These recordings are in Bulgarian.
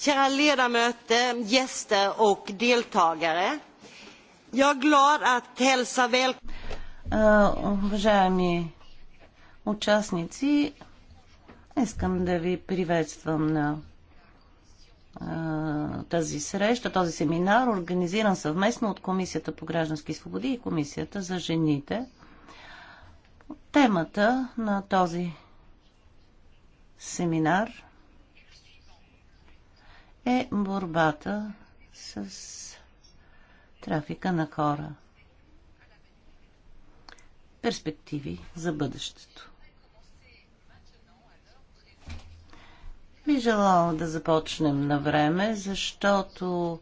Kära ledamöter, gäster och deltagare. Jag är glad att hälsa välkommen... Eh, уважаеми участници, искам да ви приветствам на е, тази среща, този семинар, организиран съвместно от Комисията по граждански свободи и Комисията за жените. Темата на този семинар е борбата с трафика на хора. Перспективи за бъдещето. Би желал да започнем на време, защото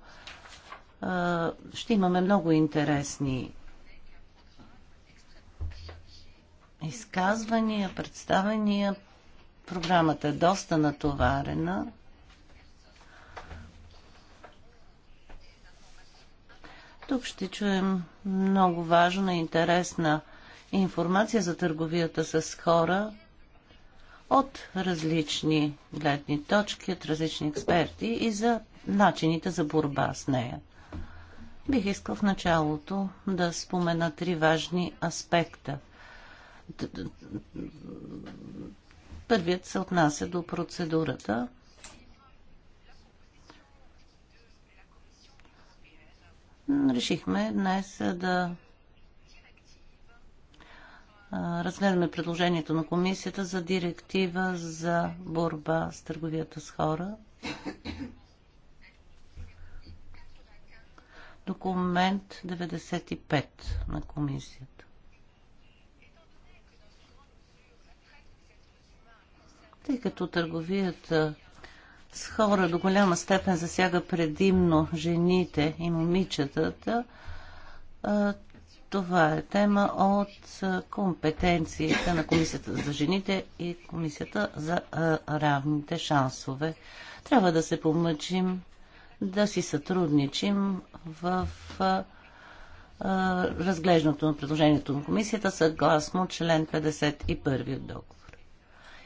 а, ще имаме много интересни изказвания, представения. Програмата е доста натоварена. Тук ще чуем много важна и интересна информация за търговията с хора от различни гледни точки, от различни експерти и за начините за борба с нея. Бих искал в началото да спомена три важни аспекта. Първият се отнася до процедурата. решихме днес е, да разгледаме предложението на комисията за директива за борба с търговията с хора. Документ 95 на комисията. Тъй като търговията с хора до голяма степен засяга предимно жените и момичетата, това е тема от компетенциите на Комисията за жените и Комисията за равните шансове. Трябва да се помъчим, да си сътрудничим в разглеждането на предложението на комисията съгласно член 51 от договор.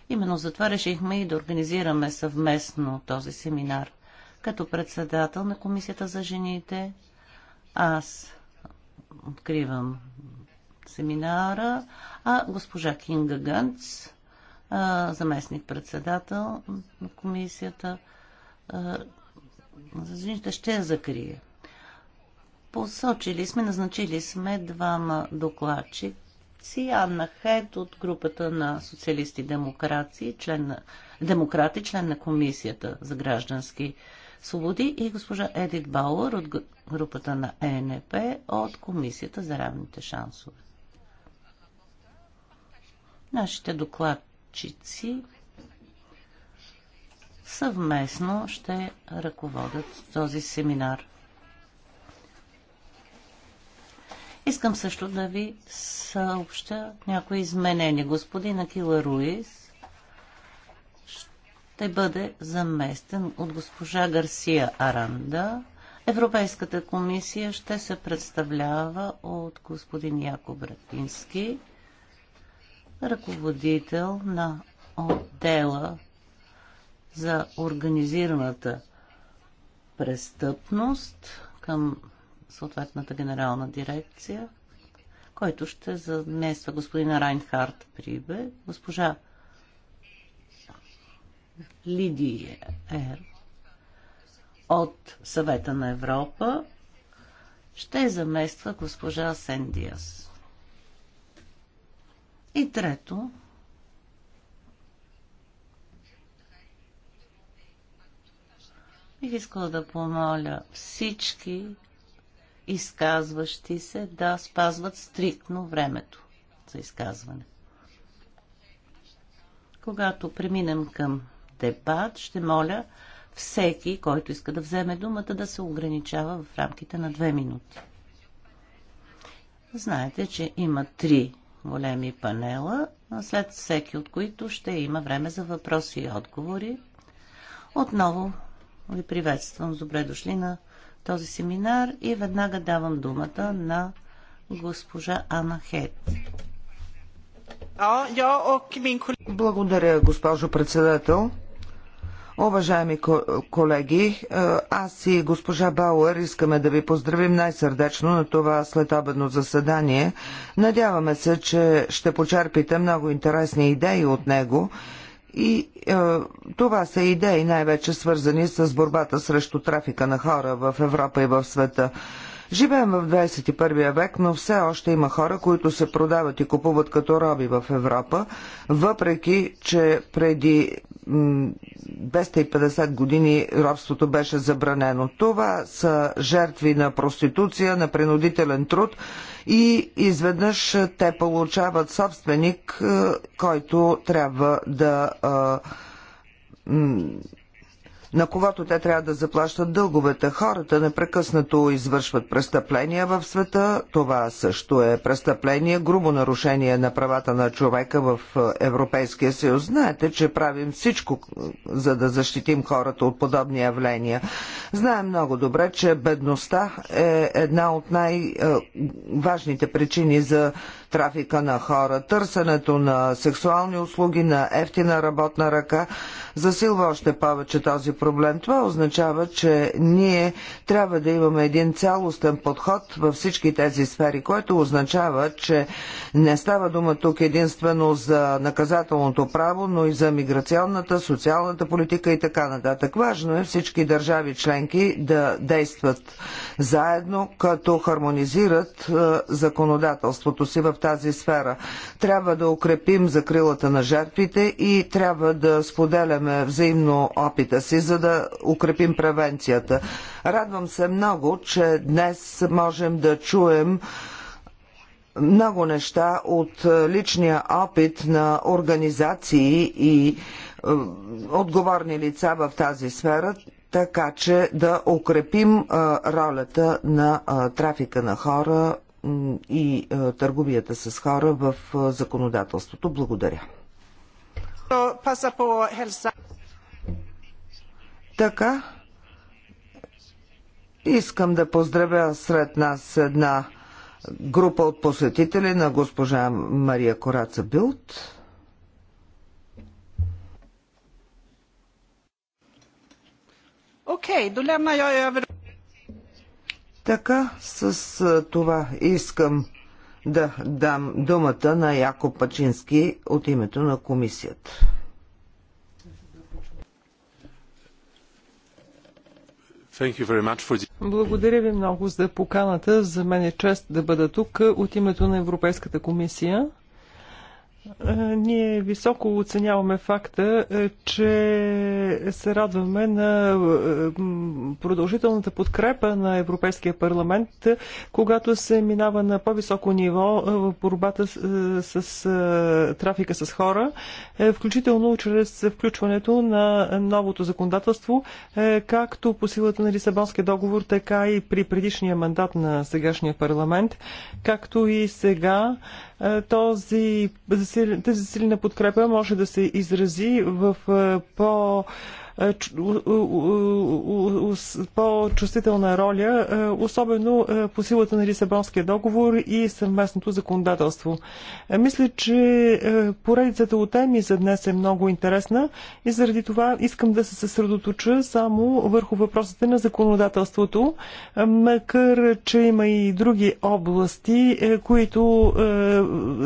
Именно затова решихме и да организираме съвместно този семинар. Като председател на Комисията за жените, аз откривам семинара, а госпожа Кинга Гънц, заместник-председател на Комисията за жените, ще я закрие. Посочили сме, назначили сме двама докладчик, си Анна Хед от групата на социалисти демократи, член на, демократи, член на Комисията за граждански свободи и госпожа Едит Бауър от групата на ЕНП от Комисията за равните шансове. Нашите докладчици съвместно ще ръководят този семинар. Искам също да ви съобща някои изменения. Господин Акила Руис ще бъде заместен от госпожа Гарсия Аранда. Европейската комисия ще се представлява от господин Яко Братински, ръководител на отдела за организираната престъпност към съответната генерална дирекция, който ще замества господина Райнхард Прибе, госпожа Лидия Ер от Съвета на Европа ще замества госпожа Сендиас. И трето, бих искала да помоля всички изказващи се да спазват стриктно времето за изказване. Когато преминем към дебат, ще моля всеки, който иска да вземе думата, да се ограничава в рамките на две минути. Знаете, че има три големи панела, след всеки от които ще има време за въпроси и отговори. Отново ви приветствам добре дошли на този семинар и веднага давам думата на госпожа Ана Хет. Благодаря, госпожо председател. Уважаеми колеги, аз и госпожа Бауер искаме да ви поздравим най-сърдечно на това следобедно заседание. Надяваме се, че ще почерпите много интересни идеи от него и е, това са идеи най-вече свързани с борбата срещу трафика на хора в Европа и в света. Живеем в 21 век, но все още има хора, които се продават и купуват като роби в Европа, въпреки че преди 250 години робството беше забранено. Това са жертви на проституция, на принудителен труд и изведнъж те получават собственик, е, който трябва да е, на когото те трябва да заплащат дълговете. Хората непрекъснато извършват престъпления в света. Това също е престъпление, грубо нарушение на правата на човека в е, Европейския съюз. Знаете, че правим всичко, е, за да защитим хората от подобни явления. Знаем много добре, че бедността е една от най-важните е, причини за трафика на хора. Търсенето на сексуални услуги, на ефтина работна ръка засилва още повече този проблем. Това означава, че ние трябва да имаме един цялостен подход във всички тези сфери, което означава, че не става дума тук единствено за наказателното право, но и за миграционната, социалната политика и така нататък. Важно е всички държави членки да действат заедно, като хармонизират е, законодателството си в тази сфера. Трябва да укрепим закрилата на жертвите и трябва да споделяме взаимно опита си, за да укрепим превенцията. Радвам се много, че днес можем да чуем много неща от е, личния опит на организации и е, отговорни лица в тази сфера, така че да укрепим е, ролята на трафика на хора и е, търговията с хора в е, законодателството. Благодаря. Така, искам да поздравя сред нас една група от посетители на госпожа Мария Кораца Билт. Окей, okay, до така с това искам да дам думата на Яко Пачински от името на комисията. Благодаря ви много за поканата. За мен е чест да бъда тук от името на Европейската комисия. Е, ние високо оценяваме факта, е, че се радваме на е, продължителната подкрепа на Европейския парламент, когато се минава на по-високо ниво в борбата с, с, с трафика с хора, включително чрез включването на новото законодателство, както по силата на Лисабонския договор, така и при предишния мандат на сегашния парламент, както и сега е, този, тази засилена подкрепа може да се изрази в е, по- е, по-чувствителна роля, е, особено е, по силата на Лисабонския договор и съвместното законодателство. Мисля, че поредицата от теми за днес е много интересна и заради това искам да се съсредоточа само върху въпросите на законодателството, макар че има и други области, които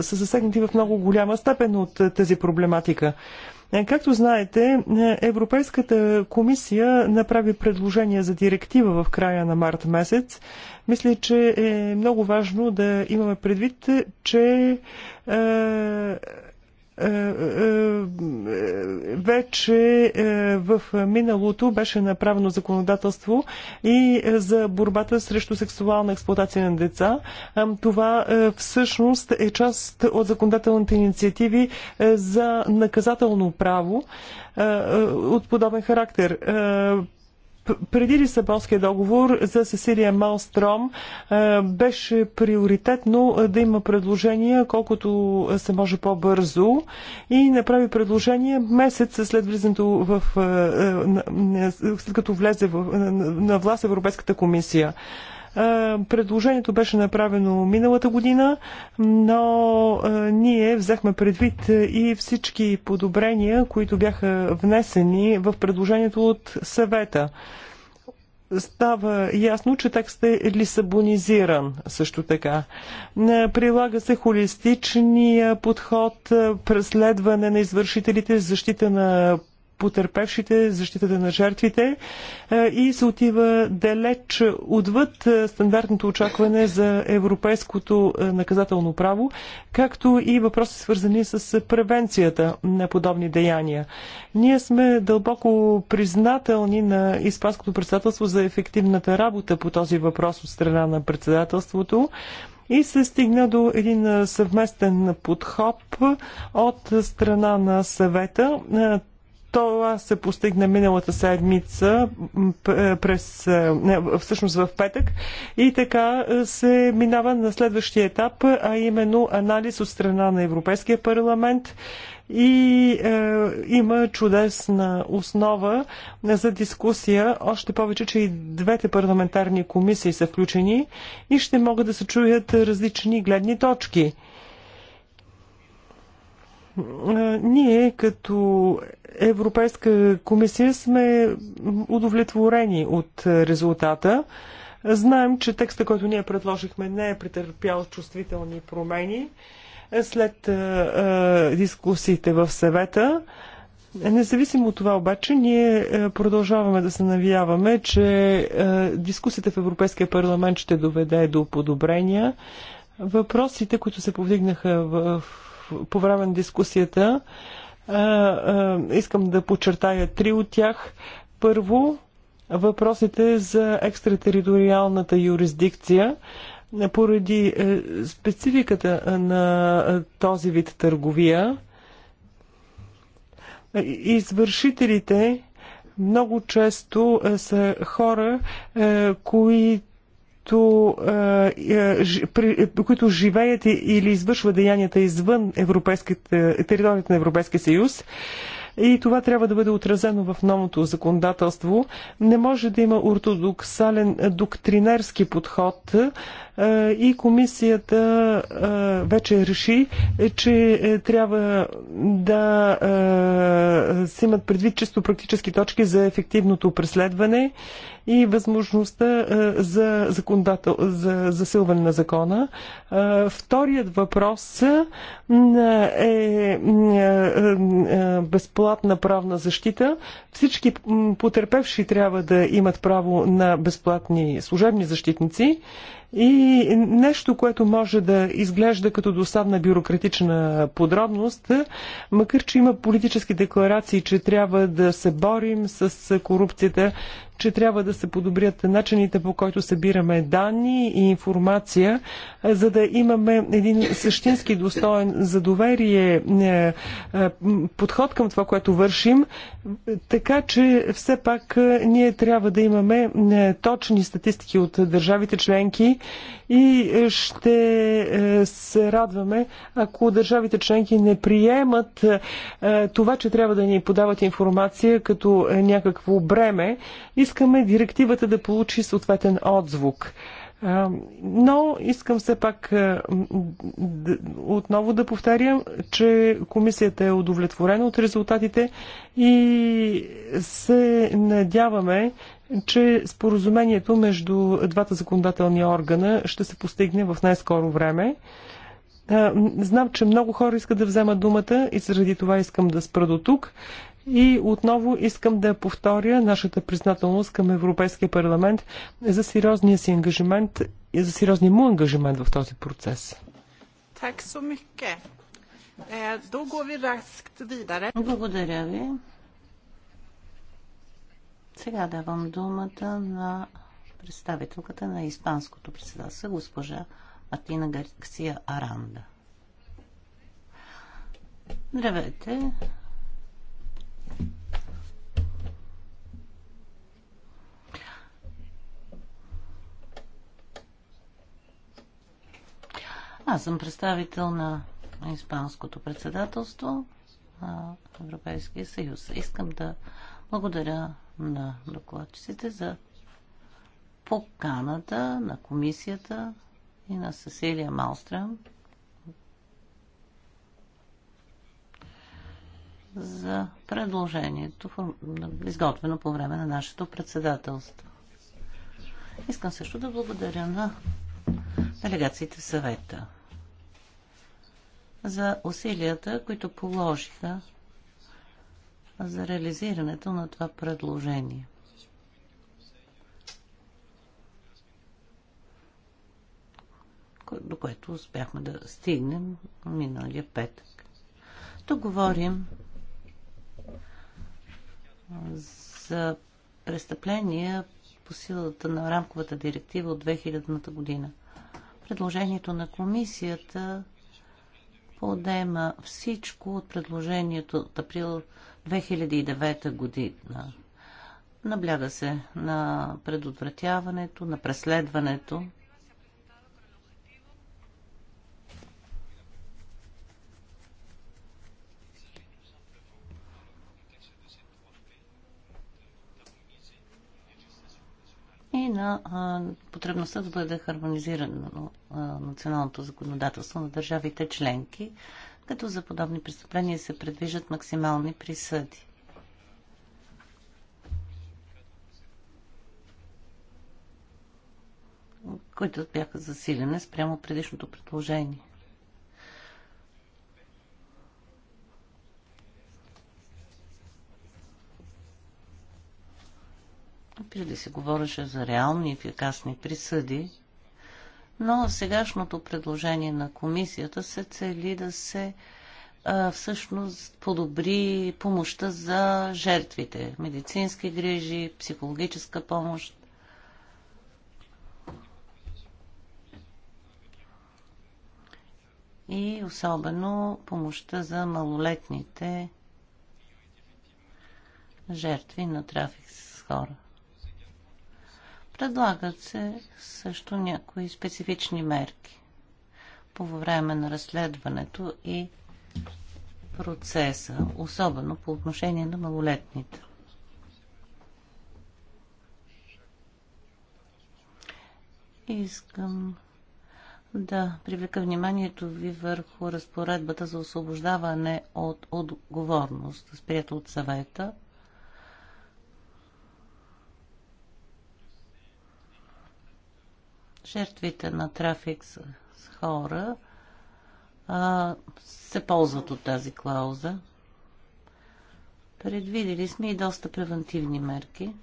са засегнати в много голяма степен от тази проблематика. Е, както знаете, е, Европейската комисия направи предложение за директива в края на март месец. Мисля, че е много важно да имаме предвид, че е, е, е, е, вече в миналото беше направено законодателство и за борбата срещу сексуална експлуатация на деца. Това всъщност е част от законодателните инициативи за наказателно право от подобен характер преди Лисабонския договор за Сесилия Малстром е, беше приоритетно е, да има предложения колкото е, се може по-бързо и направи предложение месец след влизането в, след като влезе в, на власт Европейската комисия. Е, предложението беше направено миналата година, но е, ние взехме предвид е, и всички подобрения, които бяха внесени в предложението от съвета. Става ясно, че текстът е лисабонизиран също така. Прилага се холистичния подход, преследване на извършителите, защита на потерпевшите, защитата на жертвите е, и се отива далеч отвъд е, стандартното очакване за европейското е, наказателно право, както и въпроси свързани с превенцията на подобни деяния. Ние сме дълбоко признателни на Испанското председателство за ефективната работа по този въпрос от страна на председателството и се стигна до един съвместен подход от страна на съвета. Това се постигна миналата седмица, е, през, е, не, всъщност в петък. И така е, се минава на следващия етап, а именно анализ от страна на Европейския парламент и е, има чудесна основа за дискусия, още повече, че и двете парламентарни комисии са включени и ще могат да се чуят различни гледни точки. ние като Европейска комисия сме удовлетворени от резултата. Знаем, че текста, който ние предложихме, не е претърпял чувствителни промени след дискусиите в съвета. Независимо от това обаче, ние продължаваме да се навяваме, че дискусията в Европейския парламент ще доведе до подобрения. Въпросите, които се повдигнаха в, по време на дискусията, Искам да подчертая три от тях. Първо, въпросите за екстратериториалната юрисдикция поради е, спецификата е, на е, този вид търговия. Извършителите много често са хора, които които, е, е, е, които живеят или извършват деянията извън територията на Европейския съюз, и това трябва да бъде отразено в новото законодателство. Не може да има ортодоксален доктринерски подход и комисията вече реши, че е, трябва да се имат предвид чисто практически точки за ефективното преследване и възможността за, законодател, за засилване на закона. Вторият въпрос е безплатно безплатна правна защита. Всички потерпевши трябва да имат право на безплатни служебни защитници. И нещо, което може да изглежда като досадна бюрократична подробност, макар че има политически декларации, че трябва да се борим с корупцията, че трябва да се подобрят начините по който събираме данни и информация, за да имаме един същински достоен за доверие е, е, подход към това, което вършим, така че все пак е, ние трябва да имаме точни статистики от държавите членки, и е, ще е, се радваме, ако държавите членки не приемат е, това, че трябва да ни подават информация като някакво бреме. Искаме директивата да получи съответен отзвук. Но искам все пак отново да повторям, че комисията е удовлетворена от резултатите и се надяваме, че споразумението между двата законодателни органа ще се постигне в най-скоро време. Знам, че много хора искат да вземат думата и заради това искам да спра до тук. И отново искам да повторя нашата признателност към Европейския парламент за сериозния си ангажимент и за сериозния му ангажимент в този процес. Eh, Благодаря ви. Сега давам думата на представителката на Испанското председателство, госпожа Атина Гарсия Аранда. Здравейте! Аз съм представител на Испанското председателство на Европейския съюз. Искам да благодаря на докладчиците за поканата на комисията и на Сесилия Малстрам за предложението, изготвено по време на нашето председателство. Искам също да благодаря на делегациите в съвета за усилията, които положиха за реализирането на това предложение. до което успяхме да стигнем миналия петък. Тук говорим за престъпления по силата на рамковата директива от 2000 година. Предложението на комисията подема всичко от предложението от април 2009 година. Набляга се на предотвратяването, на преследването на а, потребността да бъде хармонизирано а, националното законодателство на държавите членки, като за подобни престъпления се предвиждат максимални присъди. които бяха засилени спрямо предишното предложение. преди се говореше за реални и ефикасни присъди, но в сегашното предложение на комисията се цели да се всъщност подобри помощта за жертвите. Медицински грижи, психологическа помощ. И особено помощта за малолетните жертви на трафик с хора. Предлагат се също някои специфични мерки по време на разследването и процеса, особено по отношение на малолетните. Искам да привлека вниманието ви върху разпоредбата за освобождаване от отговорност, сприята от съвета – жертвите на трафик с, с хора а, се ползват от тази клауза. Предвидели сме и доста превентивни мерки.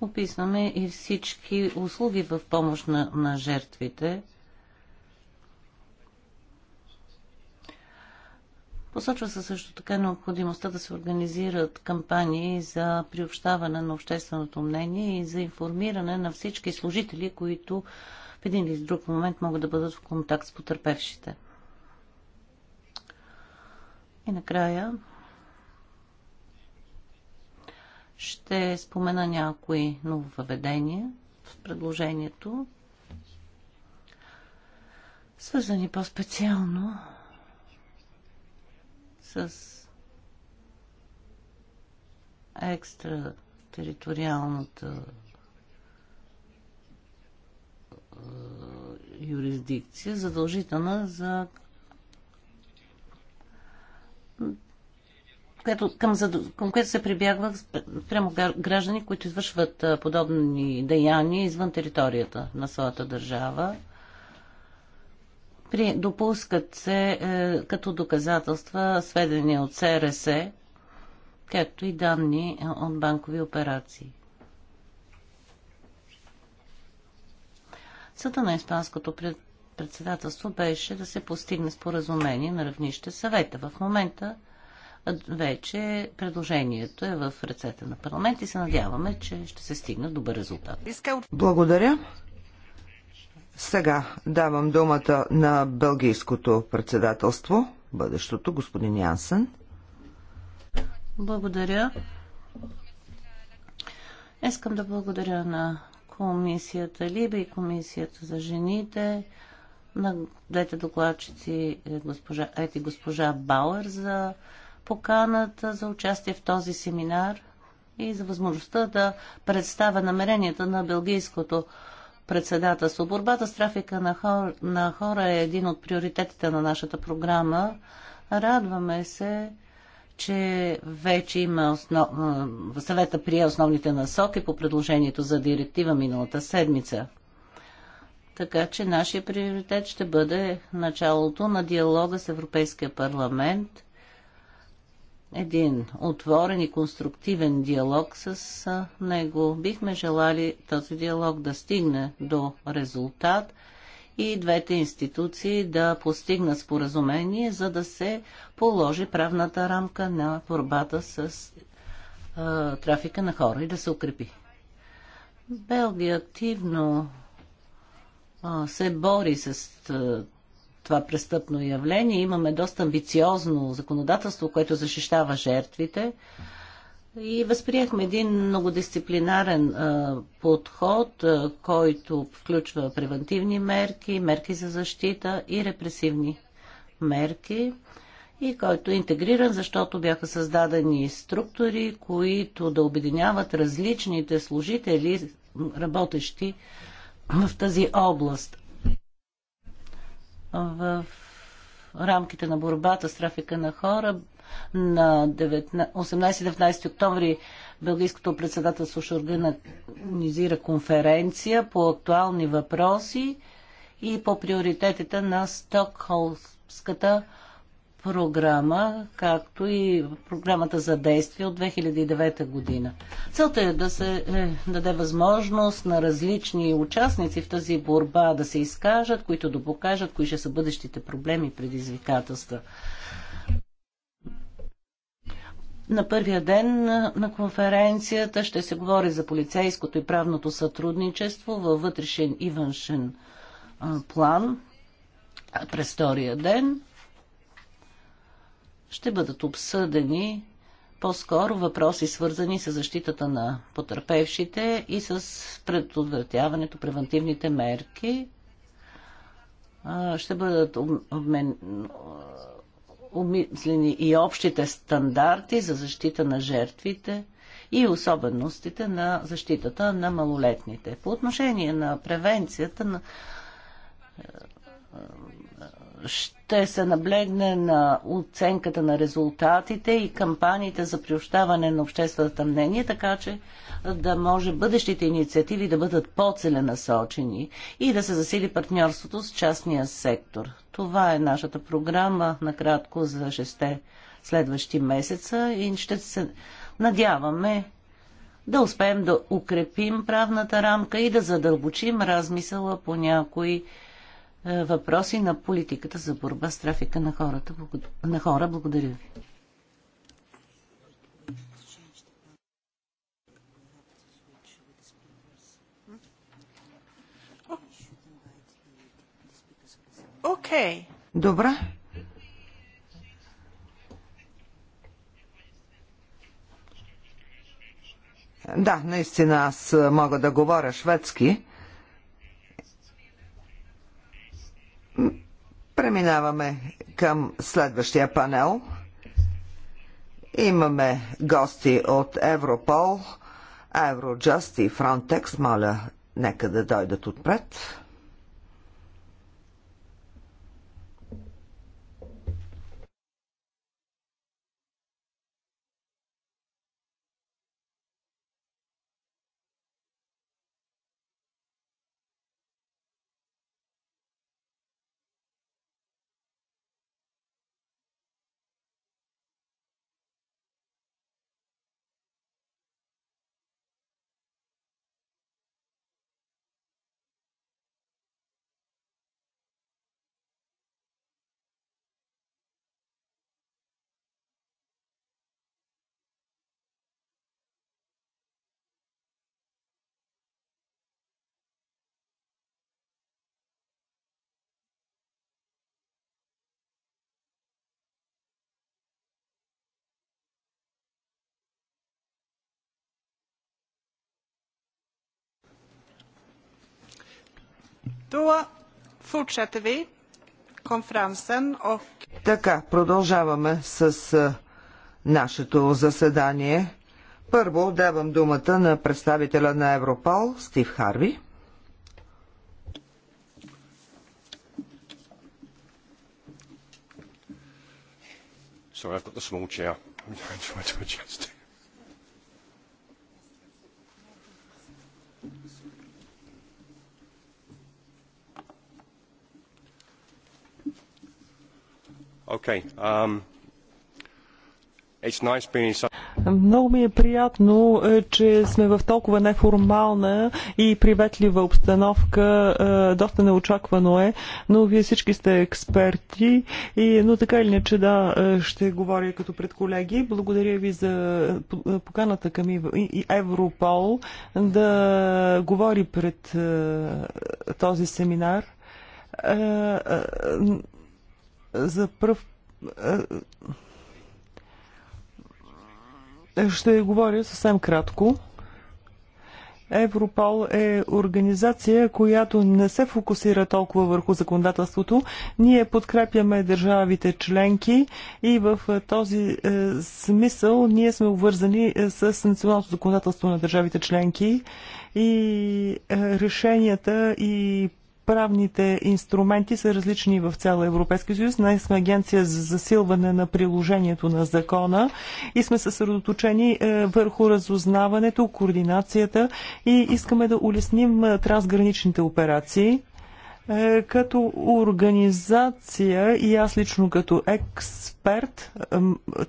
описваме и всички услуги в помощ на, на жертвите. Посочва се също така необходимостта да се организират кампании за приобщаване на общественото мнение и за информиране на всички служители, които в един или друг момент могат да бъдат в контакт с потърпевшите. И накрая Ще спомена някои нововъведения в предложението, свързани по-специално с екстратериториалната е, юрисдикция, задължителна за което, към, към което се прибягва прямо граждани, които извършват подобни деяния извън територията на своята държава. При, допускат се е, като доказателства сведения от СРС, както и данни е, от банкови операции. Съда на Испанското пред, председателство беше да се постигне споразумение на равнище съвета. В момента вече предложението е в ръцете на парламент и се надяваме, че ще се стигне добър резултат. Благодаря. Сега давам думата на Белгийското председателство, бъдещото господин Янсен. Благодаря. Искам да благодаря на комисията Либа и комисията за жените, на двете докладчици госпожа, ети госпожа Бауер за поканата за участие в този семинар и за възможността да представя намеренията на Белгийското председателство. Борбата с трафика на хора, на хора е един от приоритетите на нашата програма. Радваме се, че вече има основ... съвета прие основните насоки по предложението за директива миналата седмица. Така че нашия приоритет ще бъде началото на диалога с Европейския парламент – един отворен и конструктивен диалог с него. Бихме желали този диалог да стигне до резултат и двете институции да постигнат споразумение, за да се положи правната рамка на борбата с а, трафика на хора и да се укрепи. Белгия активно а, се бори с а, това престъпно явление. Имаме доста амбициозно законодателство, което защищава жертвите. И възприехме един многодисциплинарен а, подход, а, който включва превентивни мерки, мерки за защита и репресивни мерки и който е интегриран, защото бяха създадени структури, които да обединяват различните служители, работещи в тази област в рамките на борбата с трафика на хора на 18-19 октомври Белгийското председателство ще организира конференция по актуални въпроси и по приоритетите на Стокхолмската програма, както и програмата за действие от 2009 година. Целта е да се е, даде възможност на различни участници в тази борба да се изкажат, които да покажат кои ще са бъдещите проблеми и предизвикателства. На първия ден на конференцията ще се говори за полицейското и правното сътрудничество във вътрешен и външен план през втория ден ще бъдат обсъдени по-скоро въпроси, свързани с защитата на потерпевшите и с предотвратяването, превентивните мерки. Ще бъдат обмислени и общите стандарти за защита на жертвите и особеностите на защитата на малолетните. По отношение на превенцията на ще се наблегне на оценката на резултатите и кампаниите за приобщаване на обществената мнение, така че да може бъдещите инициативи да бъдат по-целенасочени и да се засили партньорството с частния сектор. Това е нашата програма, накратко за 6 следващи месеца и ще се надяваме да успеем да укрепим правната рамка и да задълбочим размисъла по някои е, въпроси на политиката за борба с трафика на, хората, на хора. Благодаря ви. Okay. Добре. Да, наистина аз мога да говоря шведски. Преминаваме към следващия панел. Имаме гости от Европол, Евроджаст и Фронтекс. Моля, нека да дойдат отпред. Така, продължаваме с нашето заседание. Първо давам думата на представителя на Европол Стив Харви. Sorry, I've got the small chair. I'm trying to adjust it. Okay. Um, it's nice being so... Много ми е приятно, е, че сме в толкова неформална и приветлива обстановка. Е, доста неочаквано е, но вие всички сте експерти. И, но така или иначе, да, е, ще говоря като пред колеги. Благодаря ви за поканата към Европол да говори пред този семинар за пръв ще говоря съвсем кратко. Европол е организация, която не се фокусира толкова върху законодателството. Ние подкрепяме държавите членки и в този е, смисъл ние сме обвързани е, с националното законодателство на държавите членки и е, решенията и правните инструменти са различни в цяла Европейски съюз. Ние сме агенция за засилване на приложението на закона и сме съсредоточени е, върху разузнаването, координацията и искаме да улесним е, трансграничните операции. Е, като организация и аз лично като експерт експерт,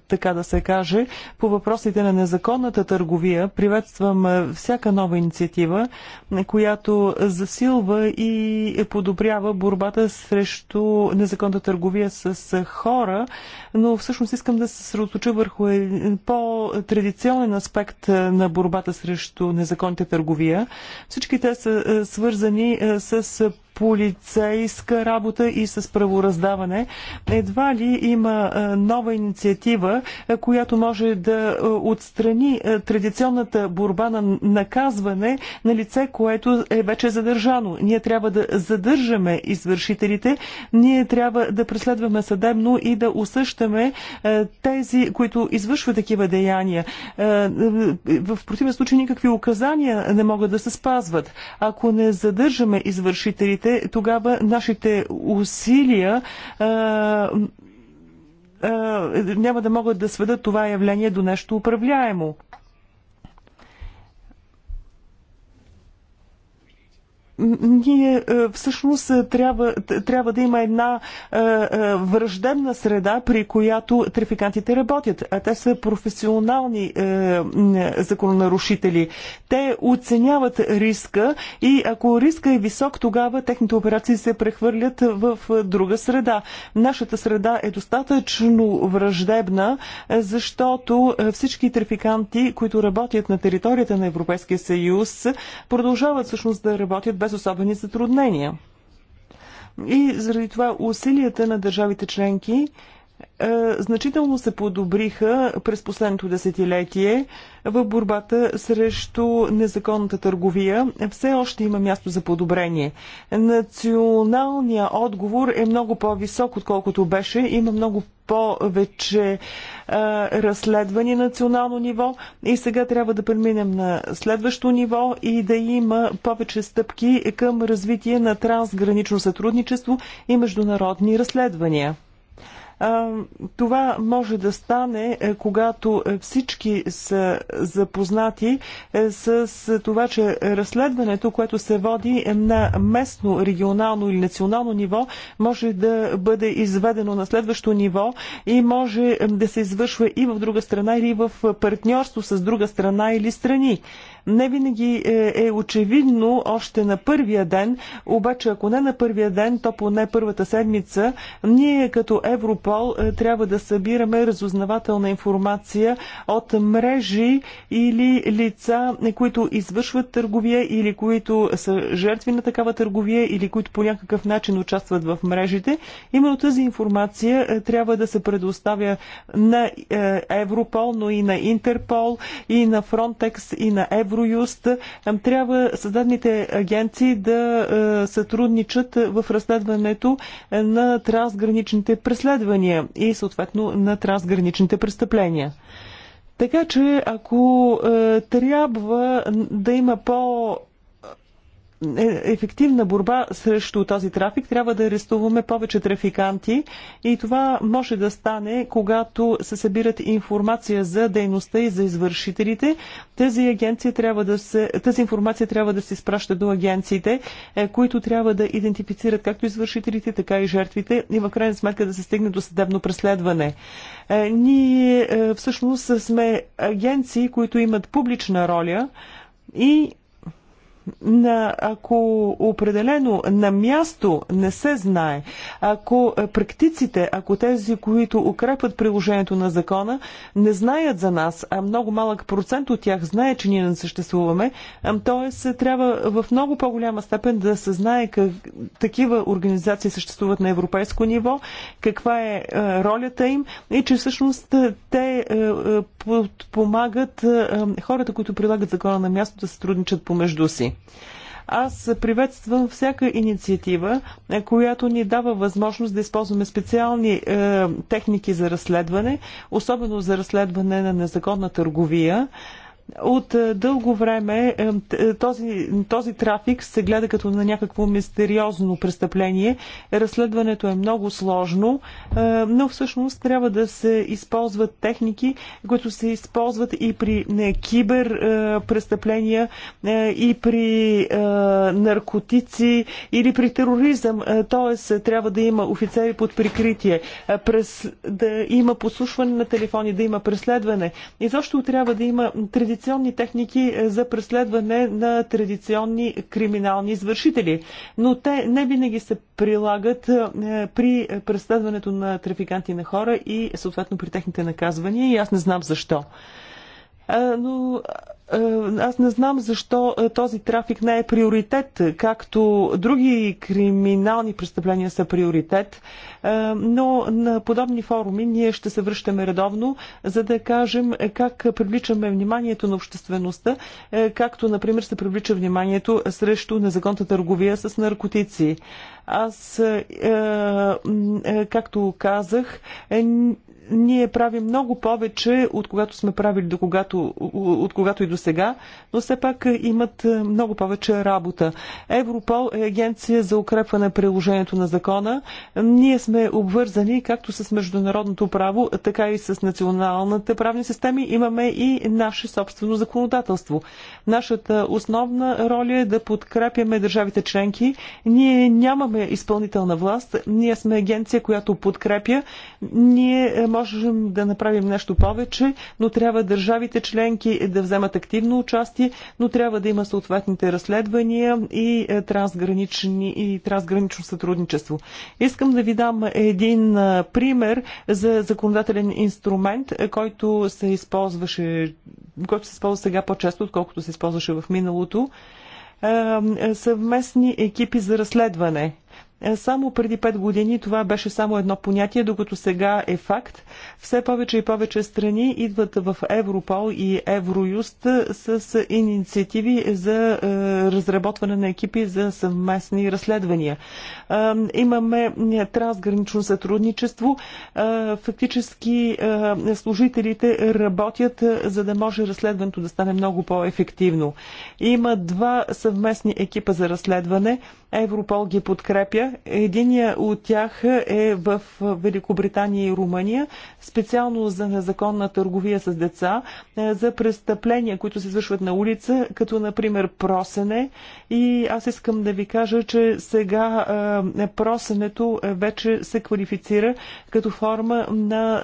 така да се каже, по въпросите на незаконната търговия. Приветствам всяка нова инициатива, която засилва и подобрява борбата срещу незаконната търговия с хора, но всъщност искам да се съсредоточа върху е, по-традиционен аспект на борбата срещу незаконната търговия. Всички те са свързани с полицейска работа и с правораздаване. Едва ли има нова инициатива, е, която може да е, отстрани е, традиционната борба на наказване на лице, което е вече задържано. Ние трябва да задържаме извършителите, ние трябва да преследваме съдебно и да осъщаме тези, които извършват такива деяния. В противен случай никакви указания не могат да се спазват. Ако не задържаме извършителите, тогава нашите усилия е, няма да могат да сведат това явление до нещо управляемо. ние е, всъщност е, трябва, трябва да има една е, враждебна среда, при която трафикантите работят. А те са професионални закононарушители. Те оценяват риска и ако риска е висок, тогава техните операции се прехвърлят в друга среда. Нашата среда е достатъчно враждебна, защото всички трафиканти, които работят на територията на Европейския съюз, продължават всъщност да работят без без особени затруднения. И заради това усилията на държавите членки е, значително се подобриха през последното десетилетие в борбата срещу незаконната търговия. Все още има място за подобрение. Националният отговор е много по-висок, отколкото беше. Има много повече а, е, разследвания национално ниво и сега трябва да преминем на следващо ниво и да има повече стъпки към развитие на трансгранично сътрудничество и международни разследвания. Това може да стане, е, когато е, всички са запознати е, с това, че разследването, което се води на местно, регионално или национално ниво, може да бъде изведено на следващо ниво и може да се извършва и в друга страна или в партньорство с друга страна или страни. Не винаги е, е очевидно още на първия ден, обаче ако не на първия ден, то поне първата седмица, ние като Европол е, трябва да събираме разузнавателна информация от мрежи или лица, които извършват търговия или които са жертви на такава търговия или които по някакъв начин участват в мрежите. Именно тази информация е, трябва да се предоставя на Европол, но и на Интерпол, и на Фронтекс, и на Европол Евроюст. Трябва създадените агенции да е, сътрудничат в разследването е, на трансграничните преследвания и съответно на трансграничните престъпления. Така че ако е, трябва да има по е ефективна борба срещу този трафик, трябва да арестуваме повече трафиканти и това може да стане, когато се събират информация за дейността и за извършителите. Тази, агенция трябва да се, тази информация трябва да се изпраща до агенциите, е, които трябва да идентифицират както извършителите, така и жертвите и в крайна сметка да се стигне до съдебно преследване. Е, ние всъщност сме агенции, които имат публична роля и на, ако определено на място не се знае, ако е, практиците, ако тези, които укрепват приложението на закона, не знаят за нас, а много малък процент от тях знае, че ние не съществуваме, т.е. трябва в много по-голяма степен да се знае как такива организации съществуват на европейско ниво, каква е, е ролята им и че всъщност е, те помагат хората, които прилагат закона на място да сътрудничат помежду си. Аз приветствам всяка инициатива, е, която ни дава възможност да използваме специални е, техники за разследване, особено за разследване на незаконна търговия. От е, дълго време е, е, този, този трафик се гледа като на някакво мистериозно престъпление. Разследването е много сложно, но всъщност трябва да се използват техники, които се използват и при кибер престъпления, и при наркотици, или при тероризъм. Тоест, трябва да има офицери под прикритие, да има послушване на телефони, да има преследване. И защо трябва да има традиционно традиционни техники е, за преследване на традиционни криминални извършители, но те не винаги се прилагат е, при преследването на трафиканти на хора и съответно при техните наказвания и аз не знам защо. Е, но е, аз не знам защо е, този трафик не е приоритет, както други криминални престъпления са приоритет, е, но на подобни форуми ние ще се връщаме редовно, за да кажем как привличаме вниманието на обществеността, както, например, се привлича вниманието срещу незаконната търговия с наркотици. Аз, както казах, ние правим много повече, от когато сме правили до когато, от когато и до сега, но все пак е, имат е, много повече работа. Европол е агенция за укрепване приложението на закона. Ние сме обвързани както с международното право, така и с националната правни системи. Имаме и наше собствено законодателство. Нашата основна роля е да подкрепяме държавите членки. Ние нямаме изпълнителна власт. Ние сме агенция, която подкрепя. Ние е, можем да направим нещо повече, но трябва държавите членки да вземат активно участие, но трябва да има съответните разследвания и, е, трансгранични, и трансгранично сътрудничество. Искам да ви дам един е, пример за законодателен инструмент, е, който се използваше, който се използва сега по-често, отколкото се използваше в миналото съвместни екипи за разследване. Е, само преди 5 години това беше само едно понятие, докато сега е факт. Все повече и повече страни идват в Европол и Евроюст с инициативи за е, разработване на екипи за съвместни разследвания. Е, имаме трансгранично сътрудничество. Фактически служителите работят, за да може разследването да стане много по-ефективно. Има два съвместни екипа за разследване. Европол ги подкрепя Единия от тях е в Великобритания и Румъния, специално за незаконна търговия с деца, е, за престъпления, които се извършват на улица, като например просене. И аз искам да ви кажа, че сега е, просенето е, вече се квалифицира като форма на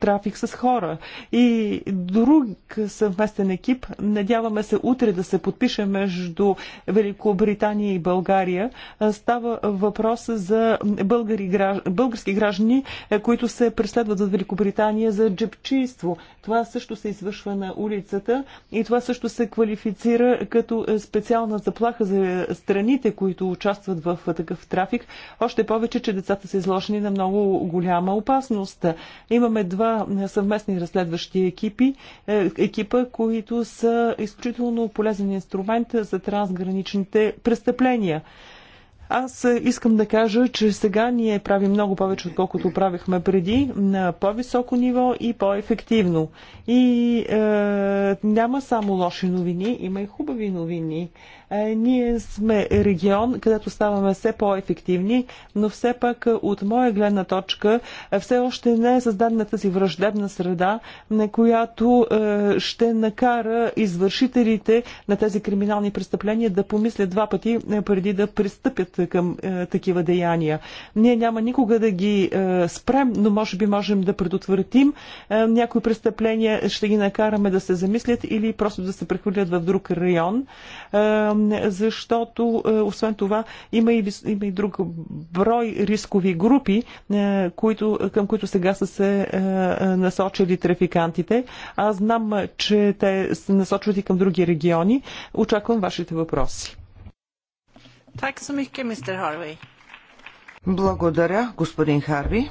трафик с хора. И друг съвместен екип, надяваме се утре да се подпише между Великобритания и България, става въпрос въпроса за българи, български граждани, е, които се преследват в Великобритания за джепчийство. Това също се извършва на улицата и това също се квалифицира като е, специална заплаха за е, страните, които участват в такъв трафик. Още повече, че децата са изложени на много голяма опасност. Имаме два съвместни разследващи екипи, екипа, които са изключително полезен инструмент за трансграничните престъпления. Аз е, искам да кажа, че сега ние правим много повече, отколкото правихме преди, на по-високо ниво и по-ефективно. И е, няма само лоши новини, има и хубави новини. Е, ние сме регион, където ставаме все по-ефективни, но все пак е, от моя гледна точка е, все още не е създадена тази враждебна среда, на която е, ще накара извършителите на тези криминални престъпления да помислят два пъти преди да пристъпят към е, такива деяния. Ние няма никога да ги е, спрем, но може би можем да предотвратим е, някои престъпления, ще ги накараме да се замислят или просто да се прехвърлят в друг район, е, защото е, освен това има и, има и друг брой рискови групи, е, които, към които сега са се е, е насочили трафикантите. Аз знам, че те се насочват и към други региони. Очаквам вашите въпроси. Благодаря, господин Харви.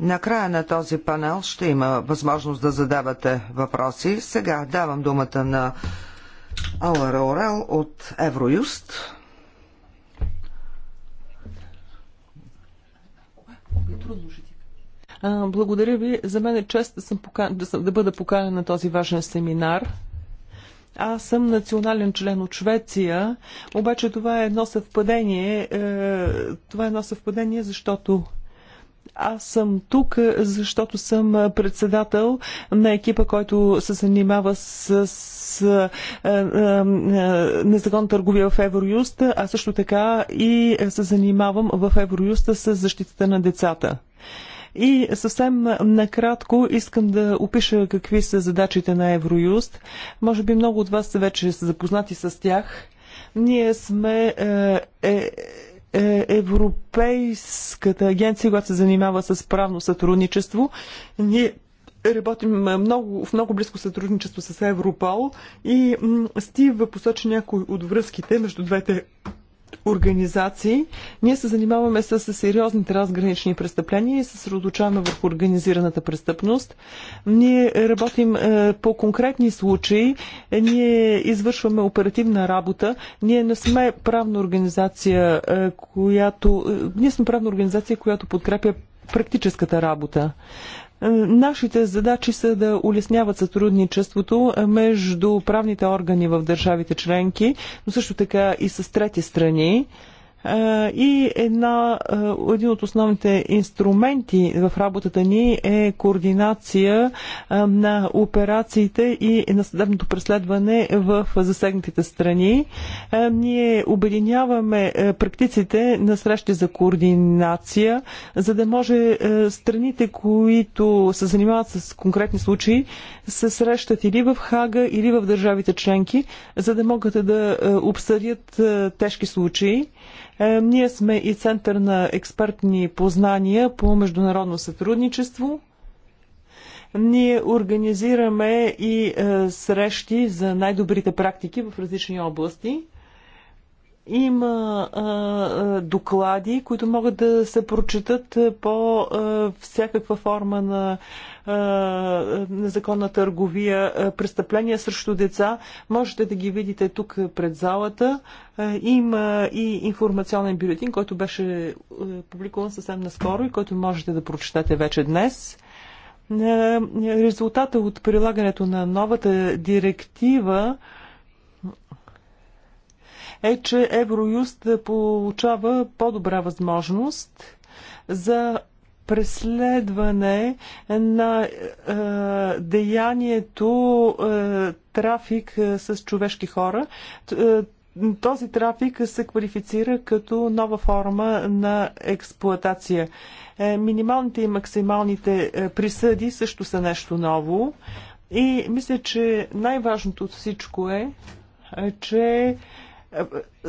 Накрая на този панел ще има възможност да задавате въпроси. Сега давам думата на Алара Орел от Евроюст. Трудно ще благодаря ви. За мен е чест да, съм покан... да, съм... да бъда поканен на този важен семинар. Аз съм национален член от Швеция, обаче това е едно съвпадение. Е, това е едно съвпадение, защото аз съм тук, защото съм председател на екипа, който се занимава с, с е, е, е незаконна търговия в Евроюст, а също така и се занимавам в Евроюста с защитата на децата. И съвсем накратко искам да опиша какви са задачите на Евроюст. Може би много от вас вече са запознати с тях. Ние сме е, е, е, Европейската агенция, която се занимава с правно сътрудничество. Ние работим много, в много близко сътрудничество с Европол и Стив посочи някои от връзките между двете организации. Ние се занимаваме с сериозни трансгранични престъпления и се съсредоточаваме върху организираната престъпност. Ние работим е, по конкретни случаи, е, ние извършваме оперативна работа. Ние не сме правна организация, е, която... Ние сме правна организация, която подкрепя практическата работа. Е, нашите задачи са да улесняват сътрудничеството е, между правните органи в държавите членки, но също така и с трети страни. И една, един от основните инструменти в работата ни е координация на операциите и на съдебното преследване в засегнатите страни. Ние обединяваме практиците на срещи за координация, за да може страните, които се занимават с конкретни случаи, се срещат или в Хага, или в държавите членки, за да могат да обсъдят тежки случаи. Е, ние сме и център на експертни познания по международно сътрудничество. Ние организираме и е, срещи за най-добрите практики в различни области има е, доклади, които могат да се прочитат по всякаква форма на незаконна търговия, престъпления срещу деца. Можете да ги видите тук пред залата. Има и информационен бюлетин, който беше публикуван съвсем наскоро и който можете да прочетете вече днес. Резултата от прилагането на новата директива е, че Евроюст получава по-добра възможност за преследване на е, деянието е, трафик е, с човешки хора. Е, този трафик се квалифицира като нова форма на експлоатация. Е, минималните и максималните присъди също са нещо ново. И мисля, че най-важното от всичко е, че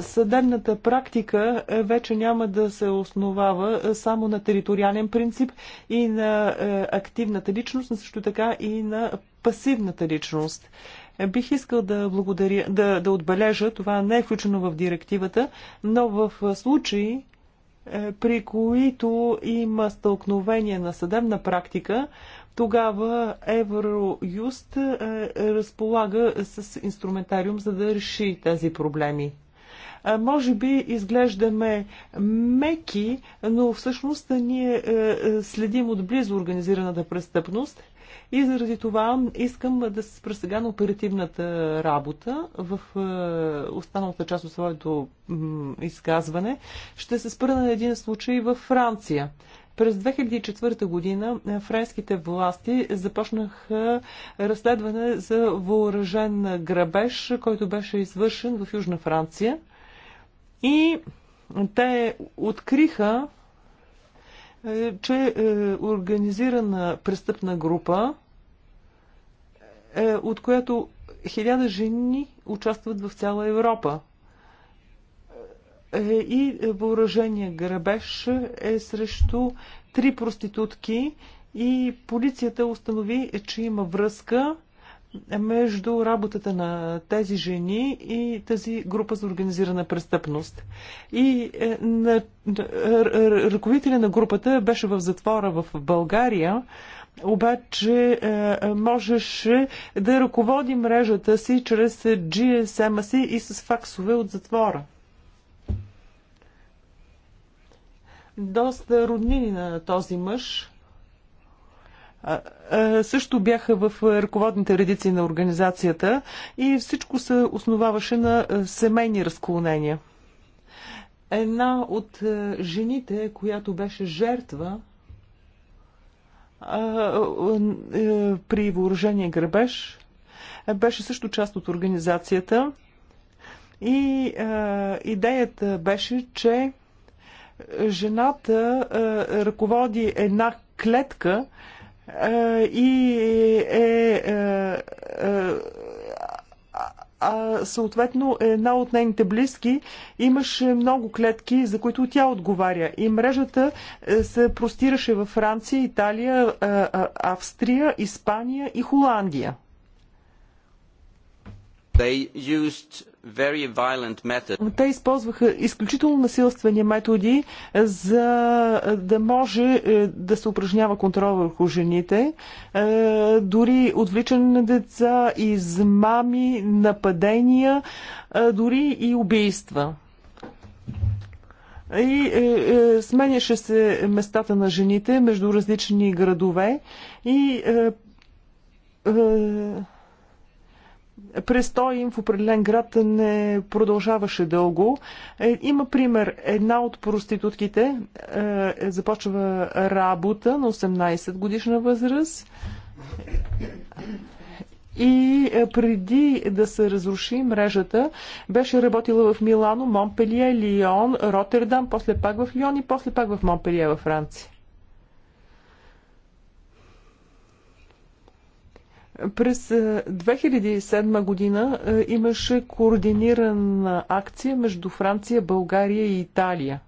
съдебната практика вече няма да се основава само на териториален принцип и на е, активната личност, но също така и на пасивната личност. Бих искал да, благодаря, да, да отбележа, това не е включено в директивата, но в случаи, е, при които има стълкновение на съдебна практика, тогава Евроюст е, разполага с инструментариум, за да реши тези проблеми е, може би изглеждаме меки, но всъщност ние е, следим отблизо организираната престъпност. И заради това искам да се спра сега на оперативната работа в останалата част от своето изказване. Ще се спра на един случай във Франция. През 2004 година е, френските власти започнаха разследване за въоръжен грабеж, който беше извършен в Южна Франция. И те откриха, е, че е, организирана престъпна група, от която хиляда жени участват в цяла Европа. Е, и въоръжение грабеж е срещу три проститутки и полицията установи, че има връзка между работата на тези жени и тази група за организирана престъпност. И е, на, е, ръководителя на групата беше в затвора в България, обаче е, можеше да ръководи мрежата си чрез GSM-а си и с факсове от затвора. доста роднини на този мъж. Също бяха в ръководните редици на организацията и всичко се основаваше на семейни разклонения. Една от жените, която беше жертва при въоръжение грабеж, беше също част от организацията. И а, идеята беше, че Жената е, ръководи една клетка е, и е, е а съответно една от нейните близки имаше много клетки, за които тя отговаря. И мрежата се простираше във Франция, Италия, Австрия, Испания и Холандия. Те използваха изключително насилствени методи, е, за е, да може е, да се упражнява контрол върху жените. Дори отвличане на деца, измами, нападения, дори и убийства. И е, е, сменяше се местата на жените между различни градове и е, е, престой им в определен град не продължаваше дълго. Е, има пример. Една от проститутките е, е започва работа на 18 годишна възраст и е, преди да се разруши мрежата, беше работила в Милано, Монпелие, Лион, Ротердам, после пак в Лион и после пак в Монпелие във Франция. През 2007 е, година е, имаше координирана акция между Франция, България и Италия.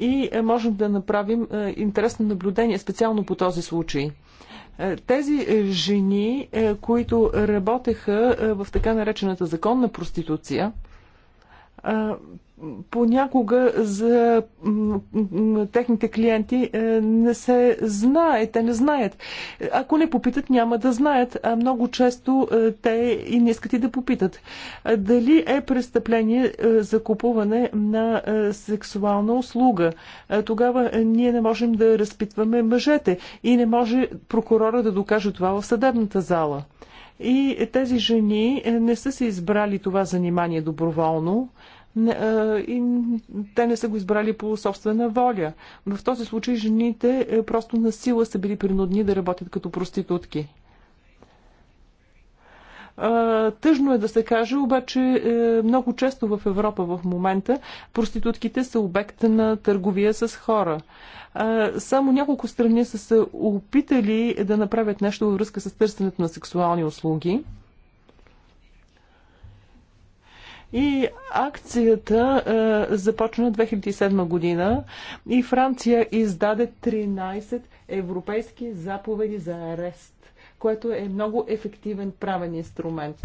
И е, можем да направим интересно наблюдение специално по този случай. Тези жени, които работеха в така наречената законна проституция, понякога за техните клиенти е, не се знае, те не знаят. Ако не попитат, няма да знаят, а много често е, те и не искат и да попитат. Е, дали е престъпление за купуване на сексуална услуга? Тогава ние не можем да разпитваме мъжете и не може прокурора да докаже това в съдебната зала. И тези жени не са се избрали това занимание доброволно и те не са го избрали по собствена воля. В този случай жените е, просто на сила са били принудни да работят като проститутки. Тъжно е да се каже, обаче е, много често в Европа в момента проститутките са обект на търговия с хора. Само няколко страни са се опитали да направят нещо във връзка с търсенето на сексуални услуги. И акцията е, започна 2007 година и Франция издаде 13 европейски заповеди за арест, което е много ефективен правен инструмент.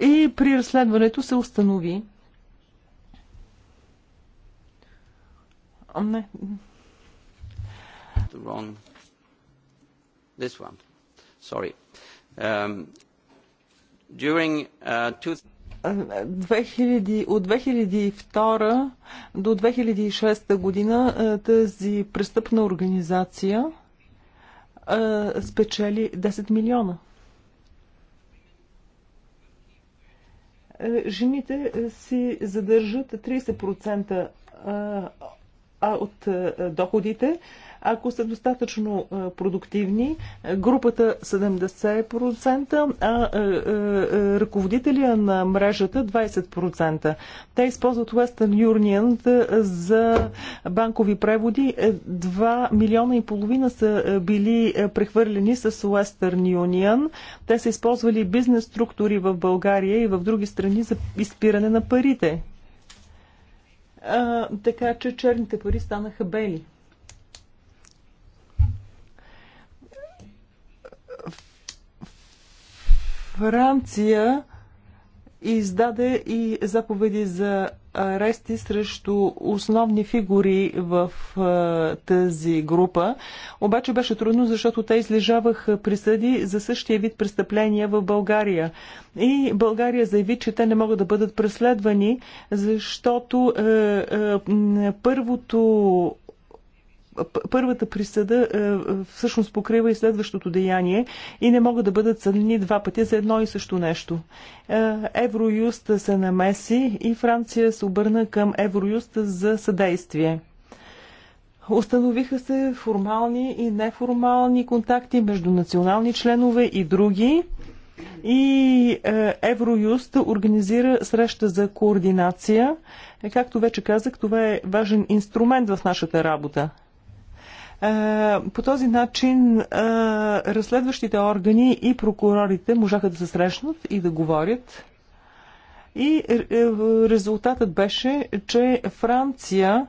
И при разследването се установи. Не. This one. Sorry. Um, Uh, от 2002 до 2006 година тази престъпна организация спечели 10 милиона. Е, жените е, си задържат 30% от е, доходите, ако са достатъчно продуктивни, групата 70%, а ръководителя на мрежата 20%. Те използват Western Union за банкови преводи. 2 е, милиона и половина са били прехвърлени с Western Union. Те са използвали бизнес структури в България и в други страни за изпиране на парите. А, така че черните пари станаха бели. Франция издаде и заповеди за арести срещу основни фигури в а, тази група. Обаче беше трудно, защото те излежаваха присъди за същия вид престъпления в България. И България заяви, че те не могат да бъдат преследвани, защото а, е, а, е, първото първата присъда е, всъщност покрива и следващото деяние и не могат да бъдат съдени два пъти за едно и също нещо. Е, Евроюст се намеси и Франция се обърна към Евроюст за съдействие. Установиха се формални и неформални контакти между национални членове и други. И е, Евроюст организира среща за координация. Както вече казах, това е важен инструмент в нашата работа. Е, по този начин е, разследващите органи и прокурорите можаха да се срещнат и да говорят. И е, резултатът беше, че Франция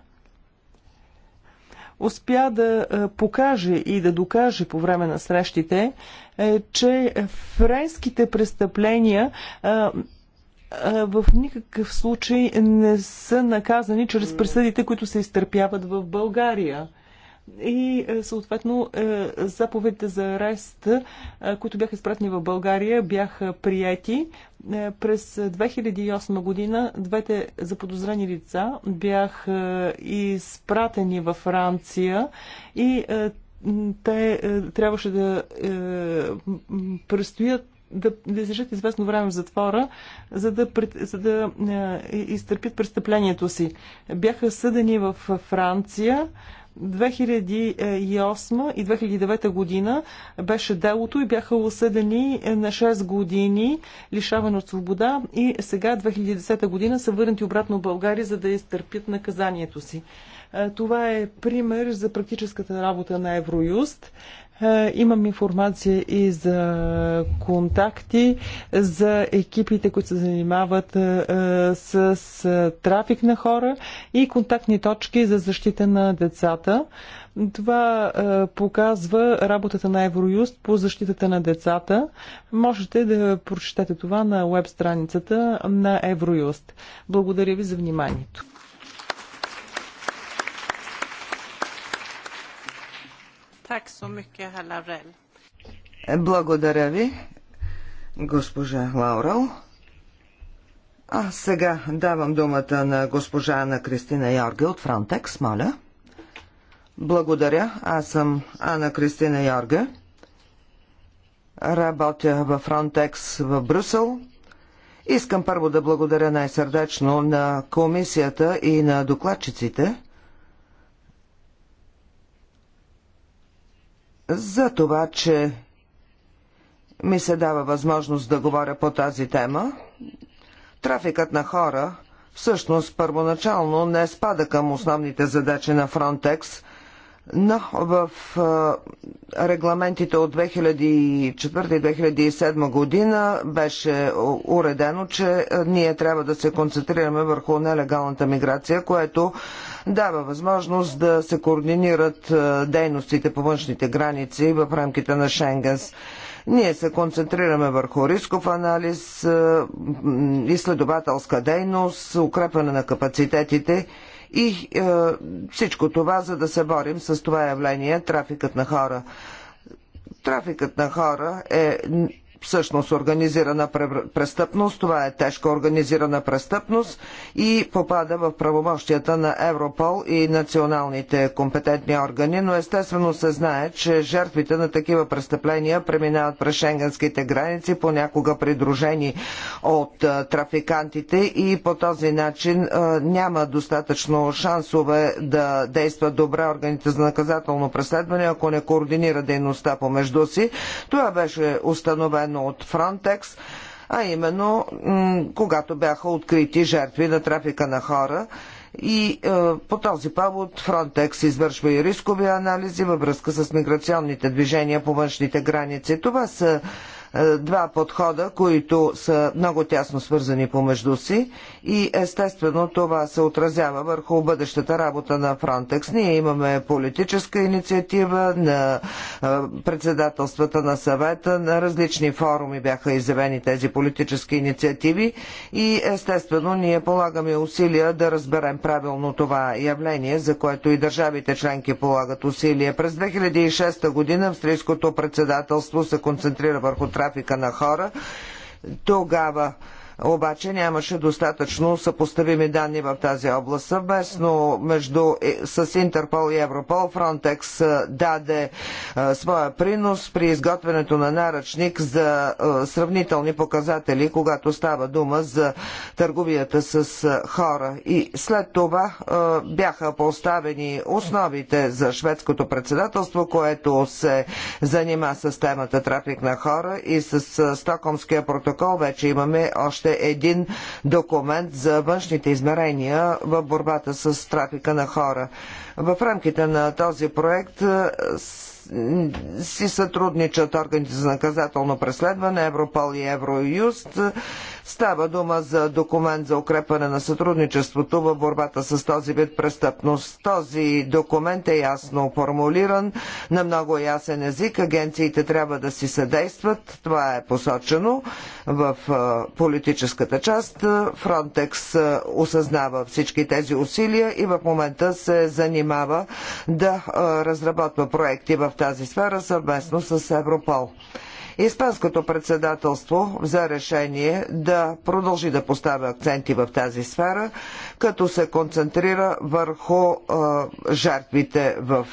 успя да покаже и да докаже по време на срещите, че френските престъпления в никакъв случай не са наказани чрез присъдите, които се изтърпяват в България и е, съответно е, заповедите за арест, е, които бяха изпратени в България, бяха прияти. През 2008 година двете заподозрени лица бяха изпратени във Франция и те трябваше да престоят да, да излежат известно време в затвора, за да, за да е, изтърпят престъплението си. Бяха съдени в Франция 2008 и 2009 година беше делото и бяха осъдени на 6 години лишаване от свобода и сега 2010 година са върнати обратно в България, за да изтърпят наказанието си. Е, това е пример за практическата работа на Евроюст. Е, имам информация и за контакти, за екипите, които се занимават е, е, с трафик на хора и контактни точки за защита на децата. Това е, показва работата на Евроюст по защитата на децата. Можете да прочетете това на веб страницата на Евроюст. Благодаря ви за вниманието. Благодаря ви, госпожа Лаурал. А сега давам думата на госпожа Ана Кристина Йорге от Фронтекс, моля. Благодаря, аз съм Ана Кристина Йорге. Работя във Фронтекс в Брюсел. Искам първо да благодаря най-сърдечно на комисията и на докладчиците – за това, че ми се дава възможност да говоря по тази тема. Трафикът на хора всъщност първоначално не спада към основните задачи на Фронтекс – но в регламентите от 2004 и 2007 година беше уредено, че ние трябва да се концентрираме върху нелегалната миграция, което дава възможност да се координират дейностите по външните граници в рамките на Шенгенс. Ние се концентрираме върху рисков анализ, изследователска дейност, укрепване на капацитетите и е, всичко това, за да се борим с това явление трафикът на хора. Трафикът на хора е всъщност организирана престъпност. Това е тежка организирана престъпност и попада в правомощията на Европол и националните компетентни органи, но естествено се знае, че жертвите на такива престъпления преминават през шенгенските граници, понякога придружени от трафикантите и по този начин няма достатъчно шансове да действат добре органите за наказателно преследване, ако не координира дейността помежду си. Това беше установено заедно от Фронтекс, а именно когато бяха открити жертви на трафика на хора и е, по този повод Фронтекс извършва и рискови анализи във връзка с миграционните движения по външните граници. Това са е, два подхода, които са много тясно свързани помежду си и естествено това се отразява върху бъдещата работа на Фронтекс. Ние имаме политическа инициатива на председателствата на съвета, на различни форуми бяха изявени тези политически инициативи и естествено ние полагаме усилия да разберем правилно това явление, за което и държавите членки полагат усилия. През 2006 година австрийското председателство се концентрира върху трафика на хора. Тогава обаче нямаше достатъчно съпоставими данни в тази област. Съвместно между, с Интерпол и Европол Фронтекс е, даде е, своя принос при изготвянето на наръчник за е, сравнителни показатели, когато става дума за търговията с хора. И след това бяха поставени основите за шведското председателство, което се занима с темата трафик на хора и с Стокомския протокол вече имаме още още един документ за външните измерения в борбата с трафика на хора. В рамките на този проект си сътрудничат органите за наказателно преследване, Европол и Евроюст. Става дума за документ за укрепване на сътрудничеството в борбата с този вид престъпност. Този документ е ясно формулиран на много ясен език. Агенциите трябва да си съдействат. Това е посочено в политическата част. Фронтекс осъзнава всички тези усилия и в момента се занимава да разработва проекти в тази сфера съвместно с Европол. Испанското председателство взе решение да продължи да поставя акценти в тази сфера, като се концентрира върху жертвите в,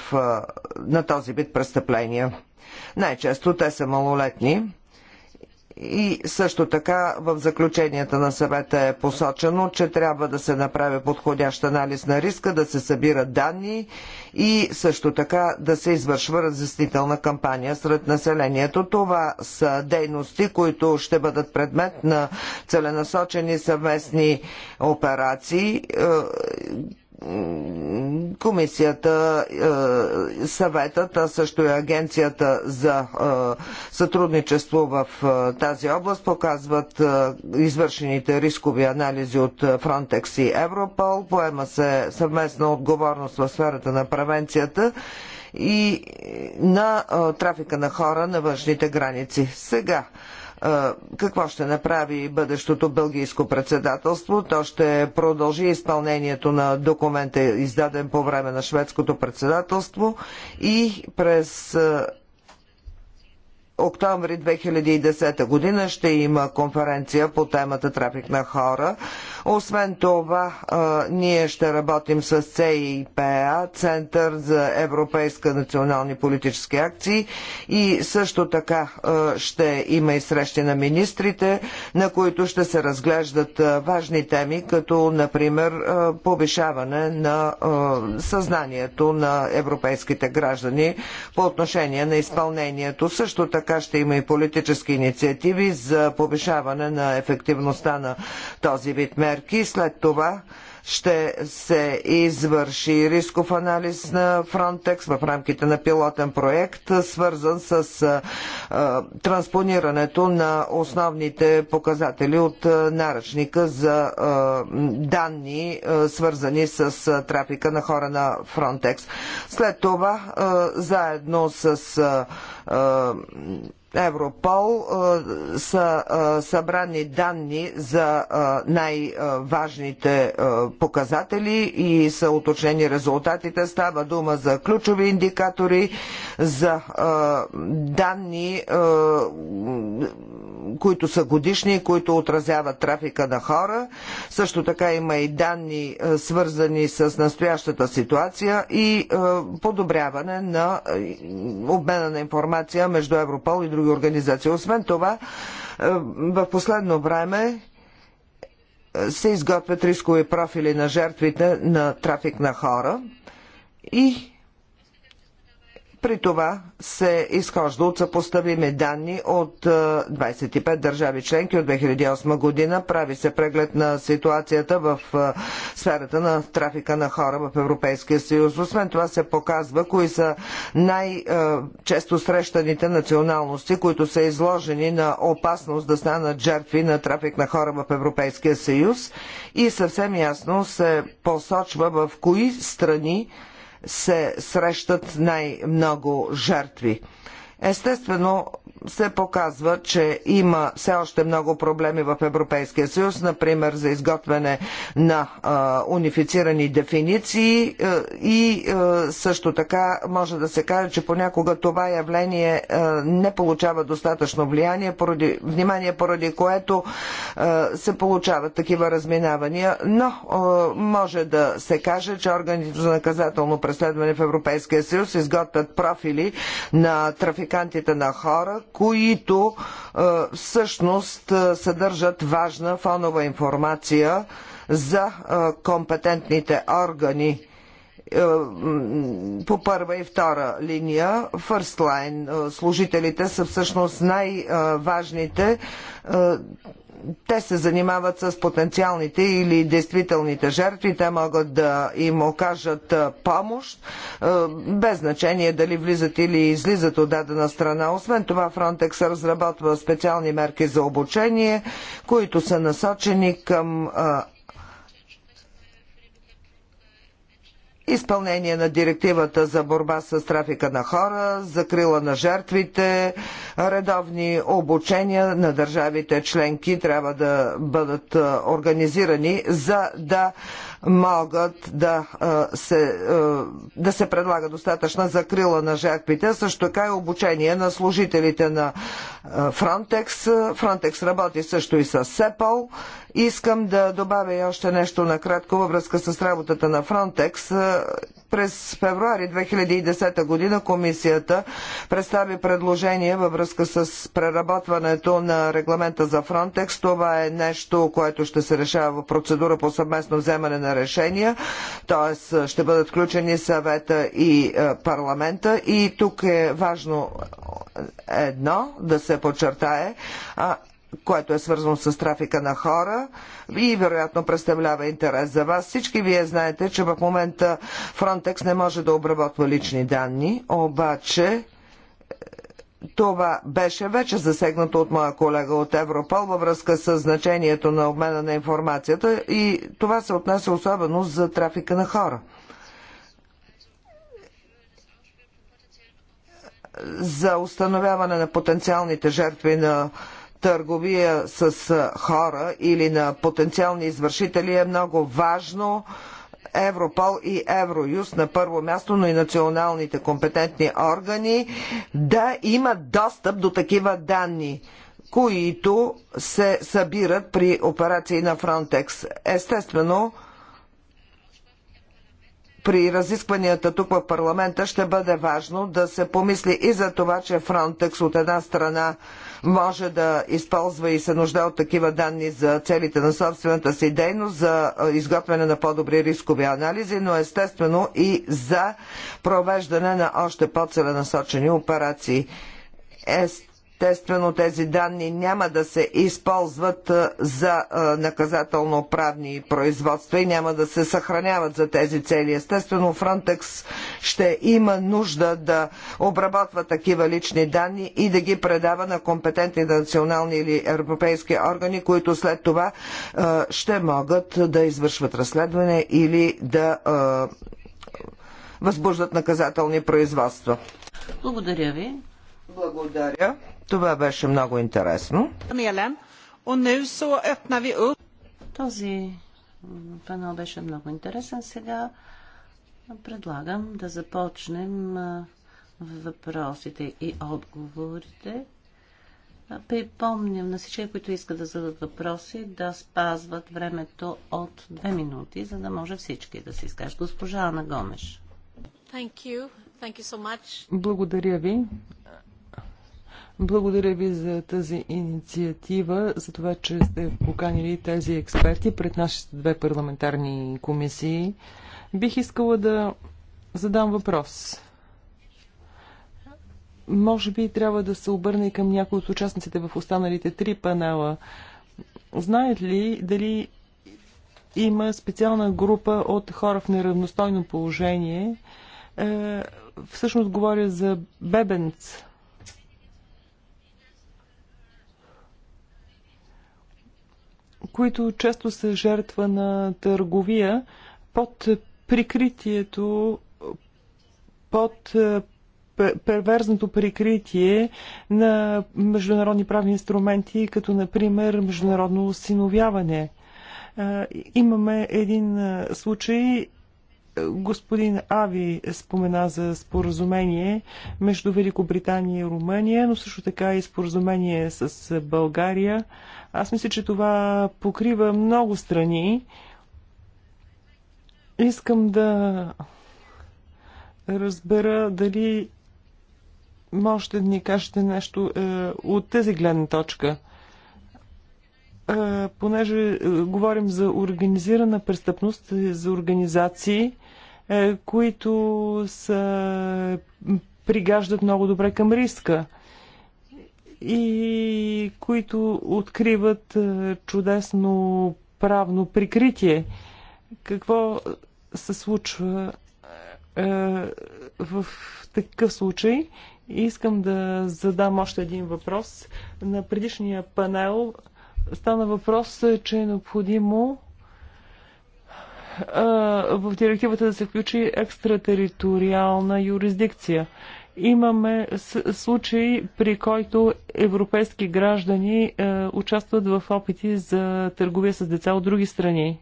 на този вид престъпления. Най-често те са малолетни и също така в заключенията на съвета е посочено, че трябва да се направи подходящ анализ на риска, да се събират данни и също така да се извършва разяснителна кампания сред населението. Това са дейности, които ще бъдат предмет на целенасочени съвместни операции е, комисията, е, съветът, а също и агенцията за е, сътрудничество в е, тази област показват извършените рискови анализи от Frontex и Европол. Поема се съвместна отговорност в сферата на превенцията и на трафика на хора на външните граници. Сега какво ще направи бъдещото бългийско председателство. То ще продължи изпълнението на документа, издаден по време на шведското председателство и през октомври 2010 година ще има конференция по темата трафик на хора. Освен това, ние ще работим с ЦИПА, Център за европейска национални политически акции и също така ще има и срещи на министрите, на които ще се разглеждат важни теми, като например повишаване на съзнанието на европейските граждани по отношение на изпълнението. Също така така ще има и политически инициативи за повишаване на ефективността на този вид мерки. След това ще се извърши рисков анализ на Frontex в рамките на пилотен проект, свързан с транспонирането на основните показатели от наръчника за данни, свързани с трафика на хора на Frontex. След това, заедно с Европол е, са е, събрани данни за е, най-важните показатели и са уточнени резултатите. Става дума за ключови индикатори, за данни които са годишни, които отразяват трафика на хора. Също така има и данни е, свързани с настоящата ситуация и е, подобряване на е, обмена на информация между Европол и други организации. Освен това, в последно време се изготвят рискови профили на жертвите на трафик на хора и при това се изхожда от съпоставими данни от 25 е, държави членки от 2008 година. Прави се преглед на ситуацията в е, сферата на трафика на хора в Европейския съюз. Освен това се показва кои са най-често срещаните националности, които са изложени на опасност да станат жертви на трафик на хора в Европейския съюз. И съвсем ясно се посочва в кои страни се срещат най-много жертви. Естествено се показва, че има все още много проблеми в Европейския съюз, например за изготвяне на а, унифицирани дефиниции а, и а, също така може да се каже, че понякога това явление а, не получава достатъчно влияние, поради, внимание, поради което а, се получават такива разминавания, но а, може да се каже, че органите за наказателно преследване в Европейския съюз изготвят профили на трафик трафикантите на хора, които е, всъщност е, съдържат важна фонова информация за е, компетентните органи по първа и втора линия, first line, служителите са всъщност най-важните те се занимават с потенциалните или действителните жертви. Те могат да им окажат помощ, без значение дали влизат или излизат от дадена страна. Освен това, Фронтекс разработва специални мерки за обучение, които са насочени към изпълнение на директивата за борба с трафика на хора, закрила на жертвите, редовни обучения на държавите членки трябва да бъдат организирани, за да могат да се, да се предлага достатъчна закрила на жертвите, също така и обучение на служителите на Фронтекс. Фронтекс работи също и с СЕПАЛ Искам да добавя и още нещо накратко във връзка с работата на Фронтекс. През февруари 2010 година комисията представи предложение във връзка с преработването на регламента за Фронтекс. Това е нещо, което ще се решава в процедура по съвместно вземане на решения, т.е. ще бъдат включени съвета и е, парламента. И тук е важно е, едно да се подчертае, което е свързано с трафика на хора и вероятно представлява интерес за вас. Всички вие знаете, че в момента Frontex не може да обработва лични данни, обаче е, това беше вече засегнато от моя колега от Европол във връзка с значението на обмена на информацията и това се отнася особено за трафика на хора. За установяване на потенциалните жертви на търговия с хора или на потенциални извършители е много важно. Европол и Евроюз на първо място, но и националните компетентни органи да имат достъп до такива данни които се събират при операции на Фронтекс. Естествено, при разискванията тук в парламента ще бъде важно да се помисли и за това, че Фронтекс от една страна може да използва и се нужда от такива данни за целите на собствената си дейност, за изготвяне на по-добри рискови анализи, но естествено и за провеждане на още по-целенасочени операции. Ест Естествено, тези данни няма да се използват за наказателно-правни производства и няма да се съхраняват за тези цели. Естествено, Фронтекс ще има нужда да обработва такива лични данни и да ги предава на компетентни национални или европейски органи, които след това ще могат да извършват разследване или да възбуждат наказателни производства. Благодаря ви. Благодаря. Това беше много интересно. Този панел беше много интересен. Сега предлагам да започнем въпросите и отговорите. Припомням на всички, които искат да зададат въпроси, да спазват времето от две минути, за да може всички да се изкажат. Госпожа Ана Гомеш. Благодаря ви. Благодаря ви за тази инициатива, за това, че сте поканили тези експерти пред нашите две парламентарни комисии. Бих искала да задам въпрос. Може би трябва да се обърне към някои от участниците в останалите три панела. Знаят ли дали има специална група от хора в неравностойно положение? Е, всъщност говоря за бебенц които често са жертва на търговия под прикритието, под е, перверзното прикритие на международни правни инструменти, като например международно осиновяване. Е, имаме един е, случай Господин Ави спомена за споразумение между Великобритания и Румъния, но също така и споразумение с България. Аз мисля, че това покрива много страни. Искам да разбера дали можете да ни кажете нещо е, от тази гледна точка. Е, понеже е, говорим за организирана престъпност, за организации, е, които са, пригаждат много добре към риска и които откриват е, чудесно правно прикритие. Какво се случва е, в такъв случай? Искам да задам още един въпрос. На предишния панел стана въпрос, че е необходимо в директивата да се включи екстратериториална юрисдикция. Имаме случаи, при който европейски граждани участват в опити за търговия с деца от други страни.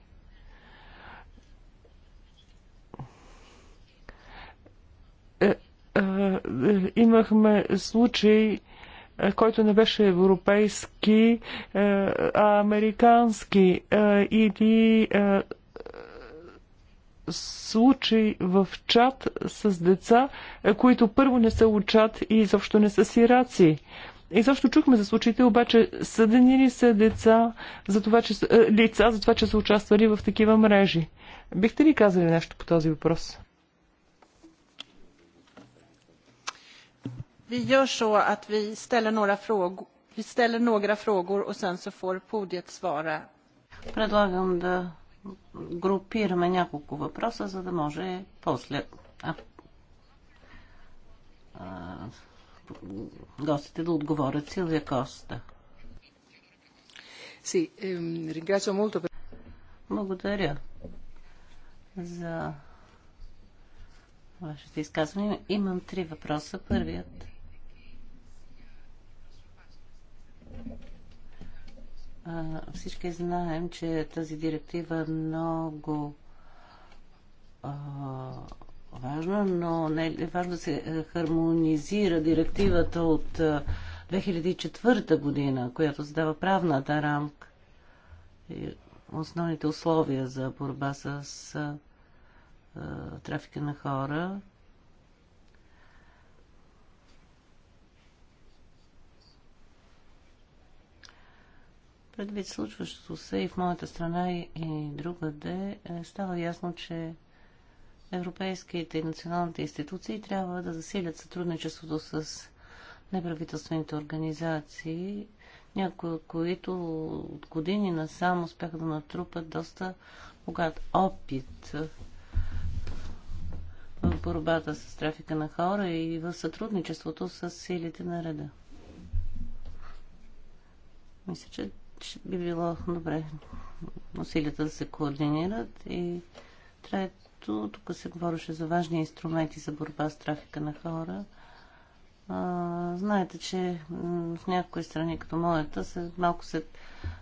Е, е, имахме случай, е, който не беше европейски, а американски или случай в чат с деца, е, които първо не са учат и изобщо не са сираци. И защо чухме за случаите, обаче съдени ли са деца за това, че, э, лица за това, че са участвали в такива мрежи? Бихте ли казали нещо по този въпрос? Vi gör så att vi ställer några frågor, vi ställer några frågor och sen så får podiet svara. Предлагам да групираме няколко въпроса, за да може после а, а, гостите да отговорят. Силвия Коста. Си, ehm, ringrazio мулто. Благодаря за вашето изказване. Имам три въпроса. Първият Всички знаем, че тази директива е много важна, но не е важно да се хармонизира директивата от 2004 година, която задава правната рамка и основните условия за борба с трафика на хора Предвид случващото се и в моята страна и, другаде, е, става ясно, че европейските и националните институции трябва да засилят сътрудничеството с неправителствените организации, някои от които от години насам успяха да натрупат доста богат опит в борбата с трафика на хора и в сътрудничеството с силите на реда. Мисля, че че би било добре усилията да се координират и трето, тук се говореше за важни инструменти за борба с трафика на хора. А, знаете, че в някои страни, като моята, се, малко се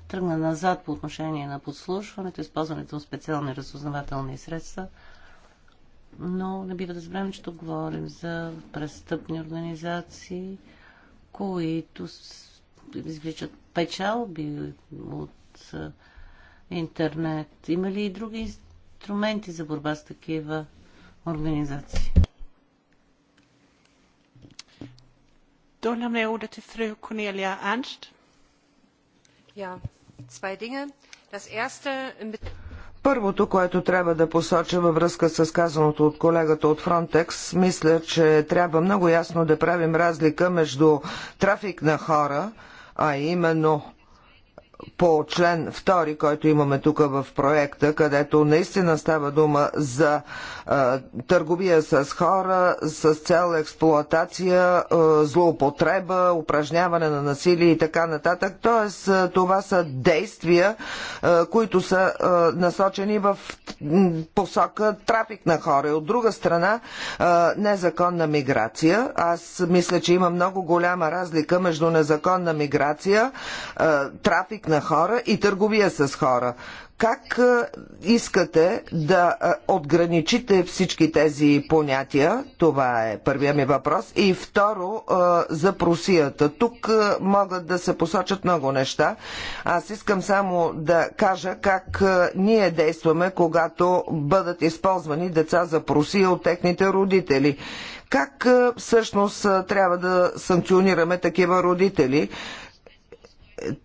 тръгна назад по отношение на подслушването, използването на специални разузнавателни средства. Но не бива да забравим, че тук говорим за престъпни организации, които извличат печалби от интернет? Има ли и други инструменти за борба с такива организации? Донаме lämnar jag ordet till fru Cornelia Ernst. Ja, Das erste Първото, което трябва да посоча във връзка с казаното от колегата от Frontex, мисля, че трябва много ясно да правим разлика между трафик на хора, а именно по член 2, който имаме тук в проекта, където наистина става дума за търговия с хора, с цел експлоатация, злоупотреба, упражняване на насилие и така нататък. Тоест, това са действия, които са насочени в посока трафик на хора. От друга страна, незаконна миграция. Аз мисля, че има много голяма разлика между незаконна миграция, трафик на на хора и търговия с хора. Как искате да отграничите всички тези понятия? Това е първия ми въпрос. И второ, за просията. Тук могат да се посочат много неща. Аз искам само да кажа как ние действаме, когато бъдат използвани деца за просия от техните родители. Как всъщност трябва да санкционираме такива родители?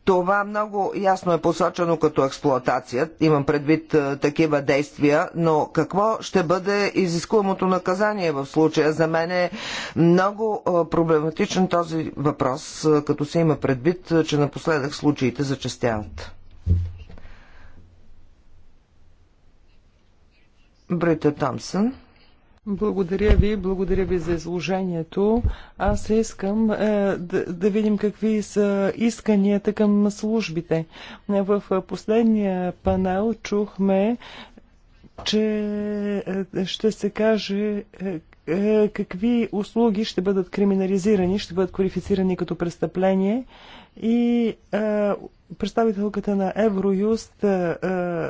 това много ясно е посочено като експлоатация. Имам предвид е, такива действия, но какво ще бъде изискуемото наказание в случая? За мен е много е, проблематичен този въпрос, е, като се има предвид, че напоследък случаите зачастяват. Брита Томсън. Благодаря ви, благодаря ви за изложението. Аз искам е, да, да видим какви са исканията към службите. В последния панел чухме, че е, ще се каже е, е, какви услуги ще бъдат криминализирани, ще бъдат квалифицирани като престъпление и е, представителката на Евроюст е, е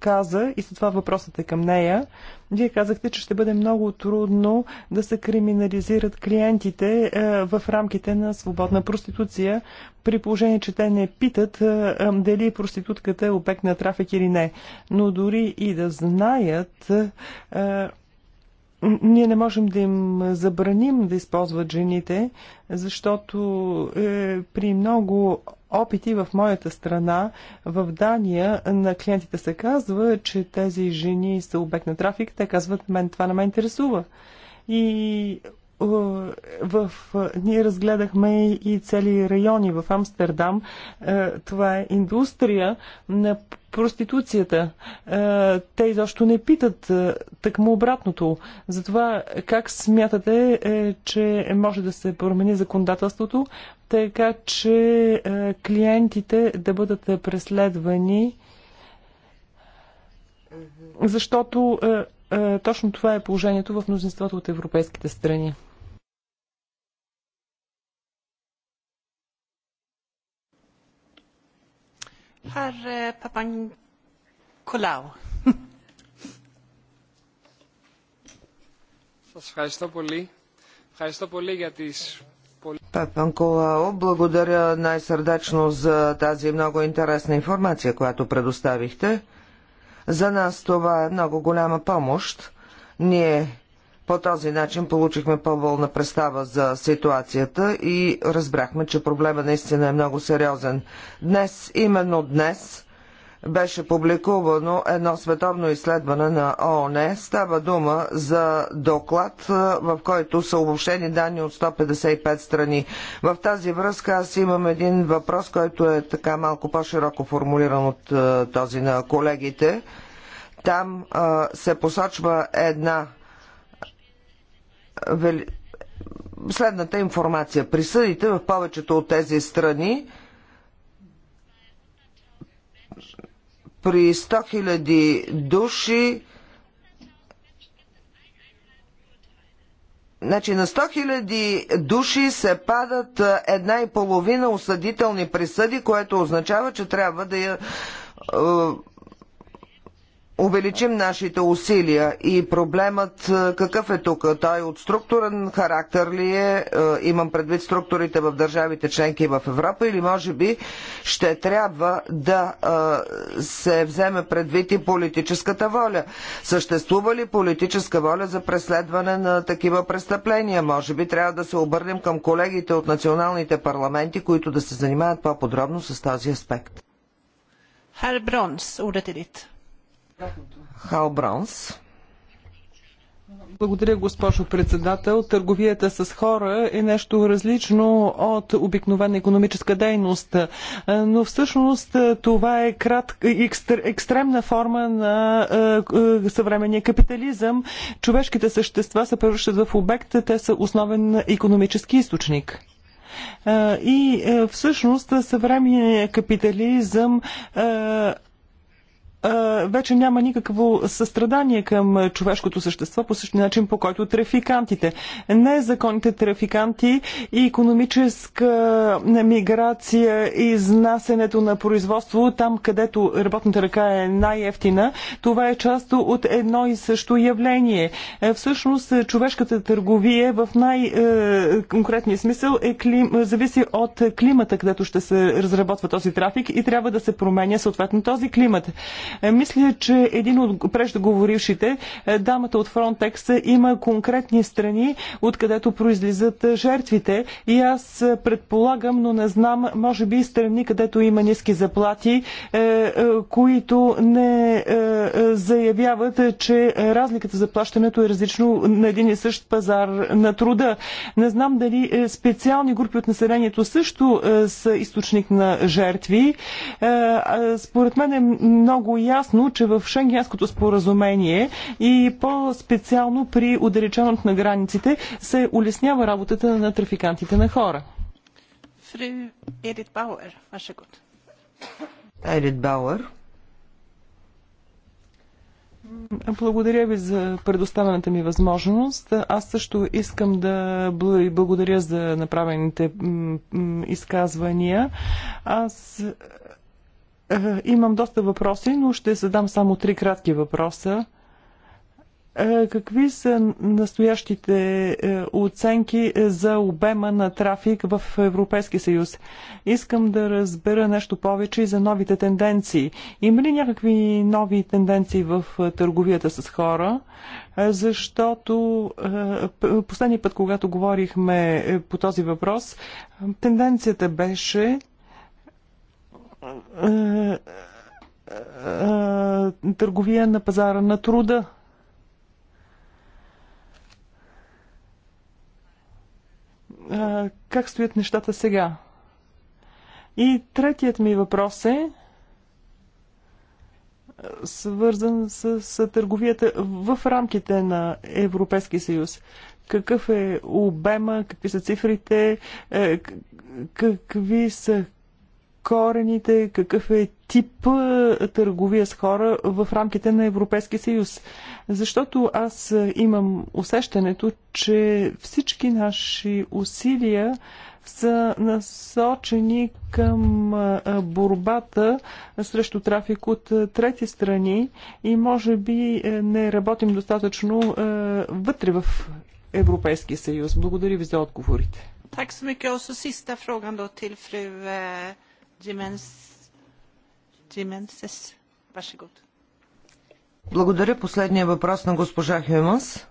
каза, и след това въпросът е към нея, вие казахте, че ще бъде много трудно да се криминализират клиентите е, в рамките на свободна проституция, при положение, че те не питат е, е, дали проститутката е обект на трафик или не. Но дори и да знаят, ние не можем да им забраним да използват жените, защото при много опити в моята страна, в Дания, на клиентите се казва, че тези жени са обект на трафик. Те казват, мен това не ме интересува. И е, в, ние разгледахме и цели райони в Амстердам. Е, това е индустрия на проституцията. Те изобщо не питат такмо обратното. Затова как смятате, е, че може да се промени законодателството, така че клиентите да бъдат преследвани, защото точно това е положението в мнозинството от европейските страни. Eh, Папанколау, благодаря най-сърдечно за тази много интересна информация, която предоставихте. За нас това е много голяма помощ. Ние по този начин получихме по-вълна представа за ситуацията и разбрахме, че проблема наистина е много сериозен. Днес, именно днес, беше публикувано едно световно изследване на ООН. Става дума за доклад, в който са обобщени данни от 155 страни. В тази връзка аз имам един въпрос, който е така малко по-широко формулиран от този на колегите. Там а, се посочва една следната информация. Присъдите в повечето от тези страни при 100 000 души Значи на 100 хиляди души се падат една и половина осъдителни присъди, което означава, че трябва да я увеличим нашите усилия и проблемът е, какъв е тук? Той от структурен характер ли е? е? Имам предвид структурите в държавите членки в Европа или може би ще трябва да е, се вземе предвид и политическата воля? Съществува ли политическа воля за преследване на такива престъпления? Може би трябва да се обърнем към колегите от националните парламенти, които да се занимават по-подробно с този аспект. Herr Бронс, ordet Хал Браунс. Благодаря, госпожо председател. Търговията с хора е нещо различно от обикновена економическа дейност, но всъщност това е кратка, екстремна форма на е, е, съвременния капитализъм. Човешките същества се превръщат в обект, те са основен економически източник. Е, и всъщност съвременният капитализъм вече няма никакво състрадание към човешкото същество по същия начин, по който трафикантите. Незаконните трафиканти и економическа миграция и изнасенето на производство там, където работната ръка е най-ефтина, това е част от едно и също явление. Е, всъщност, човешката търговия в най-конкретния смисъл е клим... зависи от климата, където ще се разработва този трафик и трябва да се променя съответно този климат. Е, мисля, че един от преждоговорившите, е, дамата от Frontex, има конкретни страни, откъдето произлизат е, жертвите и аз предполагам, но не знам, може би страни, където има ниски заплати, които не заявяват, че разликата за плащането е различно на един и същ пазар на труда. Не знам дали специални групи от населението също са източник на жертви. Според мен е много ясно, че в Шенгенското споразумение и по-специално при удалечаването на границите се улеснява работата на трафикантите на хора. Фру Едит Бауер, ваше год. Едит Бауер. Благодаря ви за предоставената ми възможност. Аз също искам да благодаря за направените изказвания. Аз е, имам доста въпроси, но ще задам само три кратки въпроса. Е, какви са настоящите е, оценки за обема на трафик в Европейския съюз? Искам да разбера нещо повече и за новите тенденции. Има ли някакви нови тенденции в търговията с хора? Защото последния път, когато говорихме по този въпрос, тенденцията беше е, е, е, търговия на пазара на труда. Как стоят нещата сега? И третият ми въпрос е свързан с, с търговията в рамките на Европейския съюз. Какъв е обема, какви са цифрите, какви са корените, какъв е тип е, търговия с хора в рамките на Европейския съюз. Защото аз е, имам усещането, че всички наши усилия са насочени към е, борбата срещу трафик от трети страни и може би не работим достатъчно вътре в Европейския съюз. Благодаря ви за отговорите. Tack så mycket. Och så sista frågan då till fru Джименсес. Ваше год. Благодаря. Последния въпрос на госпожа Хюмас.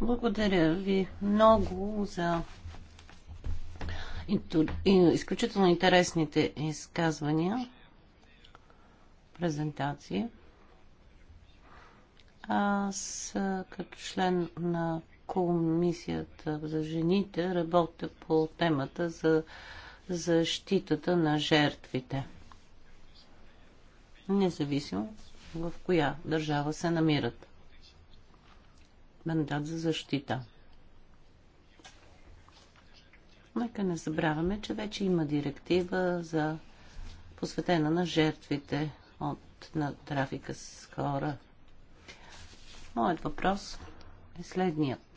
Благодаря ви много за изключително интересните изказвания, презентации. Аз като член на Комисията за жените работя по темата за защитата на жертвите. Независимо в коя държава се намират. Мандат за защита. Нека не забравяме, че вече има директива за посветена на жертвите от, на трафика с хора. Моят въпрос е следният.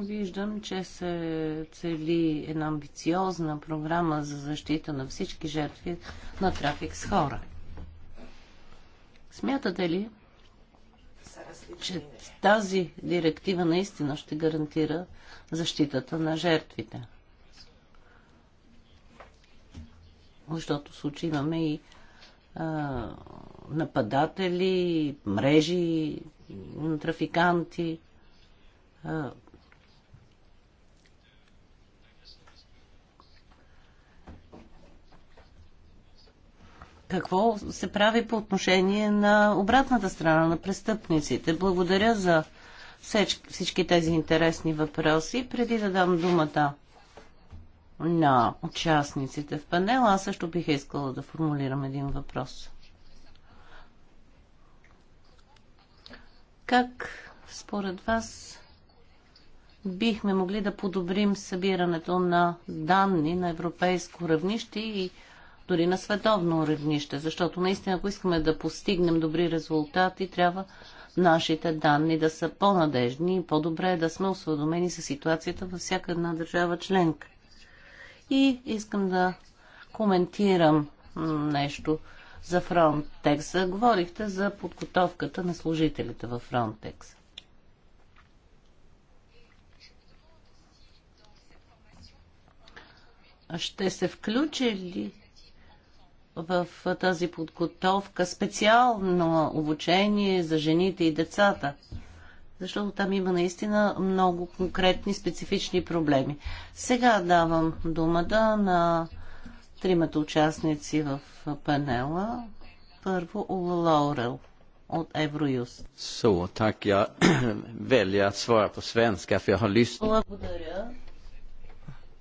Виждам, че се цели една амбициозна програма за защита на всички жертви на трафик с хора. Смятате ли, че тази директива наистина ще гарантира защитата на жертвите? Защото в случай имаме и а, нападатели, мрежи, трафиканти. А, какво се прави по отношение на обратната страна на престъпниците. Благодаря за всички тези интересни въпроси. Преди да дам думата на участниците в панела, аз също бих искала да формулирам един въпрос. Как според вас бихме могли да подобрим събирането на данни на европейско равнище и дори на световно равнище, защото наистина, ако искаме да постигнем добри резултати, трябва нашите данни да са по-надежни и по-добре да сме осведомени с ситуацията във всяка една държава членка. И искам да коментирам нещо за Frontex. Говорихте за подготовката на служителите във Frontex. Ще се включи ли в тази подготовка специално обучение за жените и децата, защото там има наистина много конкретни, специфични проблеми. Сега давам думата на тримата участници в панела. Първо Лаурел от Евроюз. Со, так, я веля att svara по свенска, я Благодаря.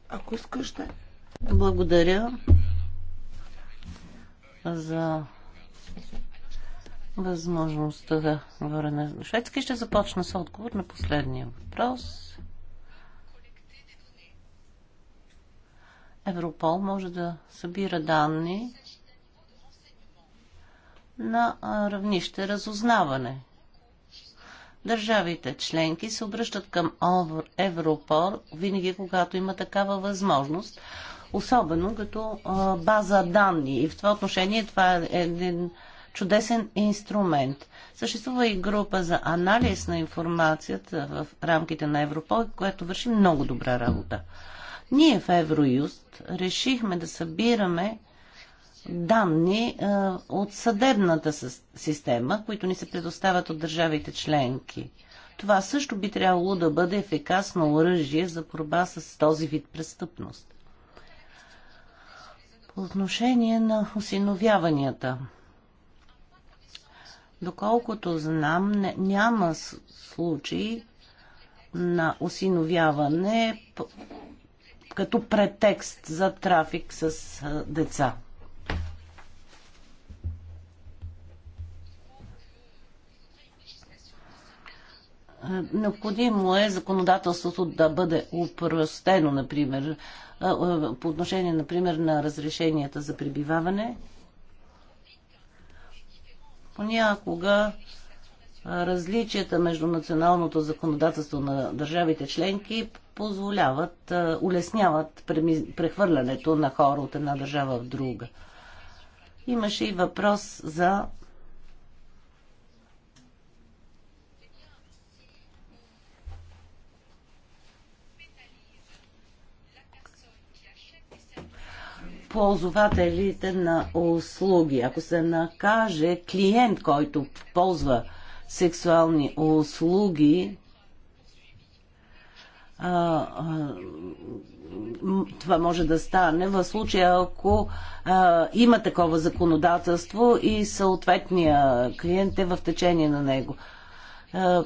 Ако искаш да. Благодаря за възможността да говоря на шведски. Ще започна с отговор на последния въпрос. Европол може да събира данни на равнище разузнаване. Държавите членки се обръщат към Европол винаги, когато има такава възможност, особено като а, база данни. И в това отношение това е един чудесен инструмент. Съществува и група за анализ на информацията в рамките на Европол, която върши много добра работа. Ние в Евроюст решихме да събираме данни а, от съдебната система, които ни се предоставят от държавите членки. Това също би трябвало да бъде ефикасно оръжие за борба с този вид престъпност. По отношение на осиновяванията. Доколкото знам, не, няма случаи на осиновяване като претекст за трафик с деца. Е, необходимо е законодателството да бъде упростено, например, по отношение, например, на разрешенията за прибиваване. Понякога различията между националното законодателство на държавите членки позволяват, улесняват прехвърлянето на хора от една държава в друга. Имаше и въпрос за ползвателите на услуги. Ако се накаже клиент, който ползва сексуални услуги, а, а, това може да стане в случая, ако а, има такова законодателство и съответния клиент е в течение на него. А,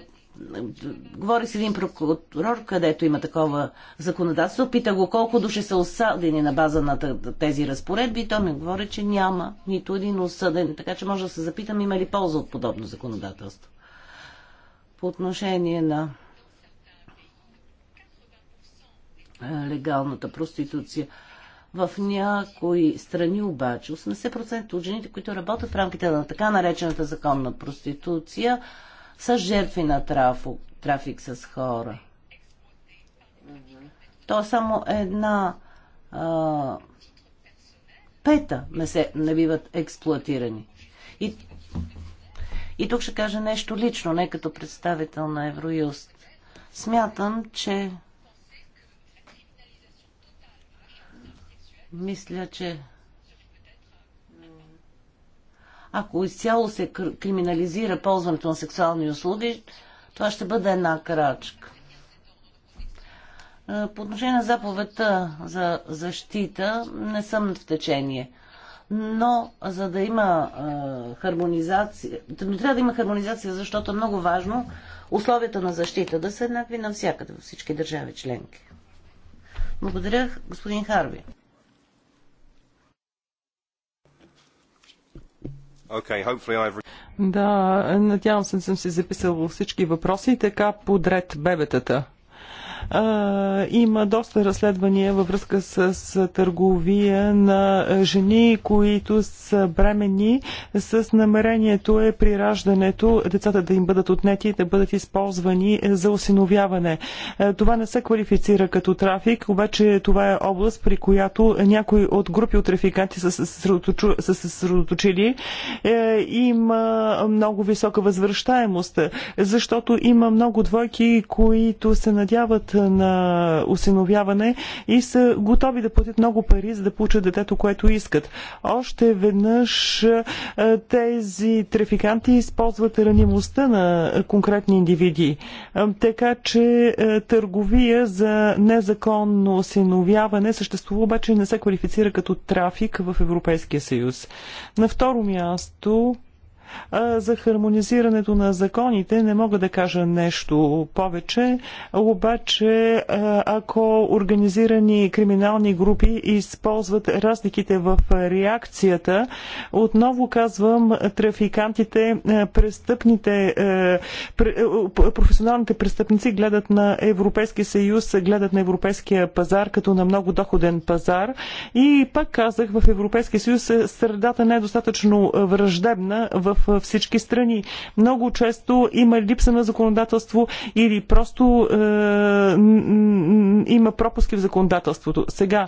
говорих с един прокурор, където има такова законодателство, пита го колко души са осъдени на база на тези разпоредби и той ми говори, че няма нито един осъден. Така че може да се запитам има ли полза от подобно законодателство. По отношение на легалната проституция. В някои страни обаче 80% от жените, които работят в рамките на така наречената законна проституция, са жертви на трафик, трафик с хора. То е само една а, пета не, се, не биват експлуатирани. И, и тук ще кажа нещо лично, не като представител на Евроюст. Смятам, че мисля, че ако изцяло се криминализира ползването на сексуални услуги, това ще бъде една крачка. Е, по отношение на заповедта за защита не съм в течение. Но за да има е, хармонизация, но трябва да има хармонизация, защото е много важно условията на защита да са еднакви навсякъде във всички държави членки. Благодаря, господин Харви. Okay, hopefully I've... Да, надявам се, съм си записал всички въпроси, така подред бебетата. Има доста разследвания във връзка с търговия на жени, които са бремени с намерението е при раждането децата да им бъдат отнети и да бъдат използвани за осиновяване. Това не се квалифицира като трафик, обаче това е област, при която някои от групи от трафиканти са се съсредоточили. Е, има много висока възвръщаемост, защото има много двойки, които се надяват на осиновяване и са готови да платят много пари, за да получат детето, което искат. Още веднъж тези трафиканти използват ранимостта на конкретни индивиди. Така че търговия за незаконно осиновяване съществува, обаче не се квалифицира като трафик в Европейския съюз. На второ място а за хармонизирането на законите не мога да кажа нещо повече, обаче ако организирани криминални групи използват разликите в реакцията, отново казвам, трафикантите, престъпните, професионалните престъпници гледат на Европейския съюз, гледат на европейския пазар като на много доходен пазар и пак казах, в Европейския съюз средата не е достатъчно враждебна в всички страни. Много често има липса на законодателство или просто е, има пропуски в законодателството. Сега,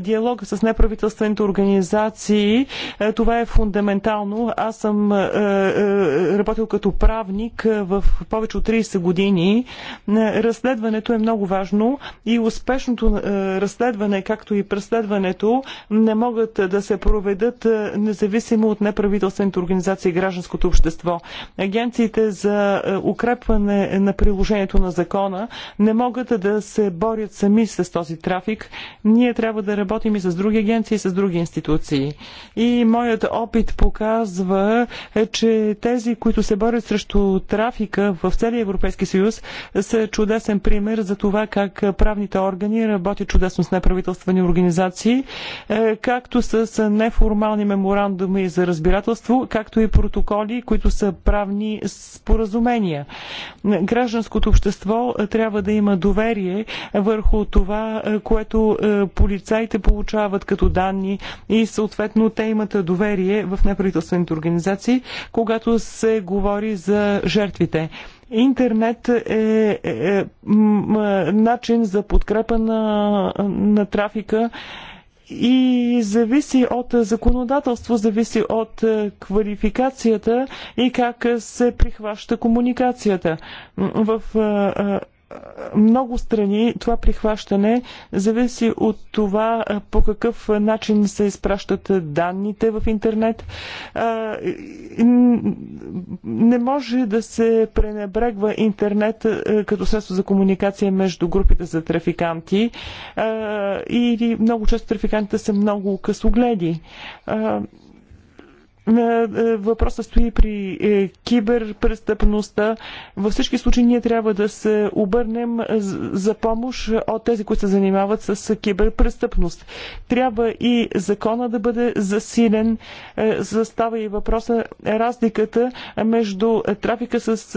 диалог с неправителствените организации, е, това е фундаментално. Аз съм е, е, е работил като правник е, в повече от 30 години. Е, разследването е много важно и успешното разследване, както и преследването, не могат да се проведат независимо от неправителствените организации гражданското общество. Агенциите за е, укрепване на приложението на закона не могат да се борят сами с този трафик. Ние трябва да работим и с други агенции, и с други институции. И моят опит показва, е, че тези, които се борят срещу трафика в целия Европейски съюз, са чудесен пример за това как правните органи работят чудесно с неправителствени организации, е, както с неформални меморандуми за разбирателство, както и против протоколи, които са правни споразумения. Гражданското общество трябва да има доверие върху това, е, което е, полицаите получават като данни и съответно те имат доверие в неправителствените организации, когато се говори за жертвите. Интернет е, е, е начин за подкрепа на, на трафика и зависи от е, законодателство, зависи от е, квалификацията и как е, се прихваща комуникацията. В много страни това прихващане зависи от това по какъв начин се изпращат данните в интернет. Не може да се пренебрегва интернет като средство за комуникация между групите за трафиканти или много често трафикантите са много късогледи. Е, е, въпросът стои при е, киберпрестъпността. Във всички случаи ние трябва да се обърнем за помощ от тези, които се занимават с киберпрестъпност. Трябва и закона да бъде засилен. Застава и въпроса разликата между трафика с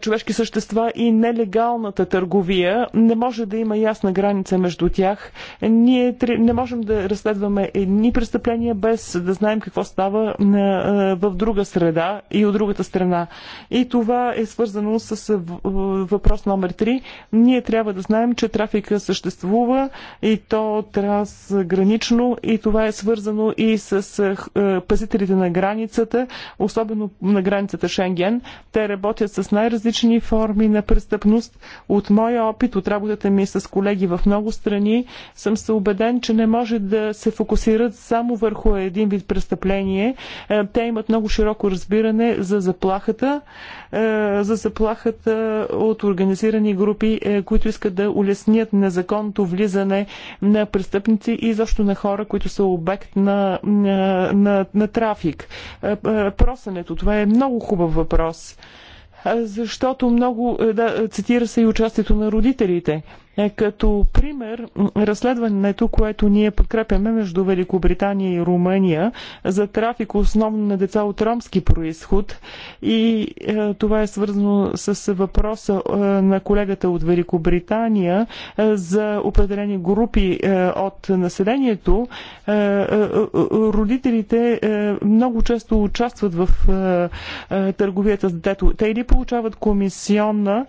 човешки същества и нелегалната търговия. Не може да има ясна граница между тях. Ние не можем да разследваме едни престъпления без да знаем какво става в друга среда и от другата страна. И това е свързано с въпрос номер 3. Ние трябва да знаем, че трафика съществува и то трансгранично и това е свързано и с пазителите на границата, особено на границата Шенген. Те работят с най-различни форми на престъпност. От моя опит, от работата ми с колеги в много страни, съм се убеден, че не може да се фокусират само върху един вид престъпление. Е, те имат много широко разбиране за заплахата, е, за заплахата от организирани групи, е, които искат да улеснят незаконното влизане на престъпници и защо на хора, които са обект на, на, на, на трафик. Просенето, това е много хубав въпрос защото много, е, да, цитира се и участието на родителите. Е като пример, разследването, което ние подкрепяме между Великобритания и Румъния за трафик основно на деца от ромски происход и е, това е свързано с въпроса е, на колегата от Великобритания за определени групи от населението. Родителите много често участват в търговията с детето. Те или получават комисионна,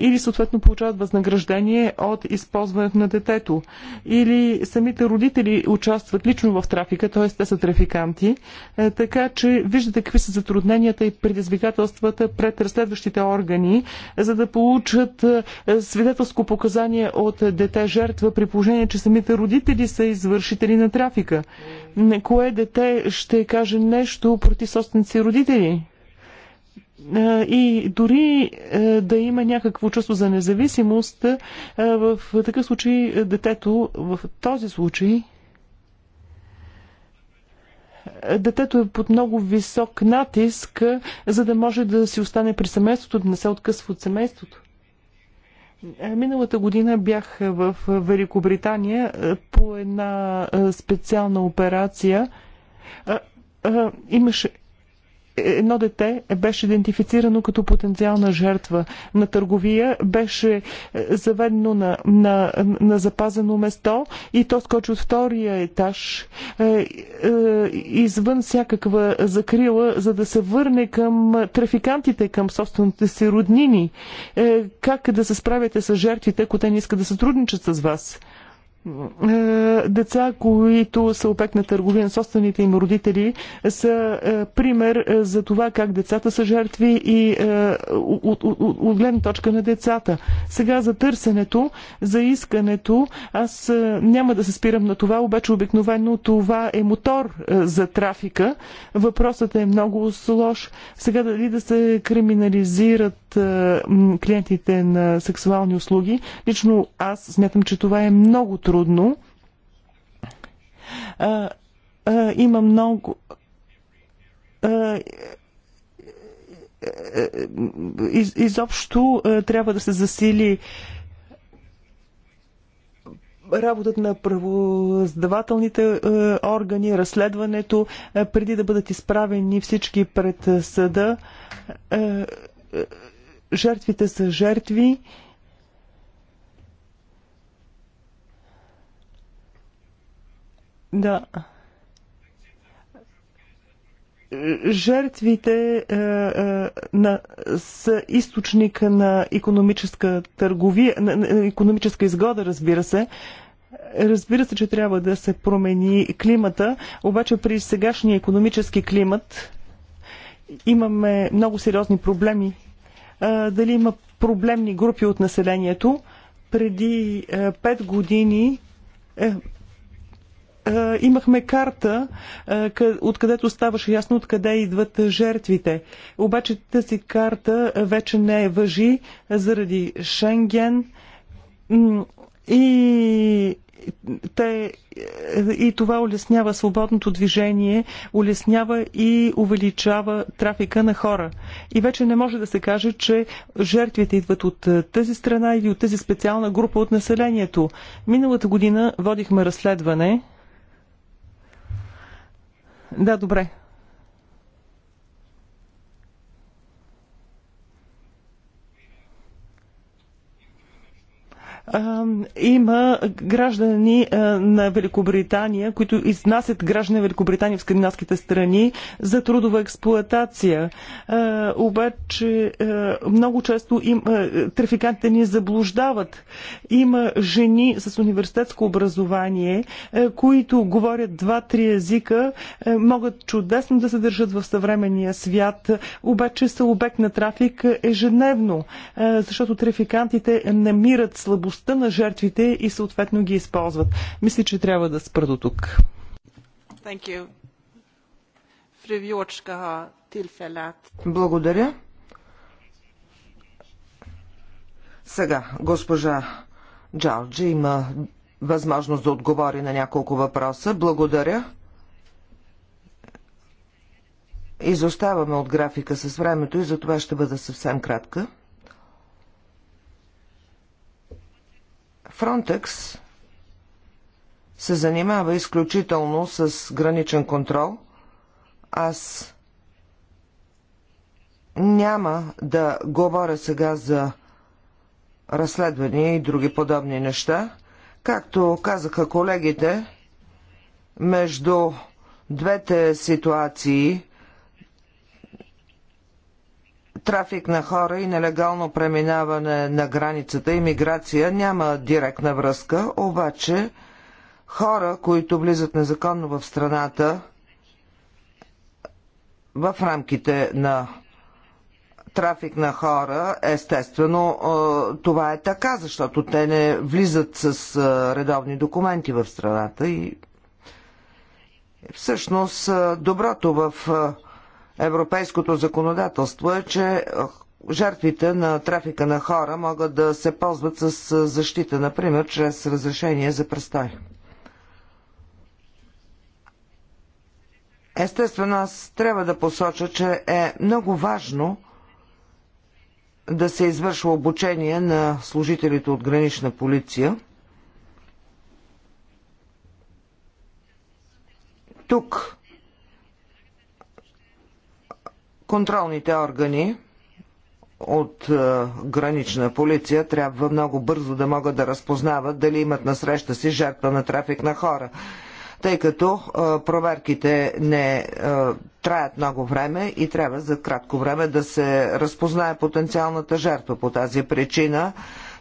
или съответно получават възнаграждение от използването на детето. Или самите родители участват лично в трафика, т.е. те са трафиканти. Е, така че виждате какви са затрудненията и предизвикателствата пред разследващите органи, за да получат е, свидетелско показание от дете жертва при положение, че самите родители са извършители на трафика. Кое дете ще каже нещо против собственици родители? И дори да има някакво чувство за независимост, в такъв случай детето, в този случай, детето е под много висок натиск, за да може да си остане при семейството, да не се откъсва от семейството. Миналата година бях в Великобритания по една специална операция. Имаше едно дете беше идентифицирано като потенциална жертва на търговия, беше е, заведено на, на, на запазено место и то скочи от втория етаж е, е, извън всякаква закрила, за да се върне към трафикантите, към собствените си роднини. Как да се справяте с жертвите, ако те не искат да сътрудничат с вас? Е, деца, които са обект на търговия на собствените им родители, са е, пример е, за това как децата са жертви и от, от, от, от гледна точка на децата. Сега за търсенето, за искането, аз няма да се спирам на това, обаче обикновено това е мотор за трафика. Въпросът е много слож. Сега дали да се криминализират клиентите на сексуални услуги, лично аз смятам, че това е много трудно трудно. А, а, има много. А, из, изобщо трябва да се засили работата на правоздавателните органи, разследването, преди да бъдат изправени всички пред съда. Жертвите са жертви. Да. Жертвите е, е, на, са източника на економическа търговия, на, на економическа изгода, разбира се, Разбира се, че трябва да се промени климата, обаче при сегашния економически климат имаме много сериозни проблеми. А, е, дали има проблемни групи от населението? Преди 5 е, години е, имахме карта, откъдето ставаше ясно откъде идват жертвите. Обаче тази карта вече не е въжи заради Шенген и те, и това улеснява свободното движение, улеснява и увеличава трафика на хора. И вече не може да се каже, че жертвите идват от тази страна или от тази специална група от населението. Миналата година водихме разследване да, добре. Има граждани на Великобритания, които изнасят граждани на Великобритания в скандинавските страни за трудова експлоатация. Обаче много често им, трафикантите ни заблуждават. Има жени с университетско образование, които говорят два-три езика, могат чудесно да се държат в съвременния свят, обаче са обект на трафик ежедневно, защото трафикантите намират слабост тежестта на жертвите и съответно ги използват. Мисля, че трябва да спра до тук. Благодаря. Сега госпожа Джорджи има възможност да отговори на няколко въпроса. Благодаря. Изоставаме от графика с времето и за това ще бъда съвсем кратка. Фронтекс се занимава изключително с граничен контрол. Аз няма да говоря сега за разследвания и други подобни неща. Както казаха колегите, между двете ситуации Трафик на хора и нелегално преминаване на границата и миграция няма директна връзка, обаче хора, които влизат незаконно в страната в рамките на трафик на хора, естествено, това е така, защото те не влизат с редовни документи в страната и всъщност доброто в европейското законодателство е, че жертвите на трафика на хора могат да се ползват с защита, например, чрез разрешение за престой. Естествено, аз трябва да посоча, че е много важно да се извършва обучение на служителите от гранична полиция. Тук Контролните органи от е, гранична полиция трябва много бързо да могат да разпознават дали имат на среща си жертва на трафик на хора тъй като а, е, проверките не а, е, траят много време и трябва за кратко време да се разпознае потенциалната жертва. По тази причина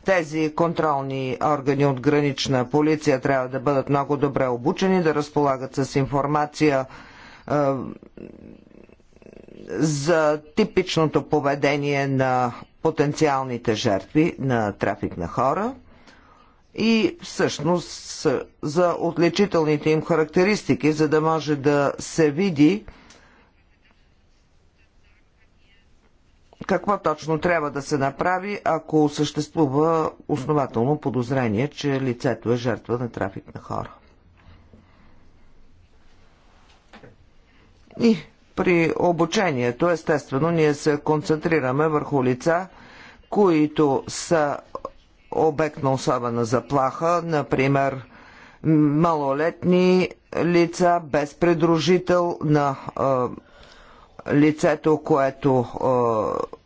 тези контролни органи от гранична полиция трябва да бъдат много добре обучени, да разполагат с информация а, е, за типичното поведение на потенциалните жертви на трафик на хора и всъщност за отличителните им характеристики, за да може да се види какво точно трябва да се направи, ако съществува основателно подозрение, че лицето е жертва на трафик на хора. И при обучението, естествено, ние се концентрираме върху лица, които са обект на особена заплаха, например малолетни лица без предружител на е, лицето, което е,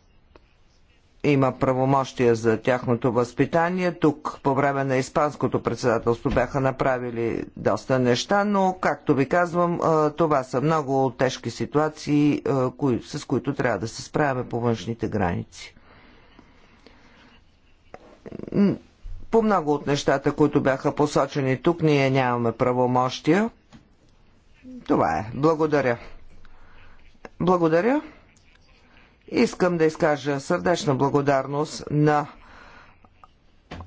има правомощия за тяхното възпитание. Тук по време на Испанското председателство бяха направили доста неща, но, както ви казвам, това са много тежки ситуации, с които трябва да се справяме по външните граници. По много от нещата, които бяха посочени тук, ние нямаме правомощия. Това е. Благодаря. Благодаря. Искам да изкажа сърдечна благодарност на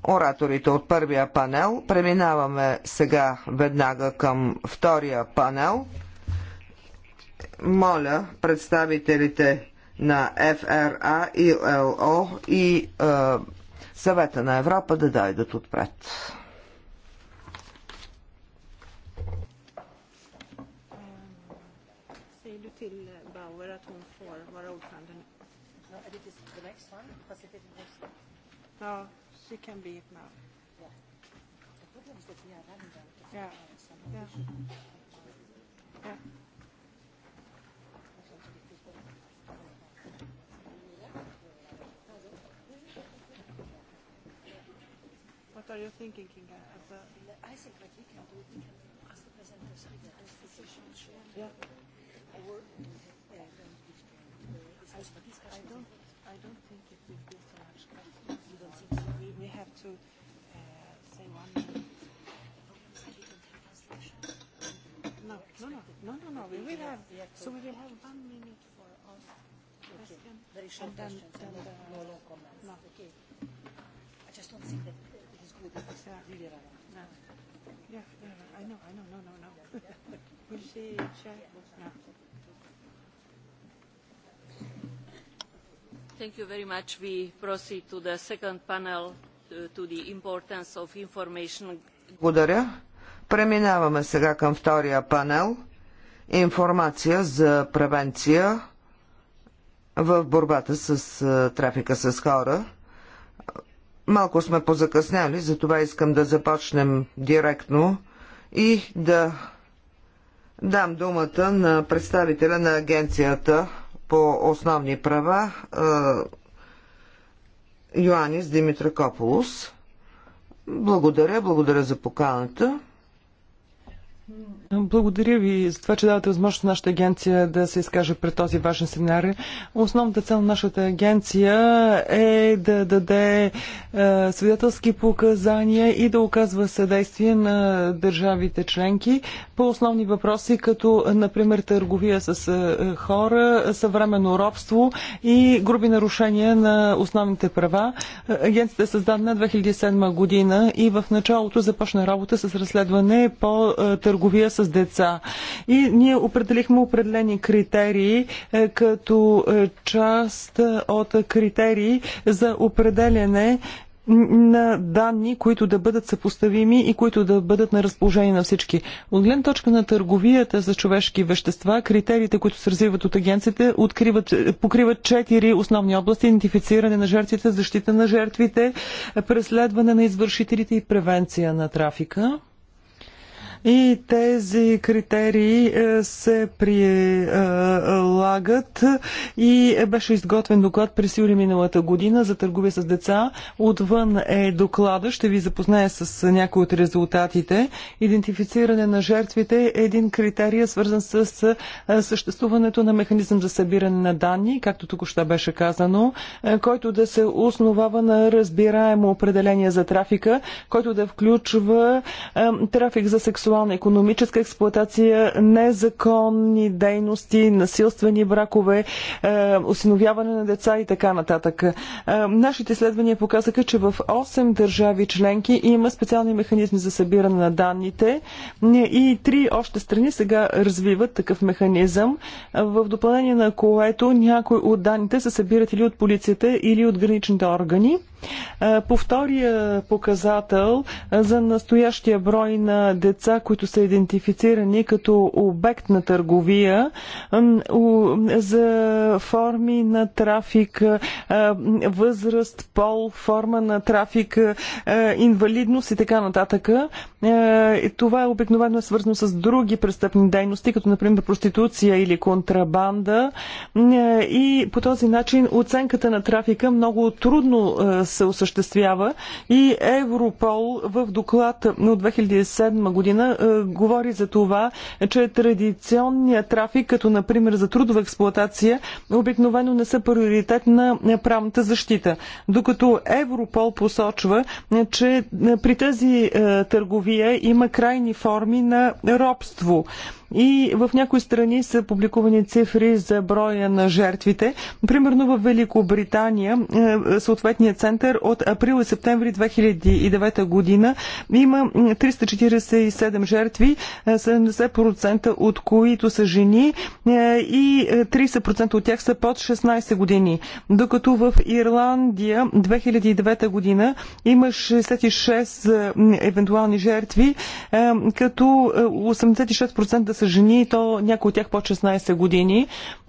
ораторите от първия панел. Преминаваме сега веднага към втория панел. Моля представителите на ФРА, ИЛО и е, Съвета на Европа да дойдат отпред. No, she can be it now. Yeah. The problem is that we are running yeah. Yeah. What are you thinking, Kinga? I think what we can do, we can ask the presenters with the position Yeah. I don't. I don't to uh, say one minute. No, no, no, no, no, no. We will have, so we will have one minute for us. Okay. Very short then, questions then, and uh, no long comments. No. Okay. I just don't think that it is good if really relevant. Yeah, yeah, I know, I know, no, no, no. Will she check? No. Thank you very much. We proceed to the second panel благодаря. Преминаваме сега към втория панел. Информация за превенция в борбата с трафика с хора. Малко сме позакъсняли, затова искам да започнем директно и да дам думата на представителя на Агенцията по основни права Йоанис Димитра Кополус. Благодаря, благодаря за поканата. Благодаря ви за това, че давате възможност на нашата агенция да се изкаже пред този важен семинар. Основната цел на нашата агенция е да даде е, свидетелски показания и да оказва съдействие на държавите членки по основни въпроси, като например търговия с е, хора, съвременно робство и груби нарушения на основните права. Агенцията е създадена 2007 година и в началото започна работа с разследване по е, търговия с с деца. И ние определихме определени критерии е, като е, част е, от критерии за определяне на данни, които да бъдат съпоставими и които да бъдат на разположение на всички. От гледна точка на търговията за човешки вещества, критериите, които се развиват от агенцията, откриват, покриват четири основни области. Идентифициране на жертвите, защита на жертвите, преследване на извършителите и превенция на трафика. И тези критерии е, се прилагат и беше изготвен доклад през юли миналата година за търговия с деца. Отвън е доклада. Ще ви запозная с някои от резултатите. Идентифициране на жертвите е един критерий, свързан с е, съществуването на механизъм за събиране на данни, както тук още беше казано, е, който да се основава на разбираемо определение за трафика, който да включва трафик за сексуалност сексуална, економическа експлуатация, незаконни дейности, насилствени бракове, е, осиновяване на деца и така нататък. Е, нашите изследвания показаха, че в 8 държави членки има специални механизми за събиране на данните и три още страни сега развиват такъв механизъм, в допълнение на което някои от данните се събират или от полицията, или от граничните органи. Е, по втория показател е, за настоящия брой на деца, които са идентифицирани като обект на търговия, е, за форми на трафик, възраст, пол, форма на трафик, инвалидност и така нататък. Това е обикновено свързано с други престъпни дейности, като например проституция или контрабанда. И по този начин оценката на трафика много трудно се осъществява и Европол в доклад от 2007 година е, говори за това, че традиционният трафик, като например за трудова експлоатация, обикновено не са приоритет на правната защита. Докато Европол посочва, че при тази е, търговия има крайни форми на робство. И в някои страни са публикувани цифри за броя на жертвите. Примерно в Великобритания, е, съответният център от април и септември 2009 година има 347 жертви, 70% е, от които са жени е, и 30% от тях са под 16 години. Докато в Ирландия 2009 година има 66 евентуални жертви, като 86% да са са жени, то някои от тях по 16 години. Е,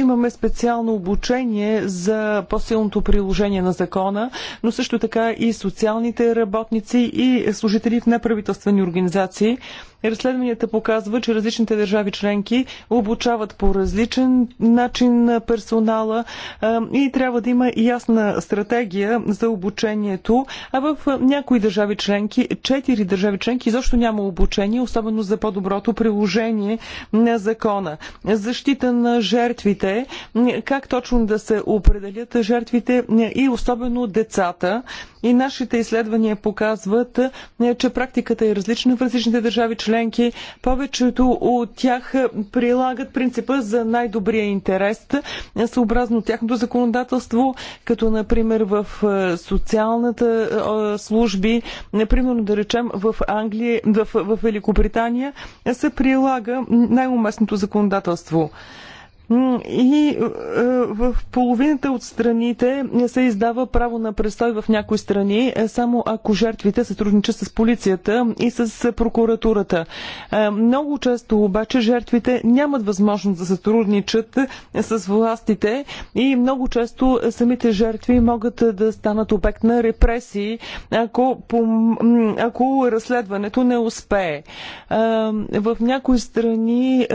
имаме специално обучение за по-силното приложение на закона, но също така и социалните работници и служители в неправителствени организации. Разследванията показва, че различните държави членки обучават по различен начин на персонала и трябва да има ясна стратегия за обучението. А в някои държави членки, четири държави членки, изобщо няма обучение, особено за по-доброто приложение на закона. Защита на жертвите, как точно да се определят жертвите и особено децата. И нашите изследвания показват, че практиката е различна в различните държави членки членки. Повечето от тях прилагат принципа за най-добрия интерес, е, съобразно тяхното законодателство, като например в е, социалната е, служби, например да речем в Англия, в, в Великобритания, се прилага най-уместното законодателство и е, в половината от страните се издава право на престой в някои страни, е, само ако жертвите сътрудничат с полицията и с прокуратурата. Е, много често обаче жертвите нямат възможност да сътрудничат с властите и много често самите жертви могат да станат обект на репресии, ако, ако разследването не успее. В някои страни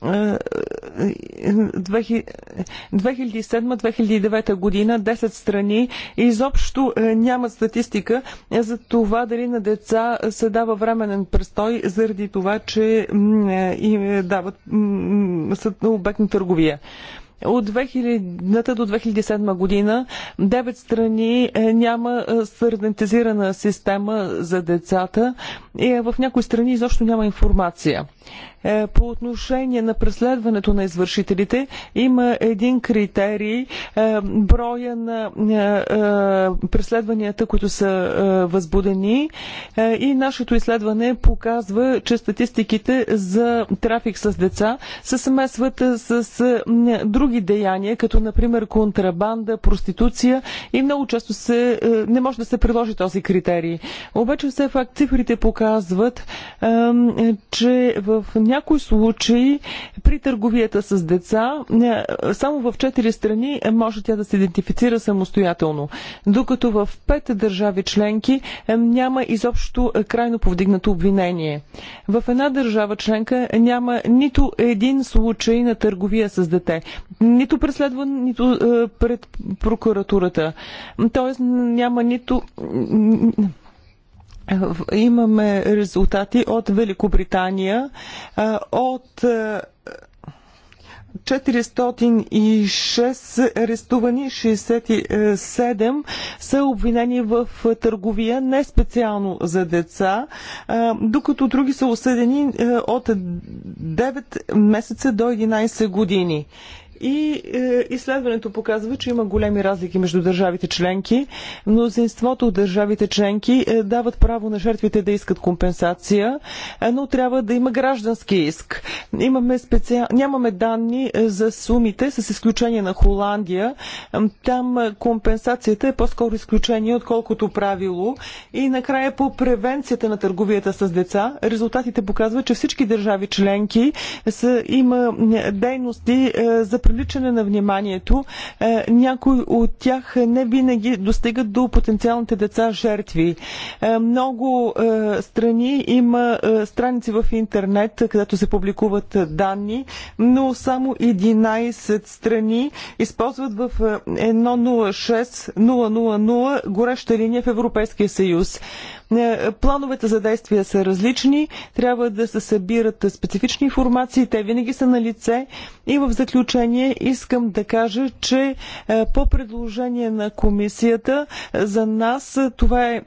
2007-2009 година 10 страни изобщо е, нямат статистика за това дали на деца се дава временен престой заради това, че им е, е, дават са обект на търговия. От 2000 до 2007 година 9 страни няма стандартизирана система за децата и в някои страни изобщо няма информация. Е, по отношение на преследването на извършителите има един критерий е, броя на е, преследванията, които са възбудени и нашето изследване показва, че статистиките за трафик с деца се смесват с други деяния, като например контрабанда, проституция и много често се, не може да се приложи този критерий. Обаче все факт цифрите показват, че в някои случаи при търговията с деца е, само в четири страни може тя да се идентифицира самостоятелно, докато в пет държави членки е, няма изобщо е, крайно повдигнато обвинение. В една държава членка няма нито един случай на търговия с дете, нито преследван, нито пред прокуратурата. Тоест няма нито Имаме резултати от Великобритания, от 406 арестувани, 67 са обвинени в търговия, не специално за деца, докато други са осъдени от 9 месеца до 11 години. И е, изследването показва, че има големи разлики между държавите членки. Мнозинството от държавите членки е, дават право на жертвите да искат компенсация, е, но трябва да има граждански иск. Имаме специал... Нямаме данни е, за сумите, с изключение на Холандия. Е, там е, компенсацията е по-скоро изключение, отколкото правило. И накрая по превенцията на търговията с деца, резултатите показват, че всички държави членки са, има дейности е, за привличане на вниманието. Е, някои от тях не винаги достигат до потенциалните деца жертви. Е, много е, страни има страници в интернет, където се публикуват данни, но само 11 страни използват в 106 000 гореща линия в Европейския съюз. Плановете за действия са различни, трябва да се събират специфични информации, те винаги са на лице. И в заключение искам да кажа, че е, по предложение на комисията за нас това е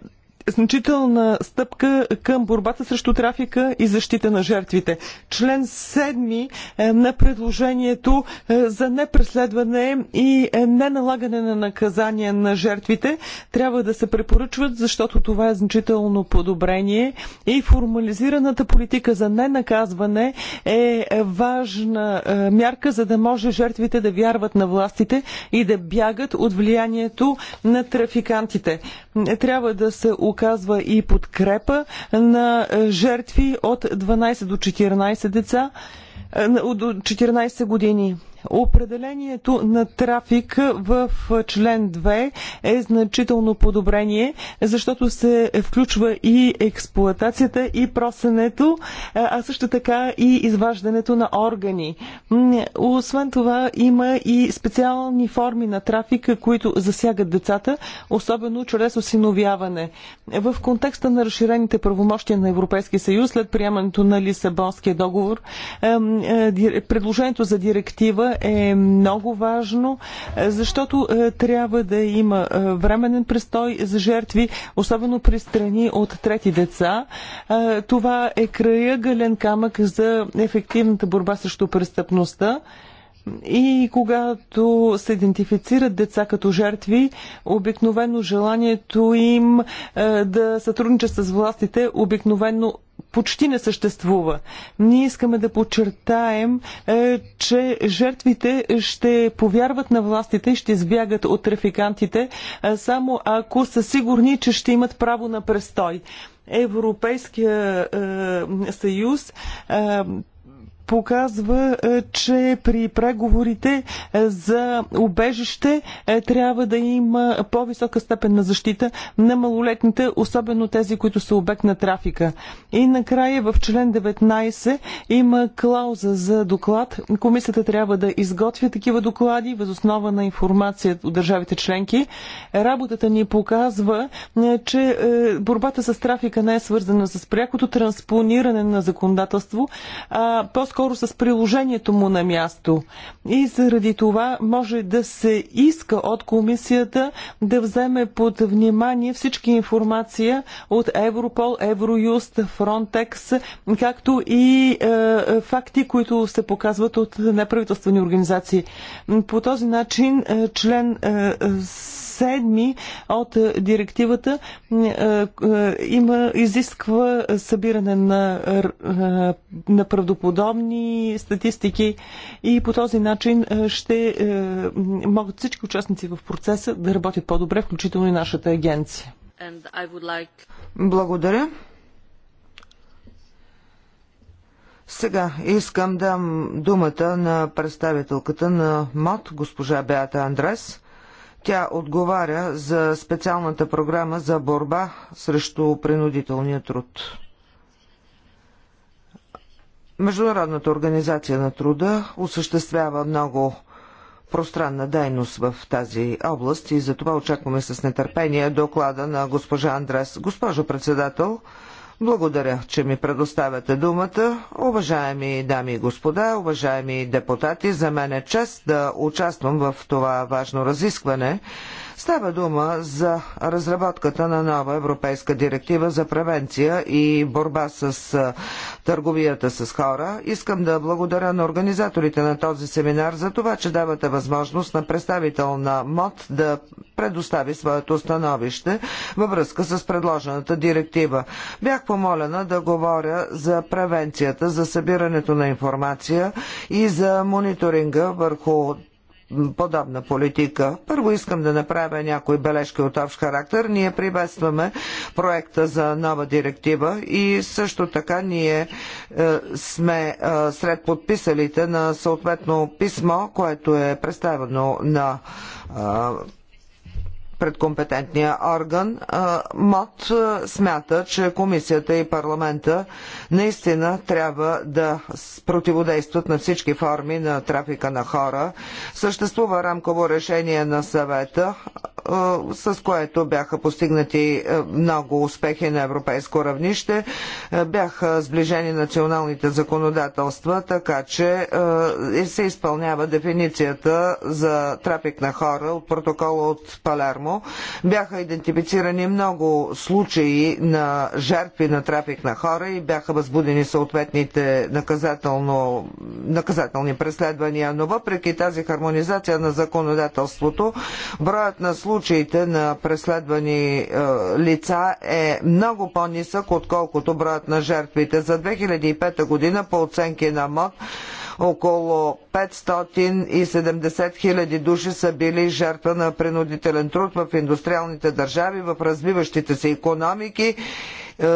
значителна стъпка към борбата срещу трафика и защита на жертвите. Член 7 е, на предложението е, за непреследване и е, неналагане на наказания на жертвите трябва да се препоръчват, защото това е значително подобрение и формализираната политика за ненаказване е важна мярка, за да може жертвите да вярват на властите и да бягат от влиянието на трафикантите. Трябва да се оказва и подкрепа на е, жертви от 12 до 14 деца е, от 14 години. Определението на трафик в член 2 е значително подобрение, защото се включва и експлуатацията, и просенето, а също така и изваждането на органи. Освен това има и специални форми на трафика, които засягат децата, особено чрез осиновяване. В контекста на разширените правомощия на Европейския съюз след приемането на Лисабонския договор, е, предложението за директива е много важно, е, защото е, трябва да има е, временен престой за жертви, особено при страни от трети деца. Това е края гален камък за ефективната борба срещу престъпността. И когато се идентифицират деца като жертви, обикновено желанието им да сътрудничат с властите обикновено почти не съществува. Ние искаме да подчертаем, е, че жертвите ще повярват на властите и ще избягат от трафикантите, е, само ако са сигурни, че ще имат право на престой. Европейския е, съюз е, показва, е, че при преговорите е, за убежище е, трябва да има по-висока степен на защита на малолетните, особено тези, които са обект на трафика. И накрая в член 19 има клауза за доклад. Комисията трябва да изготвя такива доклади възоснова на информация от държавите членки. Работата ни показва, че борбата с трафика не е свързана с прякото транспониране на законодателство, а по по-скоро с приложението му на място. И заради това може да се иска от комисията да вземе под внимание всички информация от Европол, Евроюст, Фронтекс, както и е, факти, които се показват от неправителствени организации. По този начин е, член е, 7 от е, директивата е, е, има, изисква събиране на, на правдоподобни статистики и по този начин ще могат всички участници в процеса да работят по-добре, включително и нашата агенция. Like... Благодаря. Сега искам дам думата на представителката на МОД, госпожа Беата Андрес. Тя отговаря за специалната програма за борба срещу принудителния труд. Международната организация на труда осъществява много пространна дейност в тази област и затова очакваме с нетърпение доклада на госпожа Андрес. Госпожо председател, благодаря, че ми предоставяте думата. Уважаеми дами и господа, уважаеми депутати, за мен е чест да участвам в това важно разискване. Става дума за разработката на нова европейска директива за превенция и борба с търговията с хора. Искам да благодаря на организаторите на този семинар за това, че давате възможност на представител на МОД да предостави своето становище във връзка с предложената директива. Бях помолена да говоря за превенцията, за събирането на информация и за мониторинга върху подобна политика. Първо искам да направя някои бележки от общ характер. Ние приветстваме проекта за нова директива и също така ние е, сме е, сред подписалите на съответно писмо, което е представено на е, пред компетентния орган. МОД смята, че комисията и парламента наистина трябва да противодействат на всички форми на трафика на хора. Съществува рамково решение на съвета с което бяха постигнати много успехи на европейско равнище. Бяха сближени националните законодателства, така че се изпълнява дефиницията за трафик на хора от протокола от Палермо. Бяха идентифицирани много случаи на жертви на трафик на хора и бяха възбудени съответните наказателни преследвания. Но въпреки тази хармонизация на законодателството, броят на случаи случаите на преследвани е, лица е много по-нисък, отколкото броят на жертвите. За 2005 година по оценки на МОД около 570 хиляди души са били жертва на принудителен труд в индустриалните държави, в развиващите се економики е,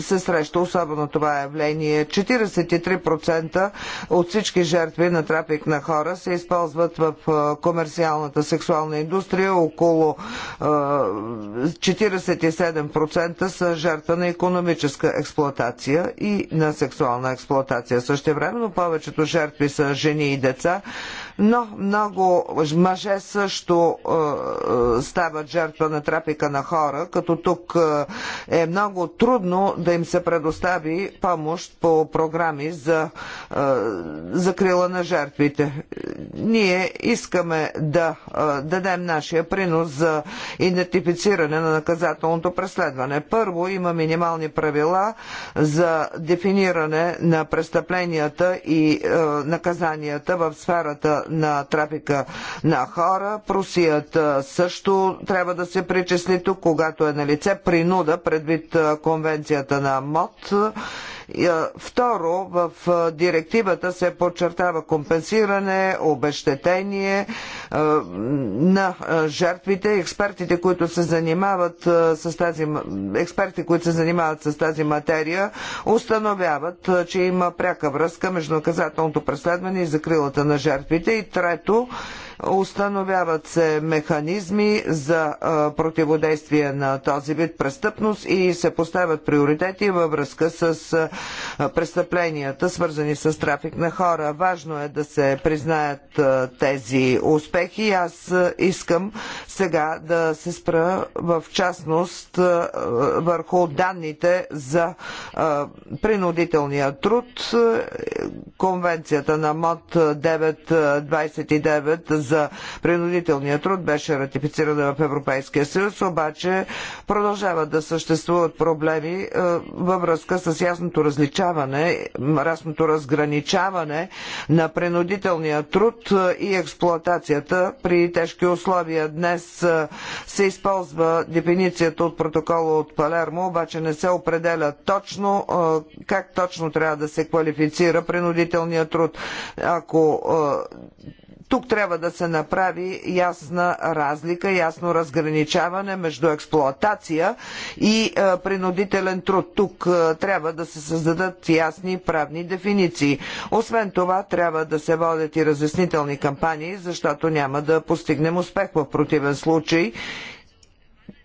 се среща особено това явление. 43% от всички жертви на трафик на хора се използват в е, комерциалната сексуална индустрия, около 47% е, са жертва на економическа експлоатация и на сексуална експлоатация. времено повечето жертви са жени и деца, но много мъже също е, е, стават жертва на трафика на хора, като тук е, е много трудно да им се предостави помощ по програми за закрила на жертвите. Ние искаме да дадем нашия принос за идентифициране на наказателното преследване. Първо има минимални правила за дефиниране на престъпленията и наказанията в сферата на трафика на хора. Прусият също трябва да се причисли тук, когато е на лице принуда предвид конвенцията на МОД Второ, в директивата се подчертава компенсиране, обещетение на жертвите. Експертите, които се занимават с тази, експерти, които се занимават с тази материя, установяват, че има пряка връзка между наказателното преследване и закрилата на жертвите. И трето, Установяват се механизми за противодействие на този вид престъпност и се поставят приоритети във връзка с престъпленията, свързани с трафик на хора. Важно е да се признаят тези успехи. Аз искам сега да се спра в частност върху данните за принудителния труд. Конвенцията на МОД 929 за принудителния труд беше ратифицирана в Европейския съюз, обаче продължават да съществуват проблеми е, във връзка с ясното различаване, расното разграничаване на принудителния труд е, и експлоатацията при тежки условия. Днес е, се използва дефиницията от протокола от Палермо, обаче не се определя точно как точно трябва да се квалифицира принудителния труд. Ако тук трябва да се направи ясна разлика, ясно разграничаване между експлоатация и е, принудителен труд. Тук е, трябва да се създадат ясни правни дефиниции. Освен това, трябва да се водят и разяснителни кампании, защото няма да постигнем успех в противен случай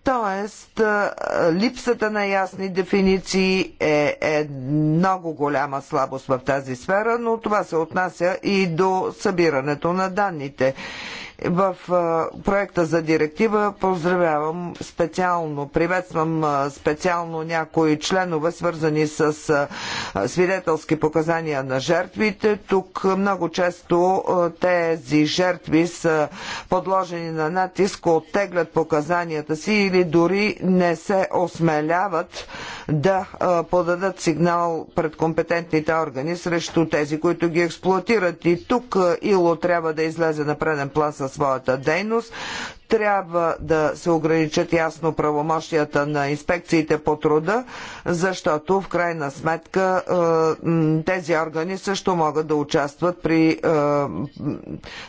Тоест, липсата на ясни дефиниции е, е много голяма слабост в тази сфера, но това се отнася и до събирането на данните в проекта за директива поздравявам специално, приветствам специално някои членове, свързани с свидетелски показания на жертвите. Тук много често тези жертви са подложени на натиск, оттеглят показанията си или дори не се осмеляват да подадат сигнал пред компетентните органи срещу тези, които ги експлуатират. И тук ИЛО трябва да излезе на преден план с своята дейност. Трябва да се ограничат ясно правомощията на инспекциите по труда, защото в крайна сметка е, тези органи също могат да участват при е,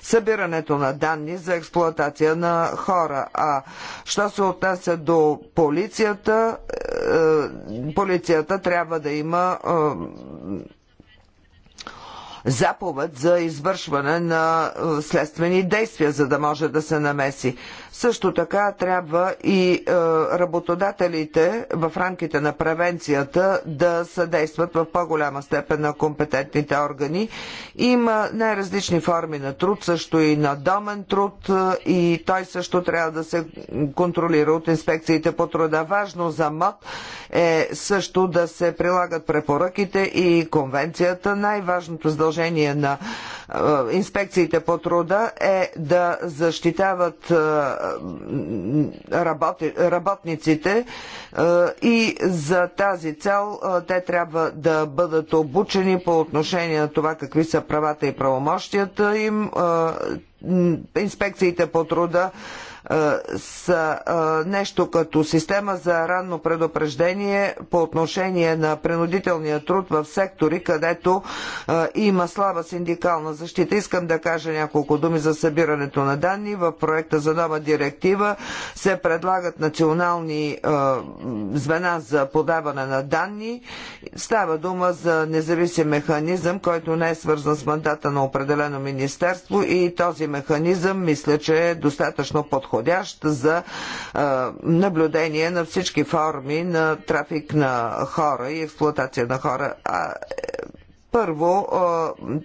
събирането на данни за експлоатация на хора. А що се отнася до полицията, е, полицията трябва да има заповед за извършване на е, следствени действия, за да може да се намеси. Също така трябва и е, работодателите в рамките на превенцията да съдействат в по-голяма степен на компетентните органи. Има най-различни форми на труд, също и на домен труд е, и той също трябва да се контролира от инспекциите по труда. Важно за МОД е също да се прилагат препоръките и конвенцията. Най-важното задължение на е, инспекциите по труда е да защитават работи, работниците е, и за тази цел е, те трябва да бъдат обучени по отношение на това какви са правата и правомощията им, е, инспекциите по труда е, са е, нещо като система за ранно предупреждение по отношение на принудителния труд в сектори, където е, има слаба синдикална защита. Искам да кажа няколко думи за събирането на данни. В проекта за нова директива се предлагат национални звена за подаване на данни. Става дума за независим механизъм, който не е свързан с мандата на определено министерство и този механизъм мисля, че е достатъчно подходящ подходящ за наблюдение на всички форми на трафик на хора и експлуатация на хора. А, първо,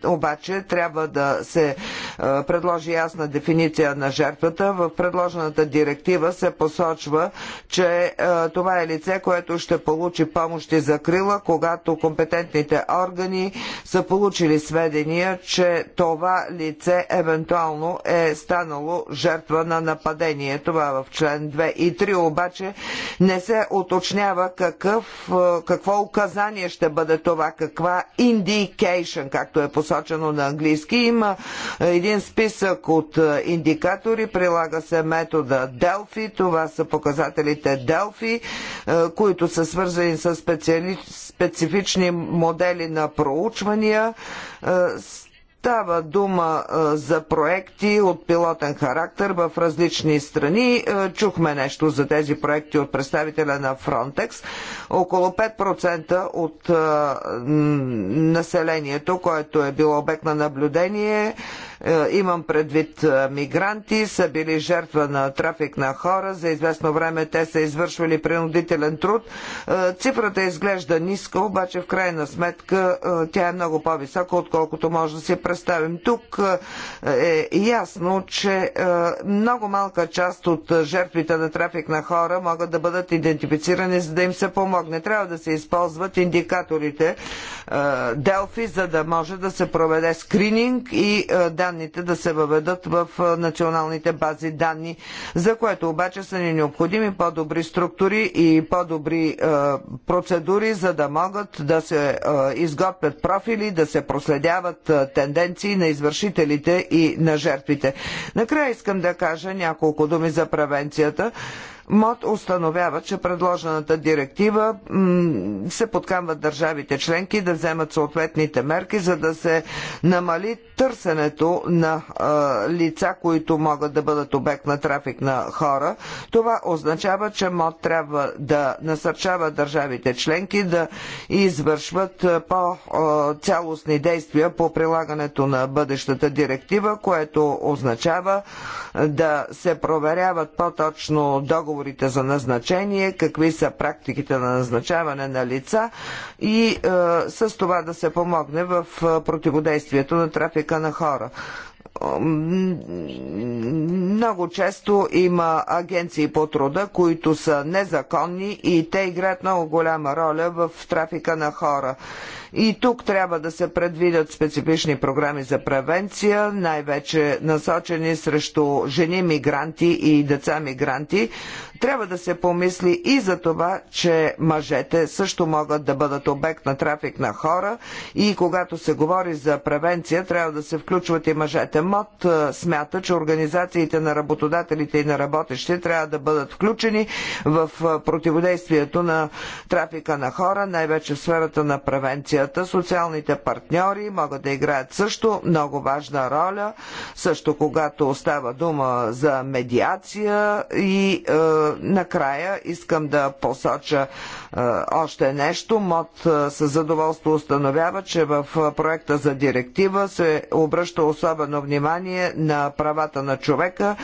обаче, трябва да се предложи ясна дефиниция на жертвата. В предложената директива се посочва, че това е лице, което ще получи помощ и закрила, когато компетентните органи са получили сведения, че това лице евентуално е станало жертва на нападение. Това е в член 2 и 3 обаче не се уточнява какъв, какво указание ще бъде това, каква индия indication, както е посочено на английски. Има е, един списък от е, индикатори, прилага се метода Delphi, това са показателите Delphi, е, които са свързани с специфични модели на проучвания. Става дума за проекти от пилотен характер в различни страни. Чухме нещо за тези проекти от представителя на Frontex. Около 5% от населението, което е било обект на наблюдение, е, имам предвид е, мигранти, са били жертва на трафик на хора. За известно време те са извършвали принудителен труд. Е, цифрата изглежда ниска, обаче в крайна сметка тя е много по-висока, отколкото може да си представим. Тук е ясно, че много малка част от жертвите на трафик на хора могат да бъдат идентифицирани, за да им се помогне. Трябва да се използват индикаторите Делфи, за да може да се проведе скрининг и да данните да се въведат в националните бази данни, за което обаче са ни необходими по-добри структури и по-добри процедури, за да могат да се изготвят профили, да се проследяват тенденции на извършителите и на жертвите. Накрая искам да кажа няколко думи за превенцията. МОД установява, че предложената директива се подкамват държавите членки да вземат съответните мерки, за да се намали търсенето на лица, които могат да бъдат обект на трафик на хора. Това означава, че МОД трябва да насърчава държавите членки да извършват по-цялостни действия по прилагането на бъдещата директива, което означава да се проверяват по-точно договори договорите за назначение, какви са практиките на назначаване на лица и е, с това да се помогне в е, противодействието на трафика на хора много често има агенции по труда, които са незаконни и те играят много голяма роля в трафика на хора. И тук трябва да се предвидят специфични програми за превенция, най-вече насочени срещу жени мигранти и деца мигранти. Трябва да се помисли и за това, че мъжете също могат да бъдат обект на трафик на хора и когато се говори за превенция, трябва да се включват и мъжете. МОД смята, че организациите на работодателите и на работещите трябва да бъдат включени в противодействието на трафика на хора, най-вече в сферата на превенция комисията социалните партньори могат да играят също много важна роля, също когато остава дума за медиация и е, накрая искам да посоча е, още нещо. МОД е, с задоволство установява, че в проекта за директива се обръща особено внимание на правата на човека,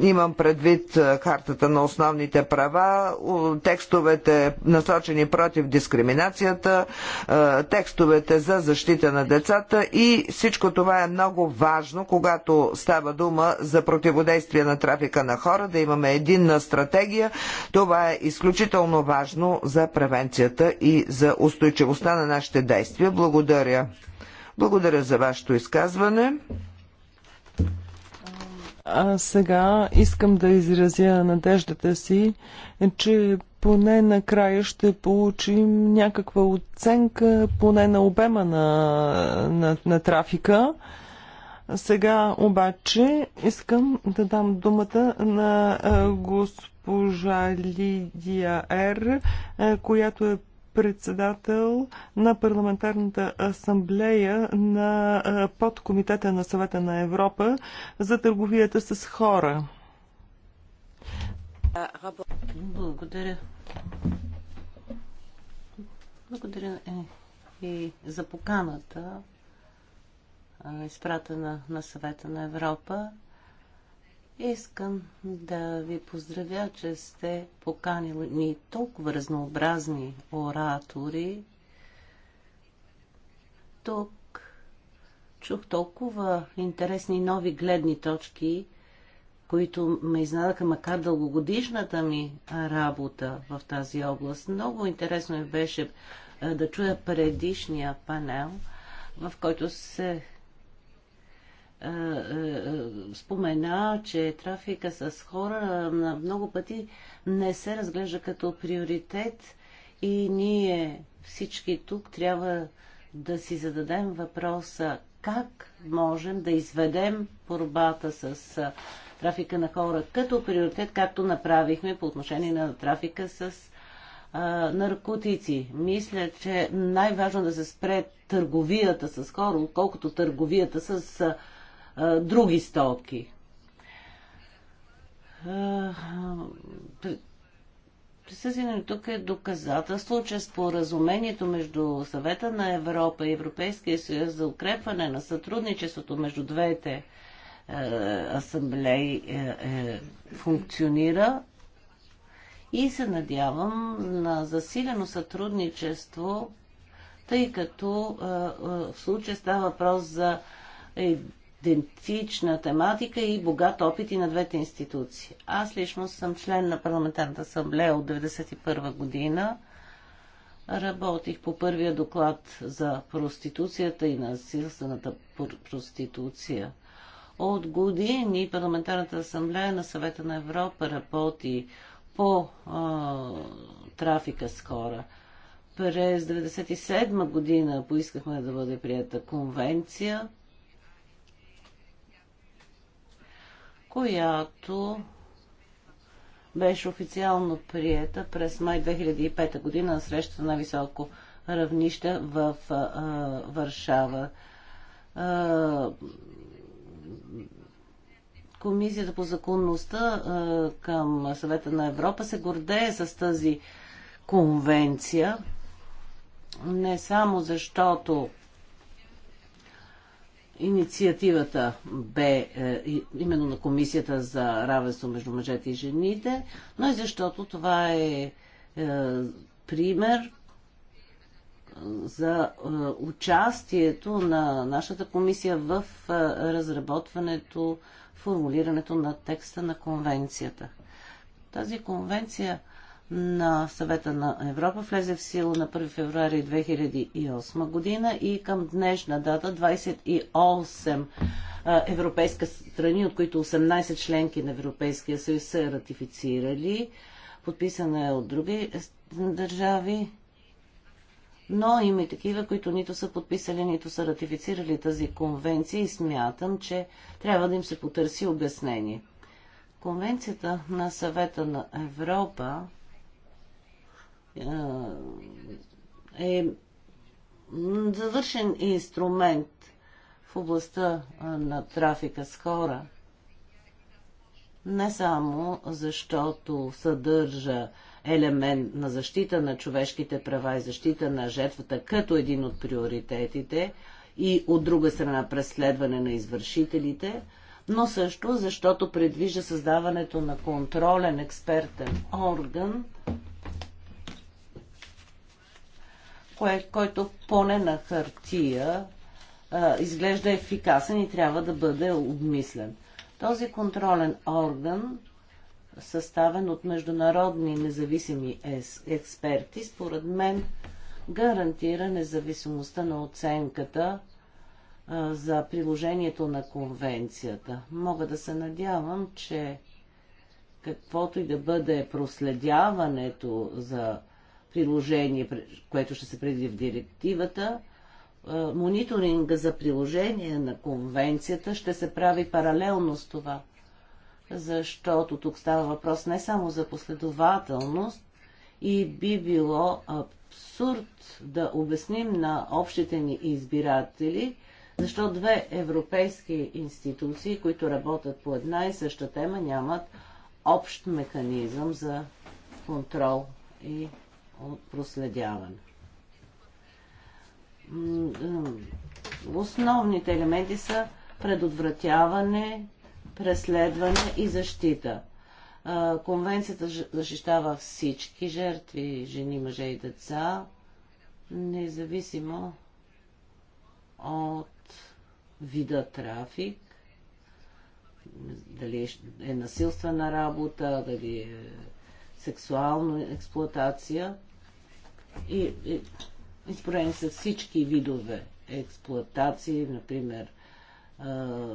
Имам предвид хартата на основните права, текстовете насочени против дискриминацията, текстовете за защита на децата и всичко това е много важно, когато става дума за противодействие на трафика на хора, да имаме единна стратегия. Това е изключително важно за превенцията и за устойчивостта на нашите действия. Благодаря. Благодаря за вашето изказване. А сега искам да изразя надеждата си, че поне накрая ще получим някаква оценка, поне на обема на, на, на трафика. Сега обаче искам да дам думата на госпожа Лидия Р, която е председател на парламентарната асамблея на подкомитета на съвета на Европа за търговията с хора. Благодаря. Благодаря е, и за поканата, изпратена на съвета на Европа. Искам да ви поздравя, че сте поканили ни толкова разнообразни оратори. Тук чух толкова интересни нови гледни точки, които ме изнадаха, макар дългогодишната ми работа в тази област. Много интересно е беше да чуя предишния панел, в който се спомена, че трафика с хора на много пъти не се разглежда като приоритет и ние всички тук трябва да си зададем въпроса как можем да изведем борбата с трафика на хора като приоритет, както направихме по отношение на трафика с а, наркотици. Мисля, че най-важно да се спре търговията с хора, отколкото търговията с а, други стоки. Присъствието тук е доказателство, че споразумението между Съвета на Европа и Европейския съюз за укрепване на сътрудничеството между двете е, асамблеи е, е, функционира и се надявам на засилено сътрудничество, тъй като е, е, в случая става въпрос за идентична тематика и богат опит и на двете институции. Аз лично съм член на парламентарната асамблея от 1991 година. Работих по първия доклад за проституцията и насилствената проституция. От години парламентарната асамблея на съвета на Европа работи по а, трафика с хора. През 1997 година поискахме да бъде прията конвенция която беше официално приета през май 2005 година на среща на високо равнище в а, Варшава. А, Комисията по законността а, към съвета на Европа се гордее с тази конвенция, не само защото Инициативата бе е, именно на Комисията за равенство между мъжете и жените, но и защото това е, е пример е, за е, участието на нашата комисия в е, разработването, формулирането на текста на конвенцията. Тази конвенция е, на съвета на Европа влезе в сила на 1 февруари 2008 година и към днешна дата 28 европейска страни, от които 18 членки на Европейския съюз са ратифицирали. Подписана е от други държави. Но има и такива, които нито са подписали, нито са ратифицирали тази конвенция и смятам, че трябва да им се потърси обяснение. Конвенцията на съвета на Европа е завършен инструмент в областта на трафика с хора. Не само защото съдържа елемент на защита на човешките права и защита на жертвата като един от приоритетите и от друга страна преследване на извършителите, но също защото предвижда създаването на контролен експертен орган, кое, който поне на хартия а, изглежда ефикасен и трябва да бъде обмислен. Този контролен орган, съставен от международни независими експерти, според мен гарантира независимостта на оценката а, за приложението на конвенцията. Мога да се надявам, че каквото и да бъде проследяването за приложение, което ще се преди в директивата, е, мониторинга за приложение на конвенцията ще се прави паралелно с това, защото тук става въпрос не само за последователност и би било абсурд да обясним на общите ни избиратели, защо две европейски институции, които работят по една и съща тема, нямат общ механизъм за контрол и проследяване. Основните елементи са предотвратяване, преследване и защита. Конвенцията защищава всички жертви, жени, мъже и деца, независимо от вида трафик, дали е, е насилствена работа, дали е сексуална експлуатация. И, и, изброени са всички видове експлоатации, например а,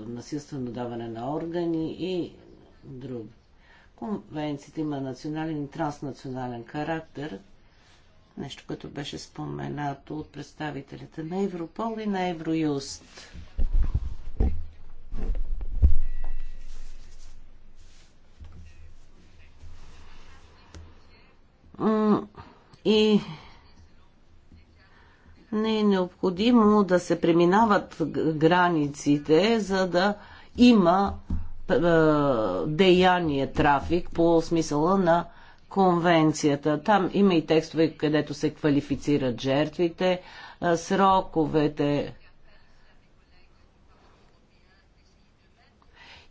насилствено даване на органи и други. Конвенцията има национален и транснационален характер, нещо, което беше споменато от представителите на Европол и на Евроюст. И не е необходимо да се преминават границите, за да има е, деяние трафик по смисъла на конвенцията. Там има и текстове, където се квалифицират жертвите, е, сроковете.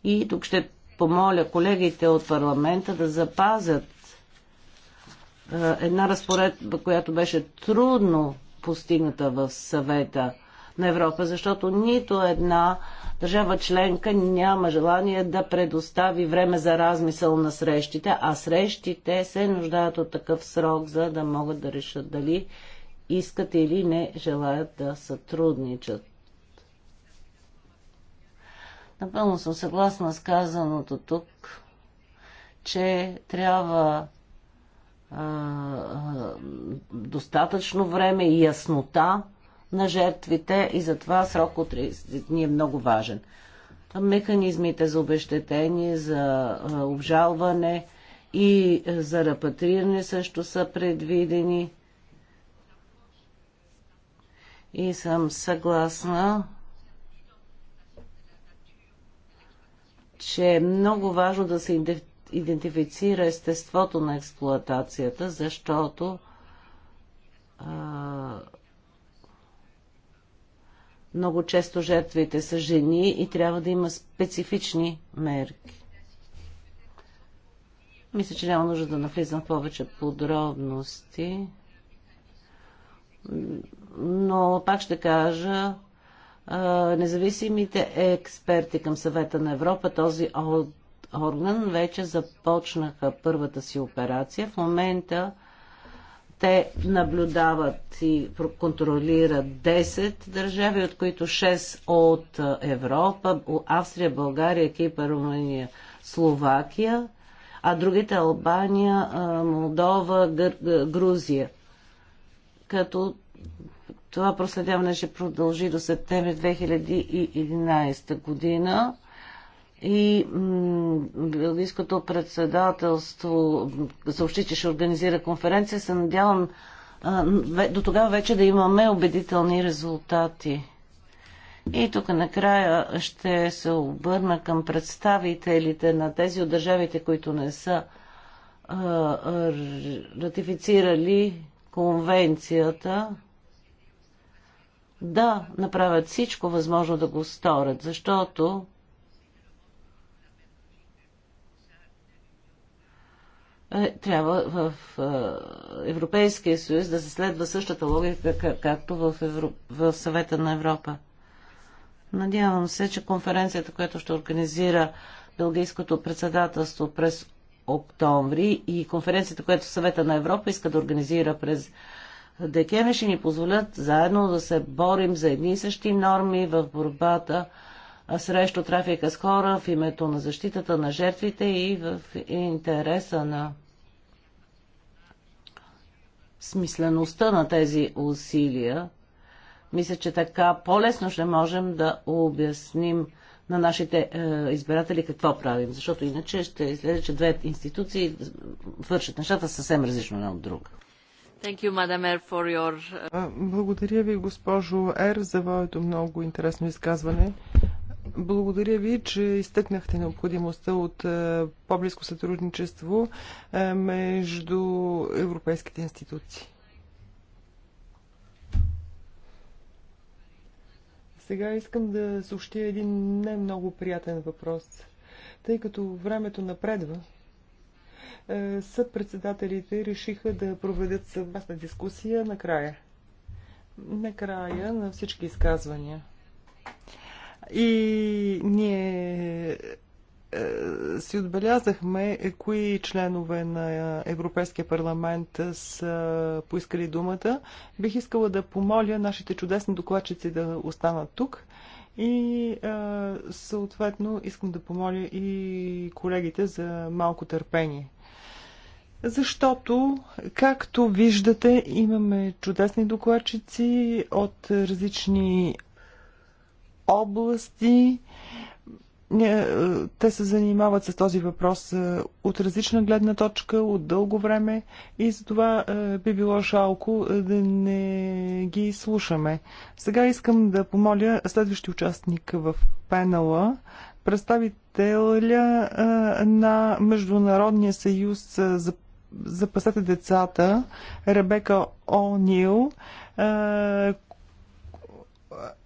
И тук ще помоля колегите от парламента да запазят е, една разпоредба, която беше трудно постигната в съвета на Европа, защото нито една държава членка няма желание да предостави време за размисъл на срещите, а срещите се нуждаят от такъв срок, за да могат да решат дали искат или не желаят да сътрудничат. Напълно съм съгласна с казаното тук, че трябва достатъчно време и яснота на жертвите и затова срок от 30 дни е много важен. Механизмите за обещетение, за обжалване и за репатриране също са предвидени. И съм съгласна, че е много важно да се идентифицира естеството на експлоатацията, защото а, много често жертвите са жени и трябва да има специфични мерки. Мисля, че няма нужда да навлизам в повече подробности. Но пак ще кажа, независимите експерти към съвета на Европа този от орган вече започнаха първата си операция. В момента те наблюдават и контролират 10 държави, от които 6 от Европа, Австрия, България, Кипър, Румъния, Словакия, а другите Албания, Молдова, Гър... Грузия. Като това проследяване ще продължи до септември 2011 година и Белгийското председателство съобщи, че ще организира конференция. Се надявам до тогава вече да имаме убедителни резултати. И тук накрая ще се обърна към представителите на тези от държавите, които не са ратифицирали конвенцията, да направят всичко възможно да го сторят, защото Е, трябва в е, Европейския съюз да се следва същата логика, както в, Европ... в съвета на Европа. Надявам се, че конференцията, която ще организира Белгийското председателство през октомври и конференцията, която съвета на Европа иска да организира през декември, ще ни позволят заедно да се борим за едни и същи норми в борбата срещу трафика с хора в името на защитата на жертвите и в интереса на смислеността на тези усилия. Мисля, че така по-лесно ще можем да обясним на нашите е, избиратели какво правим, защото иначе ще излезе, че две институции вършат нещата съвсем различно една от друга. Thank you, Madam Air, for your... Благодаря ви, госпожо Ер, за вашето много интересно изказване. Благодаря ви, че изтъкнахте необходимостта от е, по-близко сътрудничество е, между европейските институции. Сега искам да съобщя един не много приятен въпрос. Тъй като времето напредва, е, съпредседателите решиха да проведат съвместна дискусия накрая. Накрая на всички изказвания. И ние е, си отбелязахме е, кои членове на Европейския парламент са поискали думата. Бих искала да помоля нашите чудесни докладчици да останат тук. И е, съответно искам да помоля и колегите за малко търпение. Защото, както виждате, имаме чудесни докладчици от различни области. Е, е, те се занимават с този въпрос е, от различна гледна точка, от дълго време и за това би било шалко да не ги слушаме. Сега искам да помоля следващия участник в пенала, представителя на Международния съюз за запасете децата, Ребека О'Нил,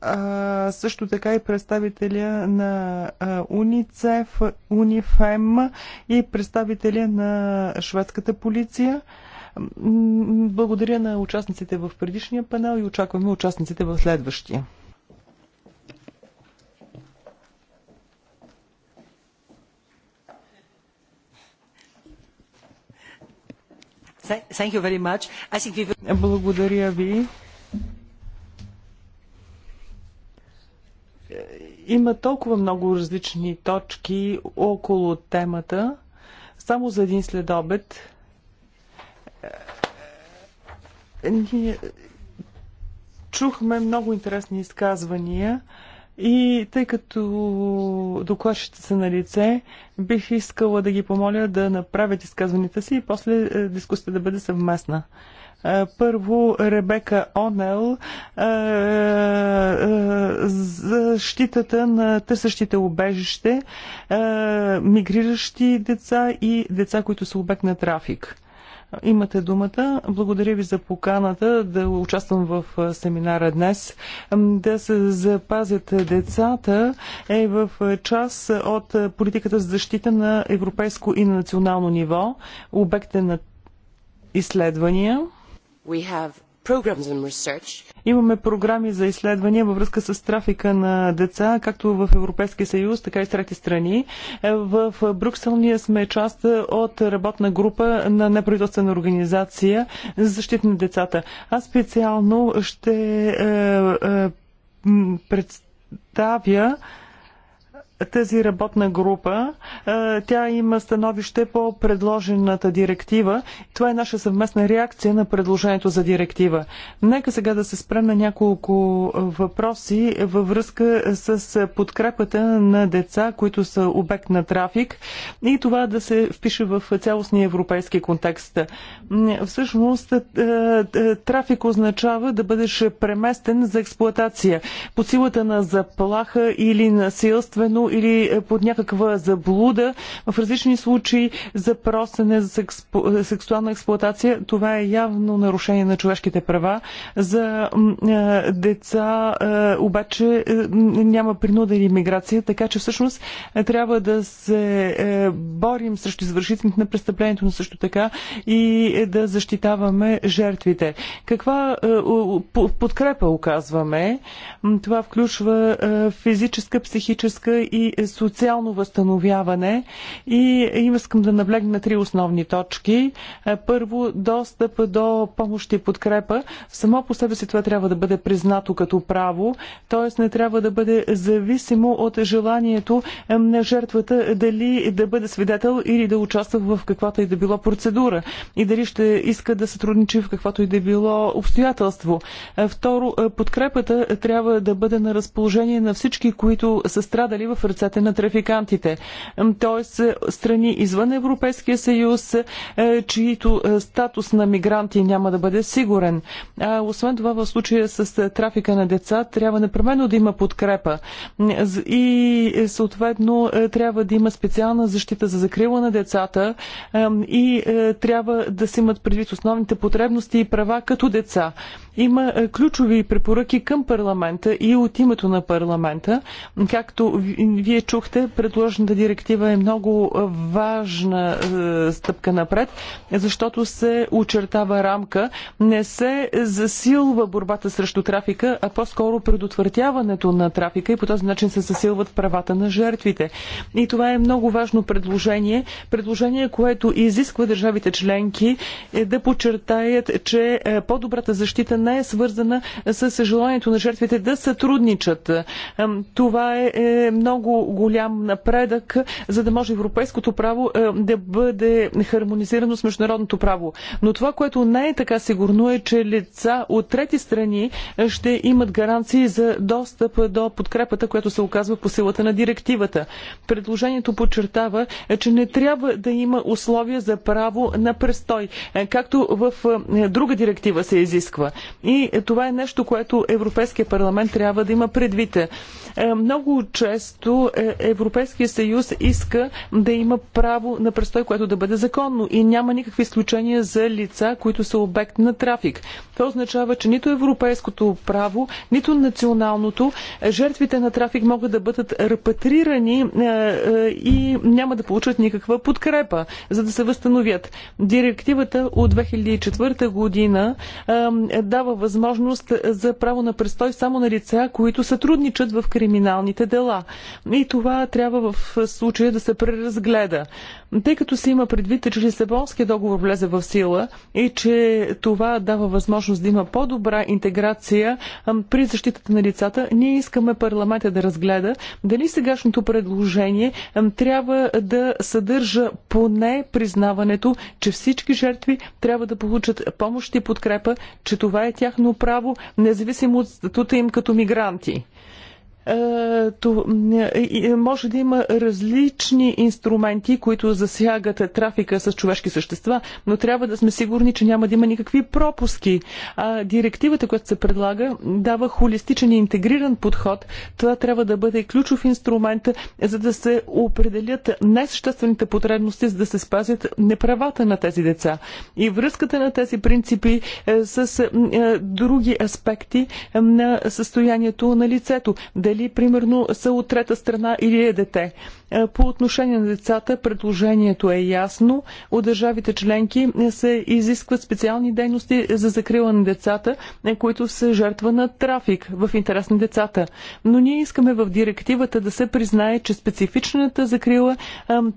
а, също така и представителя на УНИЦЕФ, УНИФЕМ и представителя на шведската полиция. Благодаря на участниците в предишния панел и очакваме участниците в следващия. Благодаря ви. Има толкова много различни точки около темата. Само за един следобед е, ние чухме много интересни изказвания и тъй като докладчите са на лице, бих искала да ги помоля да направят изказванията си и после е, дискусията да бъде съвместна. Първо, Ребека Онел, защитата на търсещите обежище, мигриращи деца и деца, които са обект на трафик. Имате думата. Благодаря ви за поканата да участвам в семинара днес. Да се запазят децата е в част от политиката за защита на европейско и на национално ниво, обекта е на изследвания. Имаме програми за изследвания във връзка с трафика на деца, както в Европейския съюз, така и с трети страни. Е, в Брюксел ние сме част от работна група на неправителствена организация за защита на децата. Аз специално ще е, е, представя тази работна група. Тя има становище по предложената директива. Това е наша съвместна реакция на предложението за директива. Нека сега да се спрем на няколко въпроси във връзка с подкрепата на деца, които са обект на трафик и това да се впише в цялостния европейски контекст. Всъщност, трафик означава да бъдеш преместен за експлоатация по силата на заплаха или насилствено или е, под някаква заблуда, в различни случаи за просене, за сексуална експлуатация, това е явно нарушение на човешките права. За е, деца е, обаче няма принуда или миграция, така че всъщност трябва да се борим срещу извършителите на престъплението, но също така и да защитаваме жертвите. Каква подкрепа оказваме? Това включва физическа, психическа и социално възстановяване. И искам да наблегна на три основни точки. Първо, достъп до помощ и подкрепа. Само по себе си това трябва да бъде признато като право, т.е. не трябва да бъде зависимо от желанието на жертвата дали да бъде свидетел или да участва в каквато и да било процедура и дали ще иска да сътрудничи в каквото и да било обстоятелство. Второ, подкрепата трябва да бъде на разположение на всички, които са страдали в ръцете на трафикантите. Тоест, е, страни извън Европейския съюз, е, чието е, статус на мигранти няма да бъде сигурен. А, освен това, в случая с трафика на деца, трябва непременно да има подкрепа. И съответно, трябва да има специална защита за закрила на децата и трябва да се имат предвид основните потребности и права като деца. Има е, ключови препоръки към парламента и от името на парламента. Както вие чухте, предложената директива е много е, важна е, стъпка напред, защото се очертава рамка. Не се засилва борбата срещу трафика, а по-скоро предотвратяването на трафика и по този начин се засилват правата на жертвите. И това е много важно предложение. Предложение, което изисква държавите членки да подчертаят, че по-добрата защита не е свързана с желанието на жертвите да сътрудничат. Това е, е много голям напредък, за да може европейското право е, да бъде хармонизирано с международното право. Но това, което не е така сигурно е, че лица от трети страни е, ще имат гаранции за достъп до подкрепата, която се оказва по силата на директивата. Предложението подчертава, че не трябва да има условия за право на престой, както в друга директива се изисква. И това е нещо, което Европейския парламент трябва да има предвид. Е, много често е, Европейския съюз иска да има право на престой, което да бъде законно и няма никакви изключения за лица, които са обект на трафик. Това означава, че нито европейското право, нито националното, жертвите на трафик могат да бъдат репатрирани е, и няма да получат никаква подкрепа, за да се възстановят. Директивата от 2004 година дава дава възможност за право на престой само на лица, които сътрудничат в криминалните дела. И това трябва в случая да се преразгледа. Тъй като се има предвид, че Лисабонския договор влезе в сила и че това дава възможност да има по-добра интеграция при защитата на лицата, ние искаме парламента да разгледа дали сегашното предложение трябва да съдържа поне признаването, че всички жертви трябва да получат помощ и подкрепа, че това е тяхно право, независимо от статута им като мигранти. Е, е, може да има различни инструменти, които засягат трафика с човешки същества, но трябва да сме сигурни, че няма да има никакви пропуски. А директивата, която се предлага, дава холистичен и интегриран подход. Това трябва да бъде ключов инструмент, за да се определят несъществените потребности, за да се спазят неправата на тези деца. И връзката на тези принципи е, с други аспекти на състоянието на лицето. Дали дали примерно са от трета страна или е дете. Е, по отношение на децата предложението е ясно. От държавите членки е, се изискват специални дейности за закрила на децата, е, които са жертва на трафик в интерес на децата. Но ние искаме в директивата да се признае, че специфичната закрила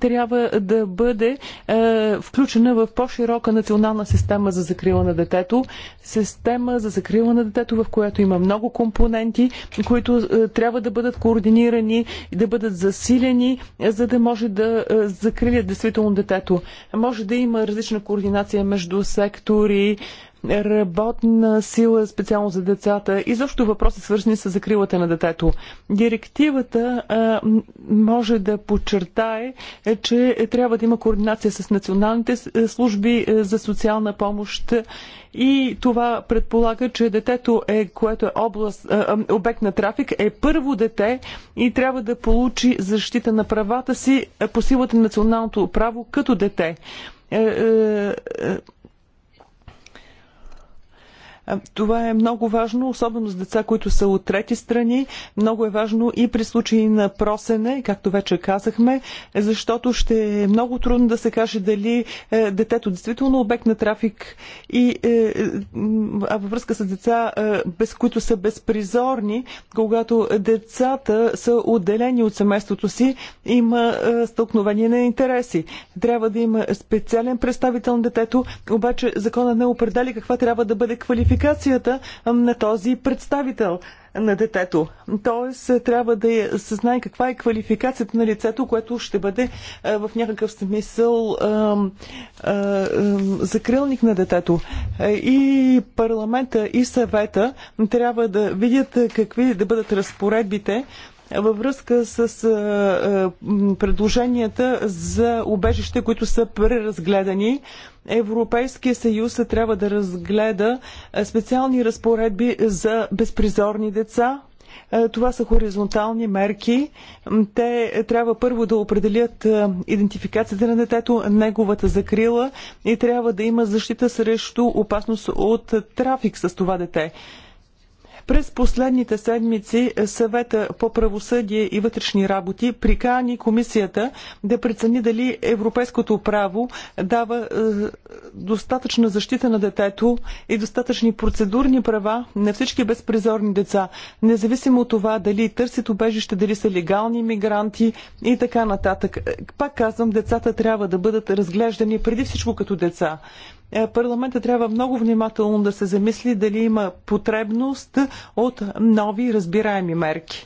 трябва да бъде включена в по-широка национална система за закрила на детето. Система за закрила на детето, в която има много компоненти, които трябва да бъдат координирани, да бъдат засилени за да може да е, закрилят действително детето. Може да има различна координация между сектори, работна сила специално за децата и защо въпроси свързани с закрилата на детето. Директивата а, може да подчертае, е, че трябва да има координация с националните е, служби е, за социална помощ и това предполага, че детето, е, което е област, а, обект на трафик, е първо дете и трябва да получи защита на правата си по силата на националното право като дете това е много важно, особено с деца, които са от трети страни. Много е важно и при случаи на просене, както вече казахме, защото ще е много трудно да се каже дали е, детето действително е обект на трафик и е, а във връзка с деца, без които са безпризорни, когато децата са отделени от семейството си, има стълкновение на интереси. Трябва да има специален представител на детето, обаче закона не определя каква трябва да бъде квалификация комуникацията на този представител на детето. Тоест, е, трябва да е, се знае каква е квалификацията на лицето, което ще бъде е, в някакъв смисъл закрилник на детето. И парламента, и съвета трябва да видят какви да бъдат разпоредбите, във връзка с предложенията за убежище, които са преразгледани. Европейския съюз трябва да разгледа специални разпоредби за безпризорни деца, това са хоризонтални мерки. Те трябва първо да определят идентификацията на детето, неговата закрила и трябва да има защита срещу опасност от трафик с това дете. През последните седмици съвета по правосъдие и вътрешни работи прикани комисията да прецени дали европейското право дава е, достатъчна защита на детето и достатъчни процедурни права на всички безпризорни деца, независимо от това дали търсят убежище, дали са легални мигранти и така нататък. Е, пак казвам, децата трябва да бъдат разглеждани преди всичко като деца. Е, парламента трябва много внимателно да се замисли дали има потребност от нови разбираеми мерки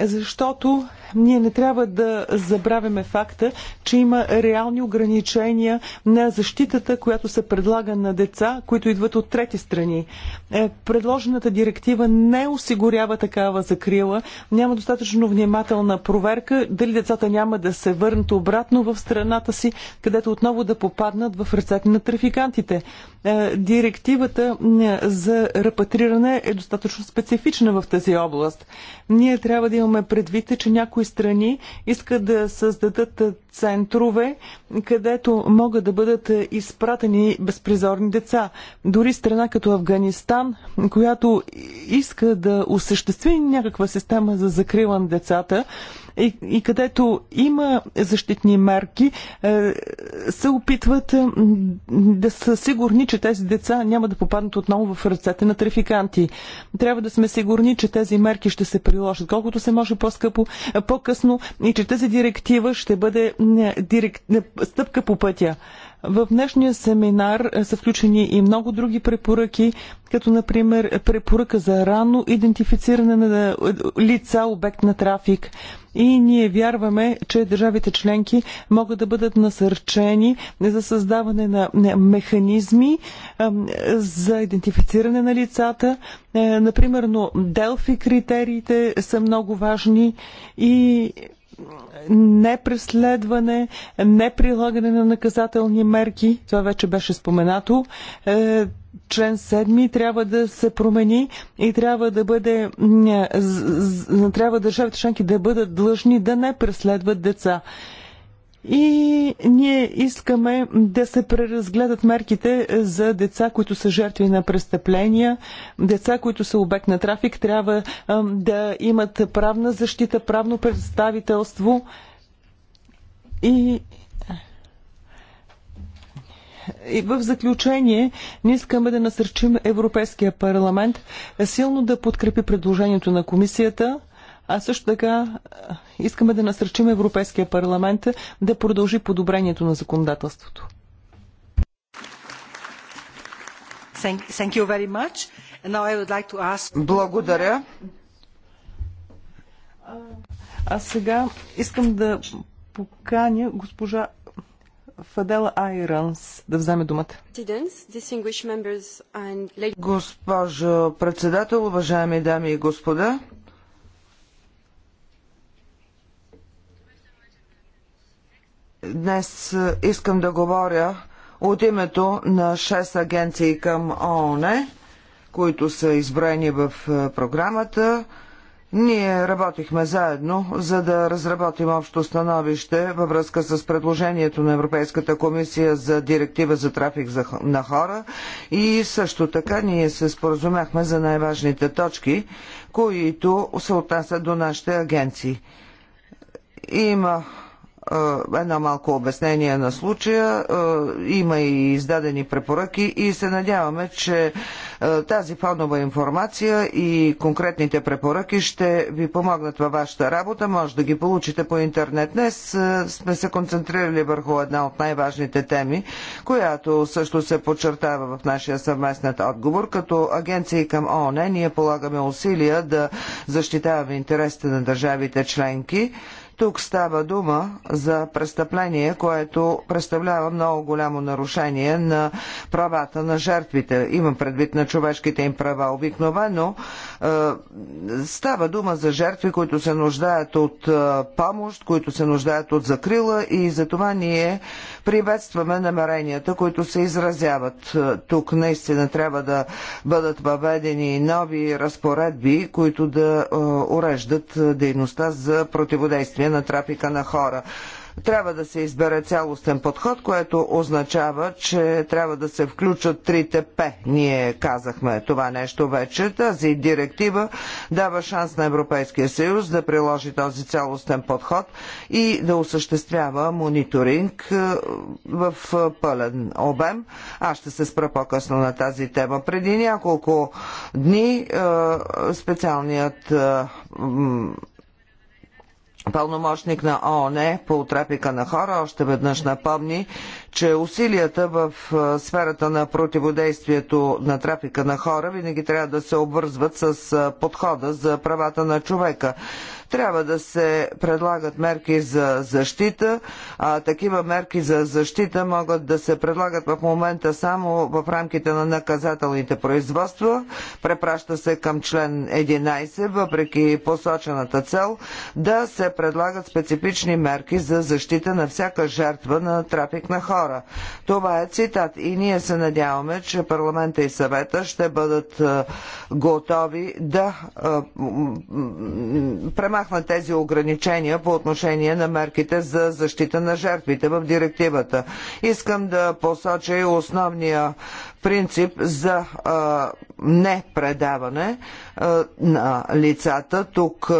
защото ние не трябва да забравяме факта, че има реални ограничения на защитата, която се предлага на деца, които идват от трети страни. Е, предложената директива не осигурява такава закрила, няма достатъчно внимателна проверка дали децата няма да се върнат обратно в страната си, където отново да попаднат в ръцете на трафикантите. Е, директивата е, за репатриране е достатъчно специфична в тази област. Ние трябва трябва да имаме предвид е, че някои страни искат да създадат центрове, където могат да бъдат изпратени безпризорни деца. Дори страна като Афганистан, която иска да осъществи някаква система за закрила на децата, и, където има защитни мерки, е, се опитват да са сигурни, че тези деца няма да попаднат отново в ръцете на трафиканти. Трябва да сме сигурни, че тези мерки ще се приложат колкото се може по-скъпо, е, по-късно и че тази директива ще бъде директ... Е, стъпка по пътя. В днешния семинар е, са включени и много други препоръки, като например препоръка за рано идентифициране на е, лица, обект на трафик. И ние вярваме, че държавите членки могат да бъдат насърчени за създаване на механизми е, за идентифициране на лицата. Например, Делфи критериите са много важни и не преследване, на наказателни мерки, това вече беше споменато. Е, член 7 трябва да се промени и трябва да бъде, трябва държавите членки да бъдат длъжни да не преследват деца. И ние искаме да се преразгледат мерките за деца, които са жертви на престъпления, деца, които са обект на трафик, трябва да имат правна защита, правно представителство и и в заключение, ние искаме да насърчим Европейския парламент силно да подкрепи предложението на комисията а също така е, искаме да насръчим Европейския парламент да продължи подобрението на законодателството. Like ask... Благодаря. А сега искам да поканя госпожа Фадела Айранс да вземе думата. Госпожо председател, уважаеми дами и господа, Днес е, искам да говоря от името на 6 агенции към ООН, които са изброени в е, програмата. Ние работихме заедно, за да разработим общо становище във връзка с предложението на Европейската комисия за директива за трафик на хора и също така ние се споразумяхме за най-важните точки, които се отнасят до нашите агенции. Има е, едно малко обяснение на случая. Е, има и издадени препоръки и се надяваме, че е, тази фонова информация и конкретните препоръки ще ви помогнат във вашата работа. Може да ги получите по интернет. Днес сме се концентрирали върху една от най-важните теми, която също се подчертава в нашия съвместният отговор. Като агенции към ООН ние полагаме усилия да защитаваме интересите на държавите членки тук става дума за престъпление, което представлява много голямо нарушение на правата на жертвите. Имам предвид на човешките им права. Обикновено е, става дума за жертви, които се нуждаят от е, помощ, които се нуждаят от закрила и за това ние Приветстваме намеренията, които се изразяват. Тук наистина трябва да бъдат въведени нови разпоредби, които да уреждат дейността за противодействие на трафика на хора. Трябва да се избере цялостен подход, което означава, че трябва да се включат трите П. Ние казахме това нещо вече. Тази директива дава шанс на Европейския съюз да приложи този цялостен подход и да осъществява мониторинг е, в пълен обем. Аз ще се спра по-късно на тази тема. Преди няколко дни е, специалният е, пълномощник на ООН по трафика на хора още веднъж напомни, че усилията в сферата на противодействието на трафика на хора винаги трябва да се обвързват с подхода за правата на човека. Трябва да се предлагат мерки за защита, а такива мерки за защита могат да се предлагат в момента само в рамките на наказателните производства. Препраща се към член 11, въпреки посочената цел да се предлагат специфични мерки за защита на всяка жертва на трафик на хора. Това е цитат и ние се надяваме, че парламента и съвета ще бъдат готови да премахнат премахнат тези ограничения по отношение на мерките за защита на жертвите в директивата. Искам да посоча и основния принцип за непредаване на лицата. Тук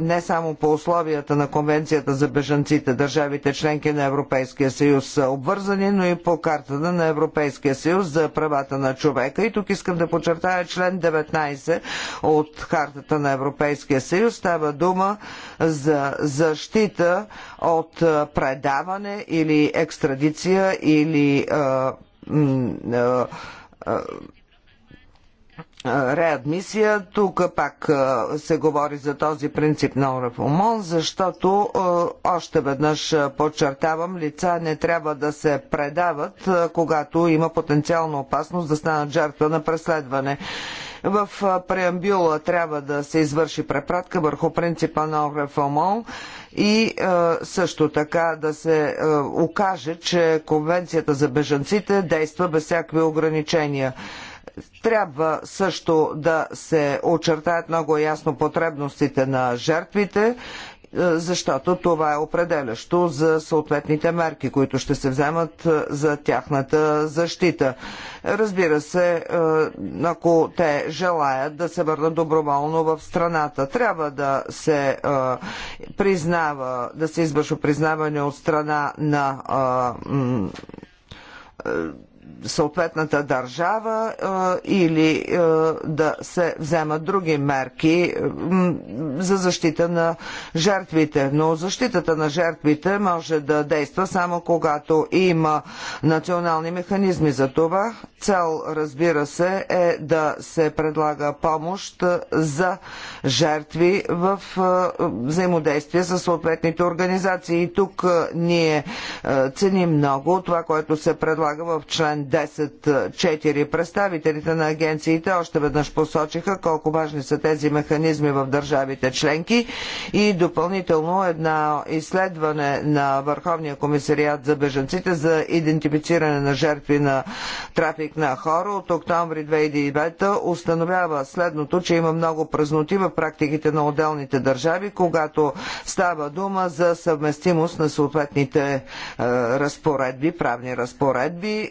не само по условията на Конвенцията за бежанците държавите членки на Европейския съюз са обвързани, но и по картата на Европейския съюз за правата на човека. И тук искам да подчертая член 19 от картата на Европейския съюз. Става дума за защита от предаване или екстрадиция или реадмисия. Тук пак се говори за този принцип на Орафомон, защото още веднъж подчертавам, лица не трябва да се предават, когато има потенциална опасност да станат жертва на преследване. В преамбюла трябва да се извърши препратка върху принципа на Орафомон и също така да се окаже, че Конвенцията за бежанците действа без всякакви ограничения. Трябва също да се очертаят много ясно потребностите на жертвите е, защото това е определящо за съответните мерки, които ще се вземат е, за тяхната защита. Разбира се, е, ако те желаят да се върнат доброволно в страната, трябва да се признава, да се извършва признаване от страна на съответната държава или да се вземат други мерки за защита на жертвите. Но защитата на жертвите може да действа само когато има национални механизми за това. Цел, разбира се, е да се предлага помощ за жертви в взаимодействие с съответните организации. И тук ние ценим много това, което се предлага в член 10.4. Представителите на агенциите още веднъж посочиха колко важни са тези механизми в държавите членки и допълнително едно изследване на Върховния комисариат за беженците за идентифициране на жертви на трафик на хора от октомври 2009 установява следното, че има много празноти в практиките на отделните държави, когато става дума за съвместимост на съответните е, разпоредби, правни разпоредби, е,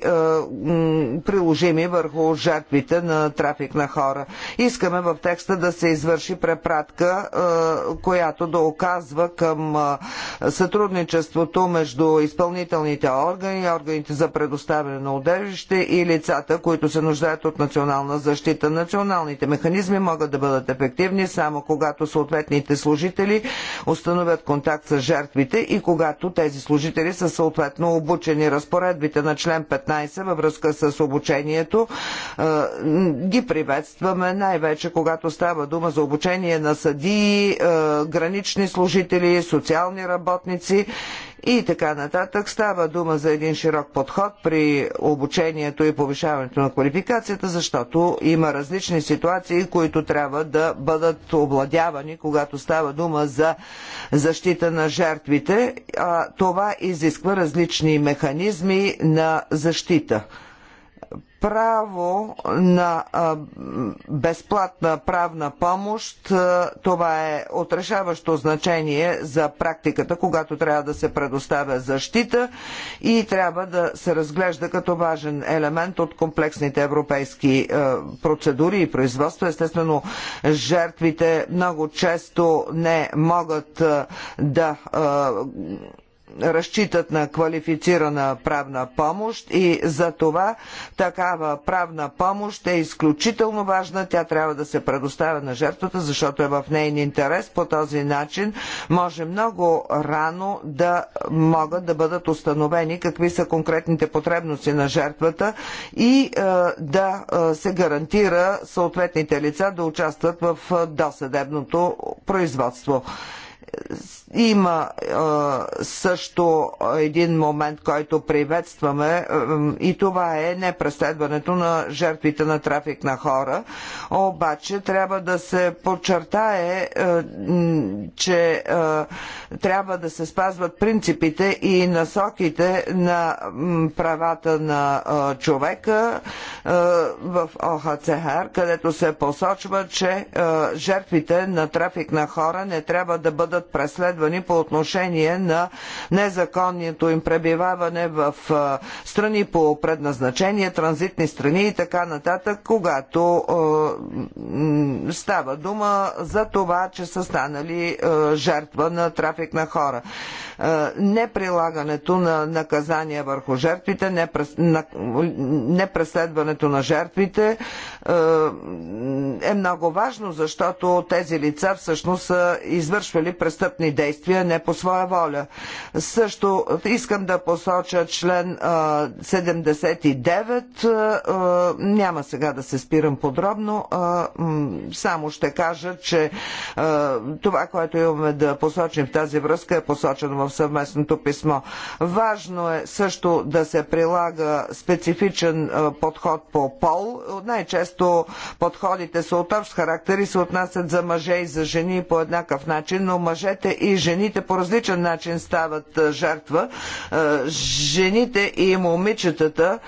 приложими върху жертвите на трафик на хора. Искаме в текста да се извърши препратка, е, която да оказва към сътрудничеството между изпълнителните органи, органите за предоставяне на удежище и лицата, които се нуждаят от национална защита. Националните механизми могат да бъдат ефективни само когато съответните служители установят контакт с жертвите и когато тези служители са съответно обучени. Разпоредбите на член 15 във връзка с обучението ги приветстваме, най-вече когато става дума за обучение на съдии, гранични служители, социални работници и така нататък. Става дума за един широк подход при обучението и повишаването на квалификацията, защото има различни ситуации, които трябва да бъдат обладявани, когато става дума за защита на жертвите. това изисква различни механизми на защита право на безплатна правна помощ. Това е отрешаващо значение за практиката, когато трябва да се предоставя защита и трябва да се разглежда като важен елемент от комплексните европейски процедури и производства. Естествено, жертвите много често не могат да разчитат на квалифицирана правна помощ и за това такава правна помощ е изключително важна. Тя трябва да се предоставя на жертвата, защото е в нейния интерес. По този начин може много рано да могат да бъдат установени какви са конкретните потребности на жертвата и е, да е, се гарантира съответните лица да участват в е, досъдебното производство има е, също един момент, който приветстваме е, и това е непреследването на жертвите на трафик на хора. Обаче трябва да се подчертае, е, че е, трябва да се спазват принципите и насоките на правата на е, човека в ОХЦХР, където се посочва, че жертвите на трафик на хора не трябва да бъдат преследвани разследвани по отношение на незаконното им пребиваване в страни по предназначение, транзитни страни и така нататък, когато става дума за това, че са станали жертва на трафик на хора. Неприлагането на наказания върху жертвите, непреследването на жертвите, е, е много важно, защото тези лица всъщност са извършвали престъпни действия не по своя воля. Също искам да посоча член 79. Е, е, няма сега да се спирам подробно. Само ще кажа, че това, което имаме да посочим в тази връзка е посочено в съвместното писмо. Важно е също да се прилага специфичен подход по пол. Най-често често подходите са от общ характер и се отнасят за мъже и за жени по еднакъв начин, но мъжете и жените по различен начин стават жертва. Жените и момичетата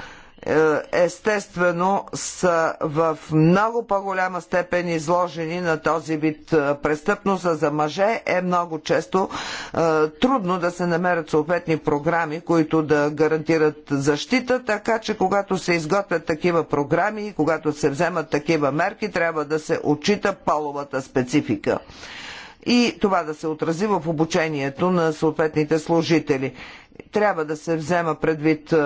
е, естествено са в много по-голяма степен изложени на този вид е, престъпност, а за мъже е много често е, трудно да се намерят съответни програми, които да гарантират защита, така че когато се изготвят такива програми и когато се вземат такива мерки, трябва да се отчита половата специфика и това да се отрази в обучението на съответните служители трябва да се взема предвид е,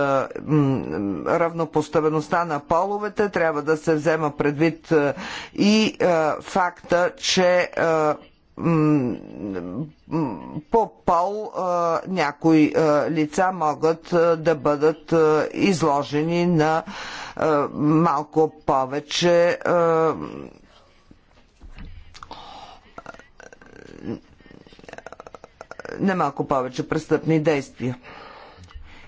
равнопоставеността на половете, трябва да се взема предвид е, и е, факта, че по пол някои лица могат да бъдат изложени на малко повече не малко повече престъпни действия.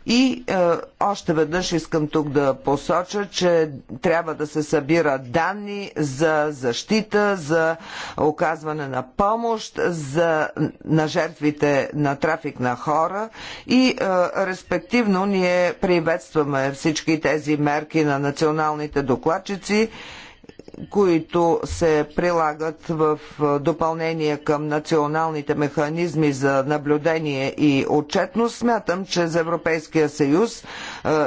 И е, още веднъж искам тук да посоча, че трябва да се събира данни за защита, за оказване на помощ за, на жертвите на трафик на хора и е, респективно ние приветстваме всички тези мерки на националните докладчици които се прилагат в допълнение към националните механизми за наблюдение и отчетност, смятам, че за Европейския съюз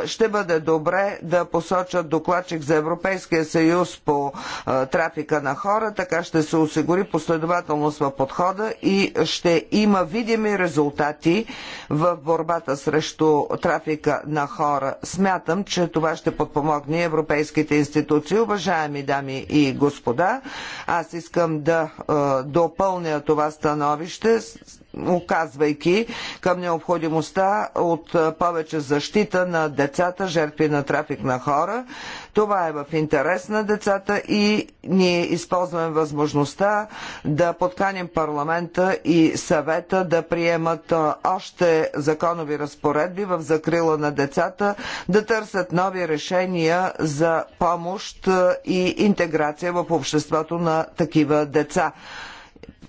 ще бъде добре да посочат докладчик за Европейския съюз по трафика на хора, така ще се осигури последователност в подхода и ще има видими резултати в борбата срещу трафика на хора. Смятам, че това ще подпомогне европейските институции. Уважаеми дами дами и господа. Аз искам да допълня това становище оказвайки към необходимостта от повече защита на децата, жертви на трафик на хора. Това е в интерес на децата и ние използваме възможността да подканим парламента и съвета да приемат още законови разпоредби в закрила на децата, да търсят нови решения за помощ и интеграция в обществото на такива деца.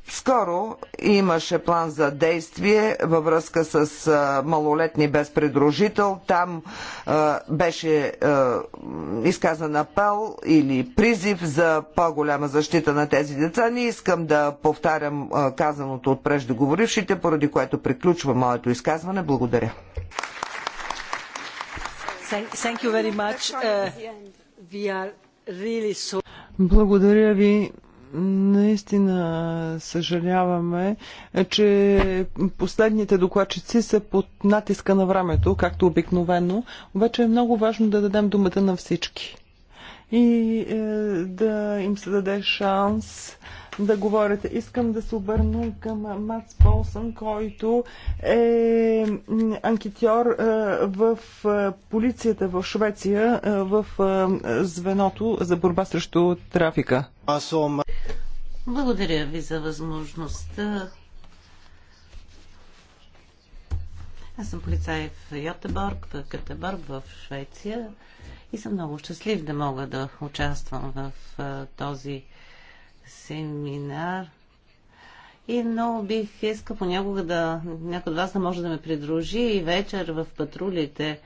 Скоро имаше план за действие във връзка с малолетни без предружител. Там беше е, изказан апел или призив за по-голяма защита на тези деца. Не искам да повтарям казаното от преждеговорившите, поради което приключва моето изказване. Благодаря. Uh, Благодаря ви наистина съжаляваме, че последните докладчици са под натиска на времето, както обикновено. Обаче е много важно да дадем думата на всички и е, да им се даде шанс да говорите. Искам да се обърна към Мац Полсън, който е анкетьор в полицията в Швеция в звеното за борба срещу трафика. Благодаря ви за възможността. Аз съм полицай в Йотеборг, в Катеборг, в Швеция и съм много щастлив да мога да участвам в този семинар. И много бих искал понякога да някой от вас да може да ме придружи и вечер в патрулите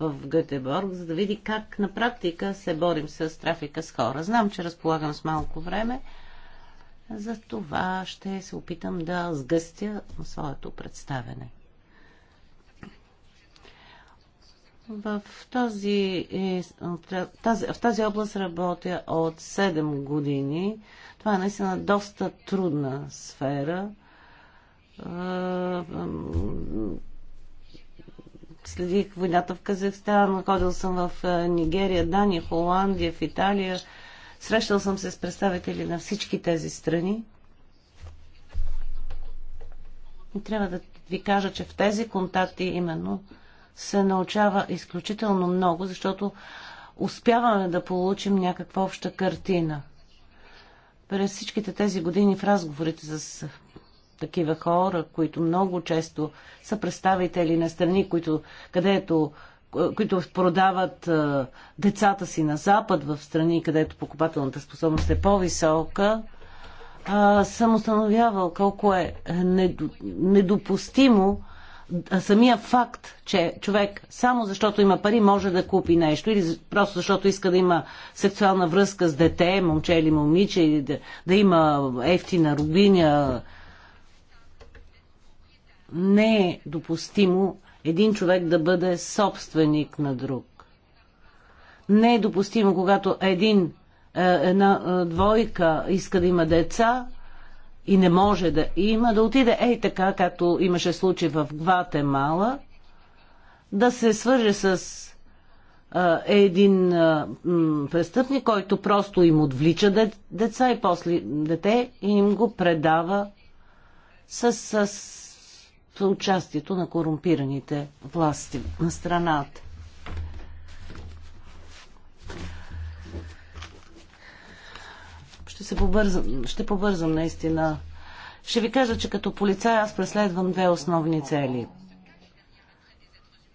в Гетеборг, за да види как на практика се борим с трафика с хора. Знам, че разполагам с малко време, за това ще се опитам да сгъстя своето представене. В този, е, в тази, в тази област работя от 7 години. Това е наистина доста трудна сфера. Следих войната в Казахстан, ходил съм в Нигерия, Дания, Холандия, в Италия. Срещал съм се с представители на всички тези страни. И трябва да ви кажа, че в тези контакти именно се научава изключително много, защото успяваме да получим някаква обща картина – през всичките тези години в разговорите с такива хора, които много често са представители на страни, които, където, които продават децата си на Запад, в страни, където покупателната способност е по-висока, съм установявал колко е недопустимо самия факт, че човек само защото има пари може да купи нещо или просто защото иска да има сексуална връзка с дете, момче или момиче, или да, да има ефтина рубиня, не е допустимо един човек да бъде собственик на друг. Не е допустимо, когато един, е, една е, двойка иска да има деца, и не може да има, да отиде ей така, както имаше случай в Гватемала, да се свърже с а, един а, м, престъпник, който просто им отвлича деца и после дете и им го предава с, с, с участието на корумпираните власти на страната. Ще се побързам, ще побързам наистина. Ще ви кажа, че като полицай аз преследвам две основни цели.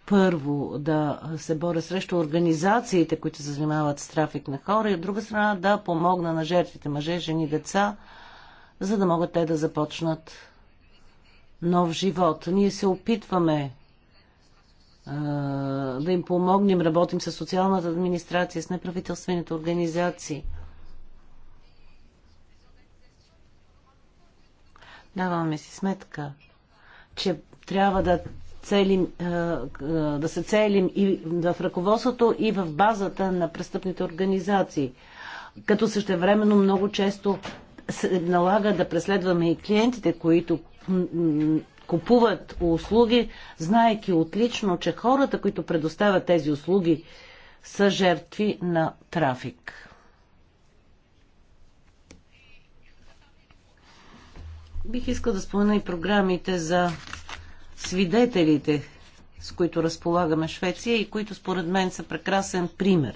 Първо, да се боря срещу организациите, които се занимават с трафик на хора и от друга страна да помогна на жертвите, мъже, жени, деца, за да могат те да започнат нов живот. Ние се опитваме да им помогнем. Работим с социалната администрация, с неправителствените организации. Даваме си сметка, че трябва да, целим, е, е, да се целим и в ръководството, и в базата на престъпните организации. Като същевременно много често се налага да преследваме и клиентите, които купуват услуги, знаеки отлично, че хората, които предоставят тези услуги, са жертви на трафик. Бих искал да спомена и програмите за свидетелите, с които разполагаме Швеция и които според мен са прекрасен пример.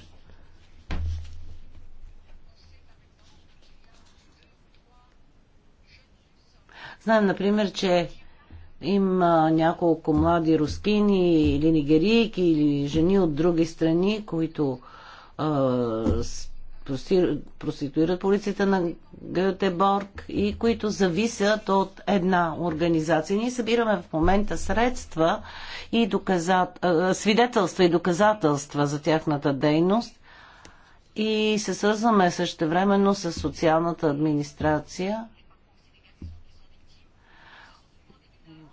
Знаем, например, че има няколко млади рускини или нигерийки или жени от други страни, които а, проституират по на Гетеборг и които зависят от една организация. Ние събираме в момента средства и доказат, свидетелства и доказателства за тяхната дейност и се свързваме същевременно с социалната администрация,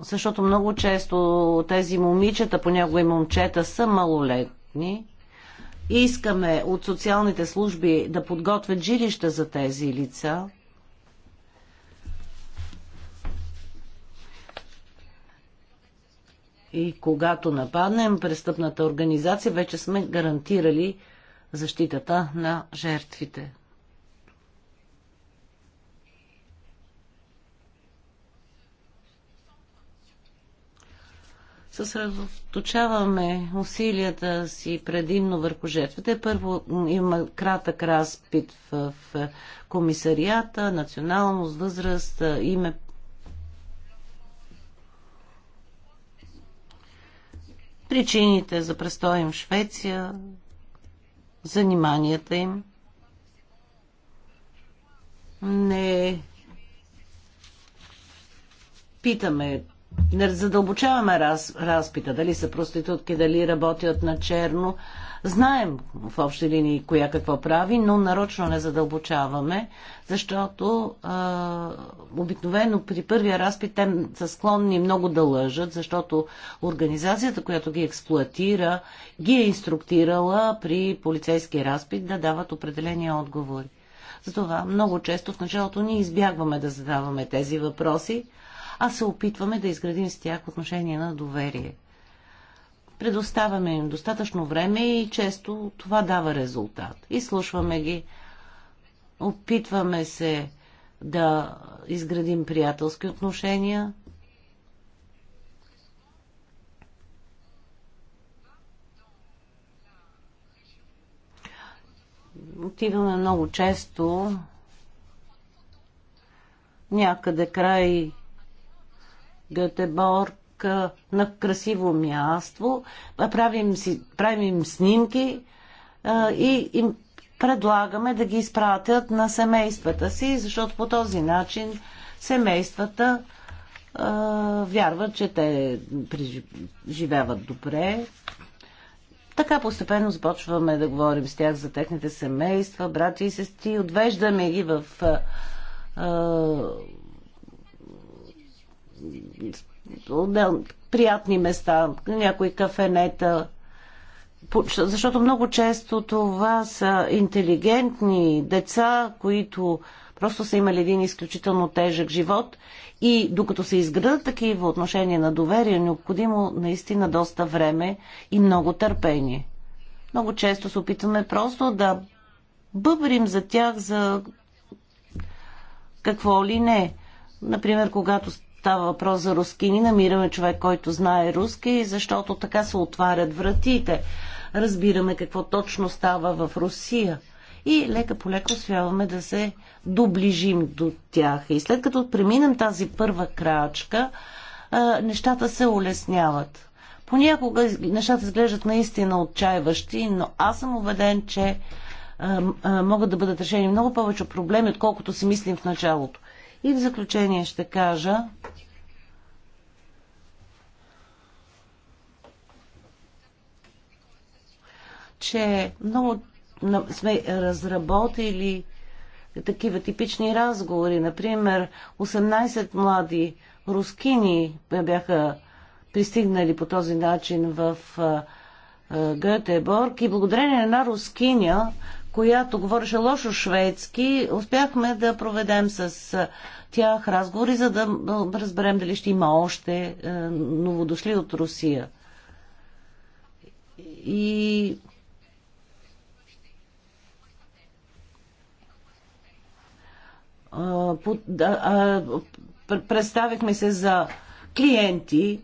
защото много често тези момичета, понякога и момчета, са малолетни – Искаме от социалните служби да подготвят жилища за тези лица. И когато нападнем престъпната организация, вече сме гарантирали защитата на жертвите. съсредоточаваме усилията си предимно върху жертвите. Първо има кратък разпит в, комисарията, националност, възраст, име. Причините за престой им в Швеция, заниманията им. Не питаме да задълбочаваме раз, разпита, дали са проститутки, дали работят на черно. Знаем в общи линии коя какво прави, но нарочно не задълбочаваме, защото а, обикновено при първия разпит те са склонни много да лъжат, защото организацията, която ги експлуатира, ги е инструктирала при полицейски разпит да дават определени отговори. Затова много често в началото ние избягваме да задаваме тези въпроси, а се опитваме да изградим с тях отношение на доверие. Предоставяме им достатъчно време и често това дава резултат. Изслушваме ги, опитваме се да изградим приятелски отношения. Отиваме много често някъде край Гетеборг на красиво място, правим, си, правим снимки а, и им предлагаме да ги изпратят на семействата си, защото по този начин семействата а, вярват, че те живеят добре. Така постепенно започваме да говорим с тях за техните семейства, брати и сестри, отвеждаме ги в а, приятни места, някои кафенета, защото много често това са интелигентни деца, които просто са имали един изключително тежък живот и докато се изградат такива отношения на доверие, е необходимо наистина доста време и много търпение. Много често се опитваме просто да бъбрим за тях за какво ли не. Например, когато става въпрос за рускини, намираме човек, който знае руски, защото така се отварят вратите. Разбираме какво точно става в Русия. И лека по лека успяваме да се доближим до тях. И след като преминем тази първа крачка, нещата се улесняват. Понякога нещата изглеждат наистина отчаиващи, но аз съм убеден, че могат да бъдат решени много повече проблеми, отколкото си мислим в началото. И в заключение ще кажа, че много сме разработили такива типични разговори. Например, 18 млади рускини бяха пристигнали по този начин в Гетеборг и благодарение на една рускиня която говореше лошо шведски, успяхме да проведем с тях разговори, за да разберем дали ще има още е, новодошли от Русия. И представихме се за клиенти,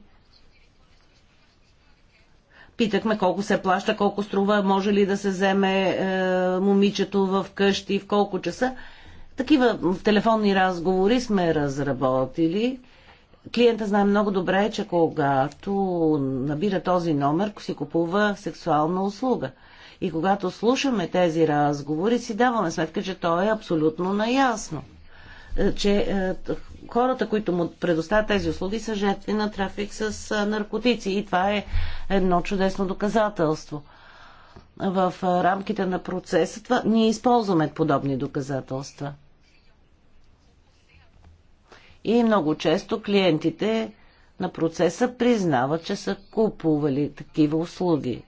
Питахме колко се плаща, колко струва, може ли да се вземе е, момичето в къщи, в колко часа. Такива телефонни разговори сме разработили. Клиента знае много добре, че когато набира този номер, си купува сексуална услуга. И когато слушаме тези разговори, си даваме сметка, че той е абсолютно наясно че е, хората, които му предоставят тези услуги, са жертви на трафик с е, наркотици. И това е едно чудесно доказателство. В е, рамките на процеса това, ние използваме подобни доказателства. И много често клиентите на процеса признават, че са купували такива услуги.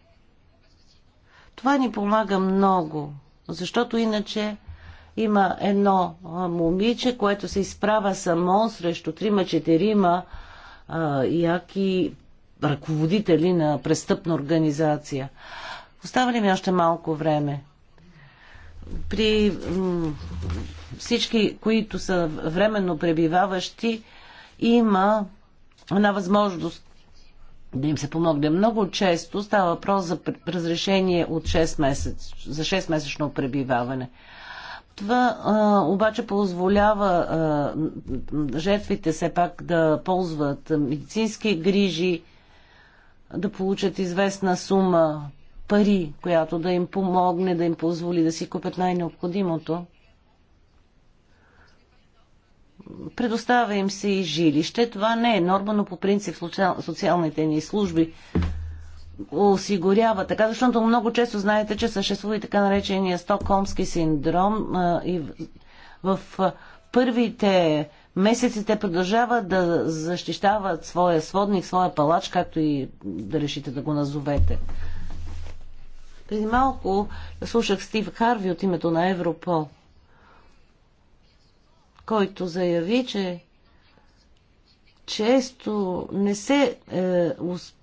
Това ни помага много, защото иначе има едно момиче, което се изправя само срещу трима-четирима яки ръководители на престъпна организация. Остава ли ми още малко време? При всички, които са временно пребиваващи, има една възможност да им се помогне. Много често става въпрос за разрешение от 6 месец, за 6 месечно пребиваване жертва, а, обаче позволява а, жертвите все пак да ползват медицински грижи, да получат известна сума пари, която да им помогне, да им позволи да си купят най-необходимото. Предоставя им се и жилище. Това не е норма, но по принцип социалните ни служби осигурява така, защото много често знаете, че съществува и така наречения стокхолмски синдром а, и в, в първите месеци те продължават да защищават своя сводник, своя палач, както и да решите да го назовете. Преди малко слушах Стив Харви от името на Европол, който заяви, че често не, се, е,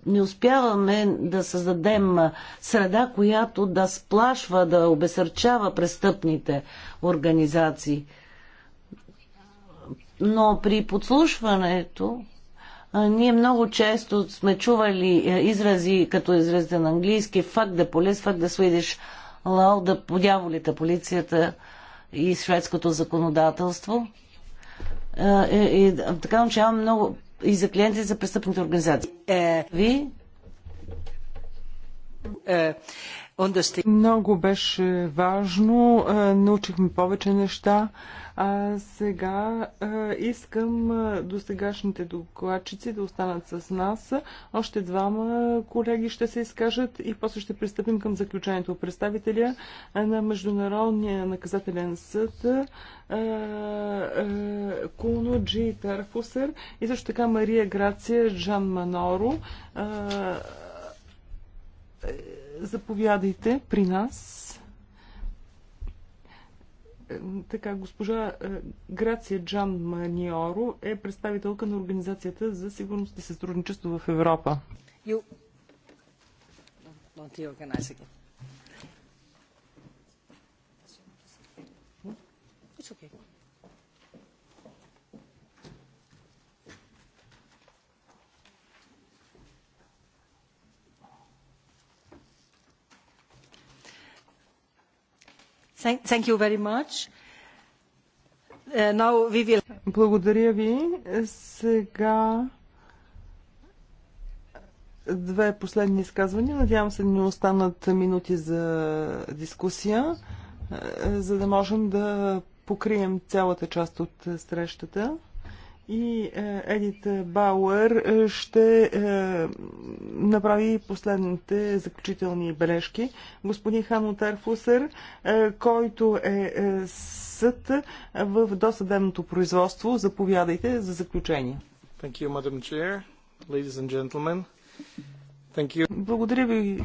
не успяваме да създадем среда, която да сплашва, да обесърчава престъпните организации. Но при подслушването ние много често сме чували е, изрази, като изразите на английски, факт да полез, факт да свидиш лал, да подяволите полицията и шведското законодателство и, и е, е, така научавам много и за клиенти, и за престъпните организации. Е, ви? Е, много беше важно, научихме повече неща. А сега искам до сегашните докладчици да останат с нас. Още двама колеги ще се изкажат и после ще пристъпим към заключението. Представителя на Международния наказателен съд Куно Джи Тарфусер и също така Мария Грация Джан Маноро. Заповядайте при нас. Е, така, госпожа е, Грация Джан Маниоро е представителка на Организацията за сигурност и сътрудничество в Европа. You... Thank you very much. Uh, now we will... Благодаря ви. Сега две последни изказвания. Надявам се да ни останат минути за дискусия, е, за да можем да покрием цялата част от срещата и е, Едит Бауер е, ще е, направи последните заключителни бележки. Господин Хано Терфусер, който е съд в досъдебното производство, заповядайте за заключение. You, Благодаря ви,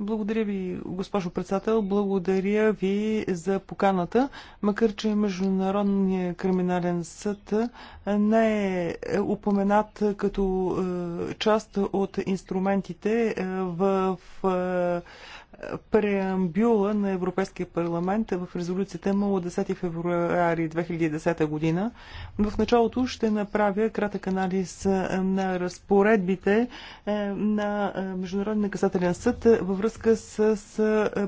благодаря ви, госпожо председател. Благодаря ви за поканата, макар че Международният криминален съд не е упоменат като е, част от инструментите е, в е, преамбюла на Европейския парламент е в резолюцията му от 10 февруари 2010 година. В началото ще направя кратък анализ на разпоредбите е, на е, Международния наказателен съд във връзка с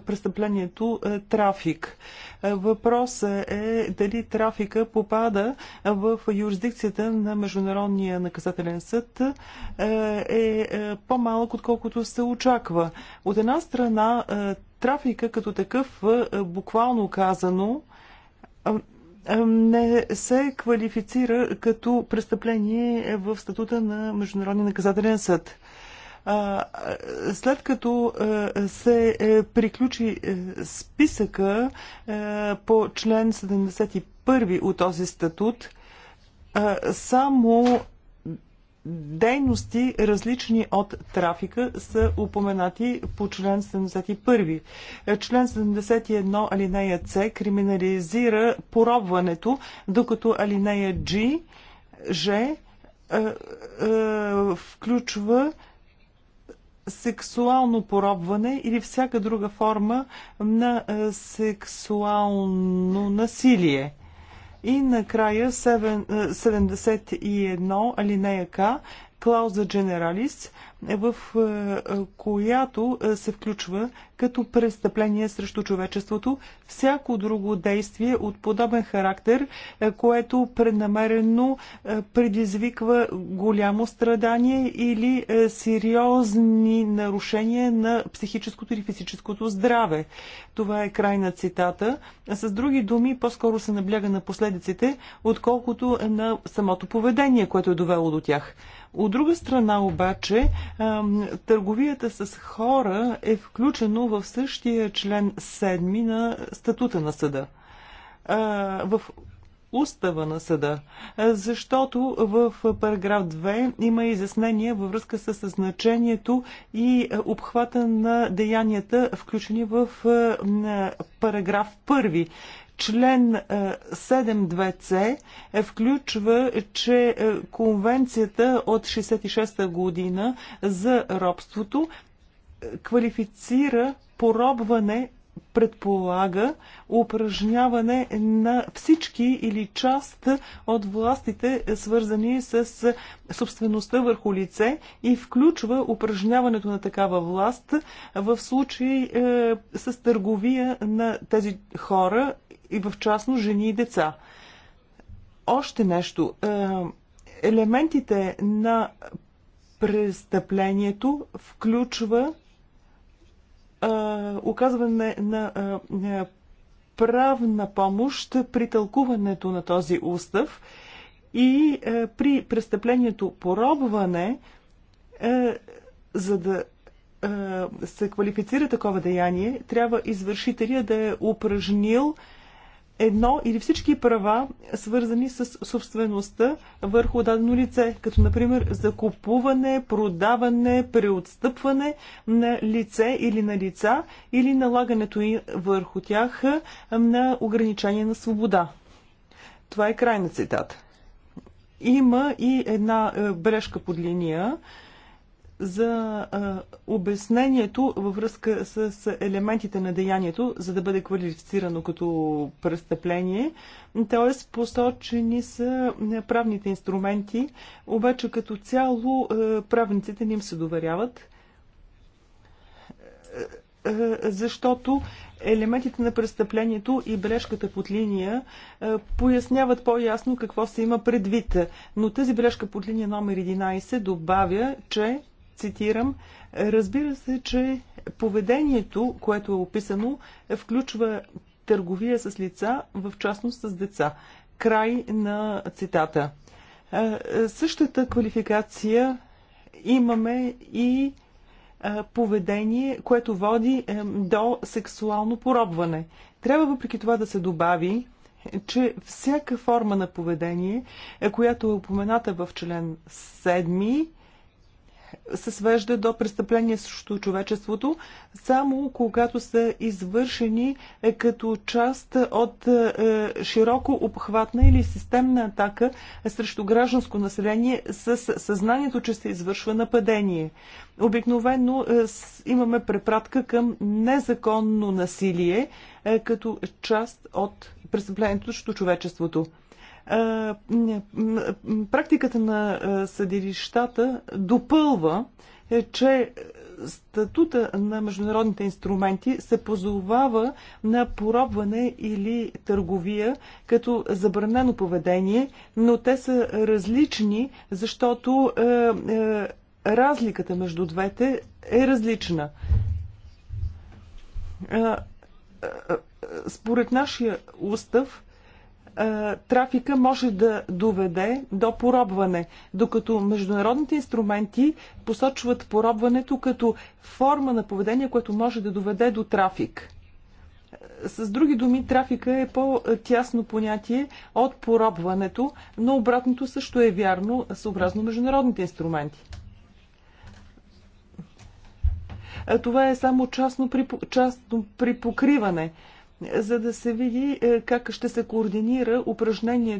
престъплението трафик. Въпросът е дали трафика попада в юрисдикцията на Международния наказателен съд е по-малък, отколкото се очаква. От една страна е, трафика като такъв, е, е, буквално казано, не се квалифицира като престъпление в статута на Международния наказателен съд. След като се приключи списъка по член 71 от този статут, само дейности, различни от трафика, са упоменати по член 71. Член 71 алинея С криминализира поробването, докато алинея G, Ж е, е, включва сексуално поробване или всяка друга форма на е, сексуално насилие. И накрая 7, 71 е, алинея К, клауза Generalis, в е, е, която е, се включва като престъпление срещу човечеството всяко друго действие от подобен характер, което преднамерено предизвиква голямо страдание или сериозни нарушения на психическото или физическото здраве. Това е край на цитата. С други думи, по-скоро се набляга на последиците, отколкото на самото поведение, което е довело до тях. От друга страна обаче, Търговията с хора е включено в същия член 7 на статута на съда. В устава на съда, защото в параграф 2 има изяснение във връзка с значението и обхвата на деянията, включени в параграф 1. Член 7.2c е, е, включва, че е, конвенцията от 66-та година за робството квалифицира поробване предполага упражняване на всички или част от властите, свързани с собствеността върху лице и включва упражняването на такава власт в случай е, с търговия на тези хора и в частност, жени и деца. Още нещо. Е, елементите на престъплението включва е, оказване на е, правна помощ при тълкуването на този устав и при престъплението поробване, за да се квалифицира такова деяние, трябва извършителя да е упражнил едно или всички права, свързани с собствеността върху дадено лице, като например закупуване, продаване, преотстъпване на лице или на лица или налагането и върху тях на ограничение на свобода. Това е край на цитата. Има и една е, брешка под линия, за а, обяснението във връзка с, с елементите на деянието, за да бъде квалифицирано като престъпление. Т.е. посочени са правните инструменти, обаче като цяло а, правниците не им се доверяват, а, защото елементите на престъплението и бележката под линия а, поясняват по-ясно какво се има предвид. Но тази брешка под линия номер 11 добавя, че цитирам, разбира се, че поведението, което е описано, включва търговия с лица, в частност с деца. Край на цитата. Същата квалификация имаме и поведение, което води до сексуално поробване. Трябва въпреки това да се добави, че всяка форма на поведение, е, която е упомената в член 7, се свежда до престъпление срещу човечеството, само когато са извършени е, като част от е, широко обхватна или системна атака е, срещу гражданско население с съзнанието, че се извършва нападение. Обикновено имаме препратка към незаконно насилие като част от престъплението срещу човечеството. Практиката на съдилищата допълва, е, че статута на международните инструменти се позовава на поробване или търговия като забранено поведение, но те са различни, защото е, е, разликата между двете е различна. според нашия устав, трафика може да доведе до поробване, докато международните инструменти посочват поробването като форма на поведение, което може да доведе до трафик. С други думи, трафика е по-тясно понятие от поробването, но обратното също е вярно съобразно международните инструменти. Това е само частно припокриване. при покриване за да се види е, как ще се координира е,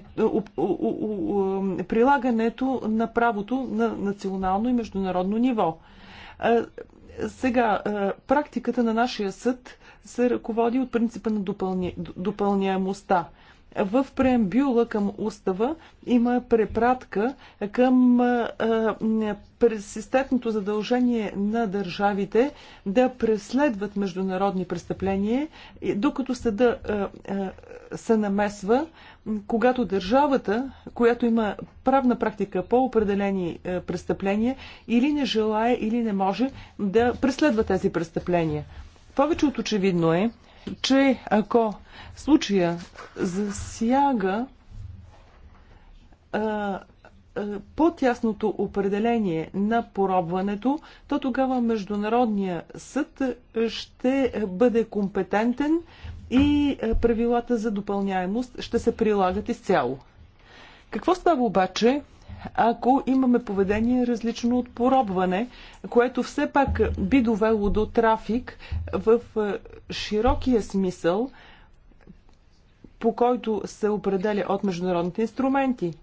прилагането на правото на национално и международно ниво. Е, сега, практиката на нашия съд се ръководи от принципа на допълня... допълняемостта. В преамбюла към устава има препратка към системното задължение на държавите да преследват международни престъпления, докато съда се намесва, когато държавата, която има правна практика по определени престъпления, или не желая, или не може да преследва тези престъпления. Повече от очевидно е, че ако случая засяга по-тясното определение на поробването, то тогава Международния съд ще бъде компетентен и правилата за допълняемост ще се прилагат изцяло. Какво става обаче, ако имаме поведение различно от поробване, което все пак би довело до трафик в е, широкия смисъл, по който се определя от международните инструменти.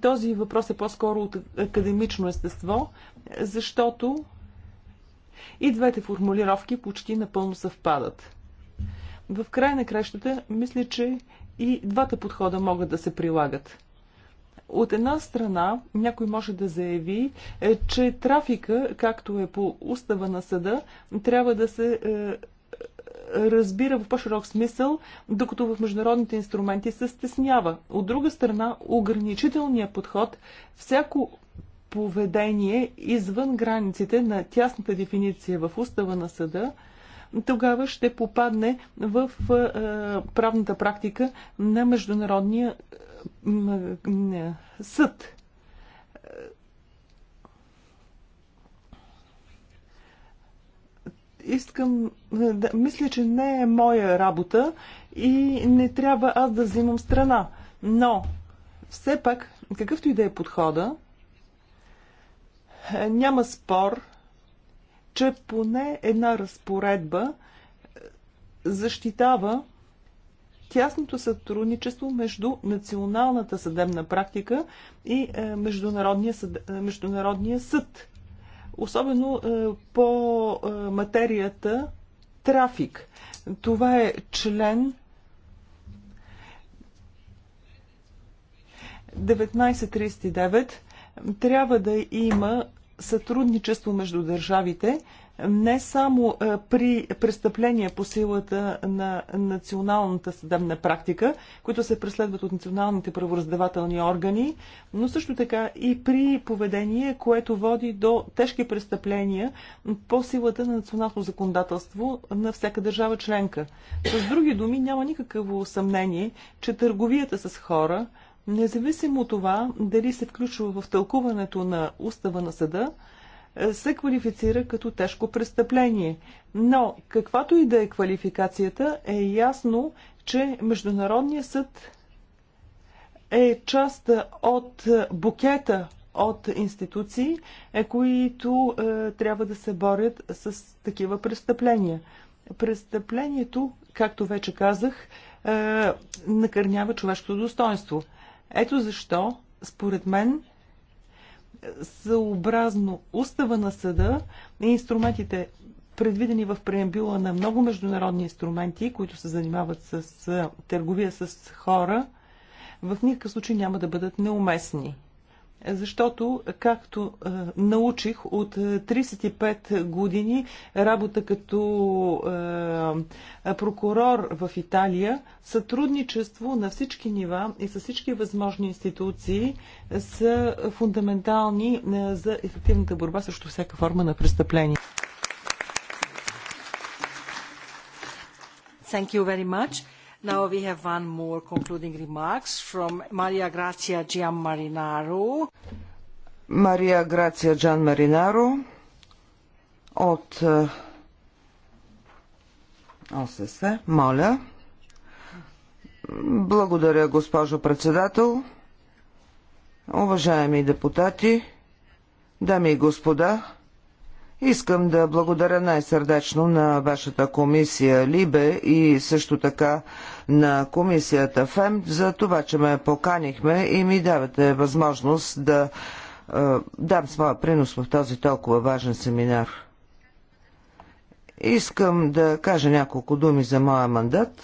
Този въпрос е по-скоро от академично естество, защото и двете формулировки почти напълно съвпадат. В край на кращата мисля, че и двата подхода могат да се прилагат. От една страна, някой може да заяви, е, че трафика, както е по устава на съда, трябва да се е, разбира в по-широк смисъл, докато в международните инструменти се стеснява. От друга страна, ограничителният подход, всяко поведение извън границите на тясната дефиниция в устава на съда, тогава ще попадне в е, правната практика на Международния съд. Искам да мисля, че не е моя работа и не трябва аз да взимам страна. Но, все пак, какъвто и да е подхода, е, няма спор, че поне една разпоредба е, защитава тясното сътрудничество между националната съдебна практика и е, Международния съд. Е, международния съд. Особено е, по материята трафик. Това е член 1939. Трябва да има сътрудничество между държавите, не само е, при престъпления по силата на националната съдебна практика, които се преследват от националните правораздавателни органи, но също така и при поведение, което води до тежки престъпления по силата на националното законодателство на всяка държава членка. С други думи, няма никакво съмнение, че търговията с хора, независимо от това дали се включва в тълкуването на устава на съда, се квалифицира като тежко престъпление. Но каквато и да е квалификацията, е ясно, че Международният съд е част от букета от институции, е, които е, трябва да се борят с такива престъпления. Престъплението, както вече казах, е, накърнява човешкото достоинство. Ето защо, според мен, съобразно устава на съда и инструментите, предвидени в преамбюла на много международни инструменти, които се занимават с търговия с хора, в никакъв случай няма да бъдат неуместни защото, както е, научих от 35 е, години работа като е, прокурор в Италия, сътрудничество на всички нива и с всички възможни институции са фундаментални е, за ефективната борба срещу всяка форма на престъпление. Thank you very much. Now we have one more concluding remarks from Maria Grazia Gianmarinaro. Maria Grazia Джан от ОСС. Моля. Благодаря, госпожо председател. Уважаеми депутати, дами и господа, Искам да благодаря най-сърдечно на вашата комисия Либе и също така на комисията ФЕМ за това, че ме поканихме и ми давате възможност да е, дам своя принос в този толкова важен семинар. Искам да кажа няколко думи за моя мандат.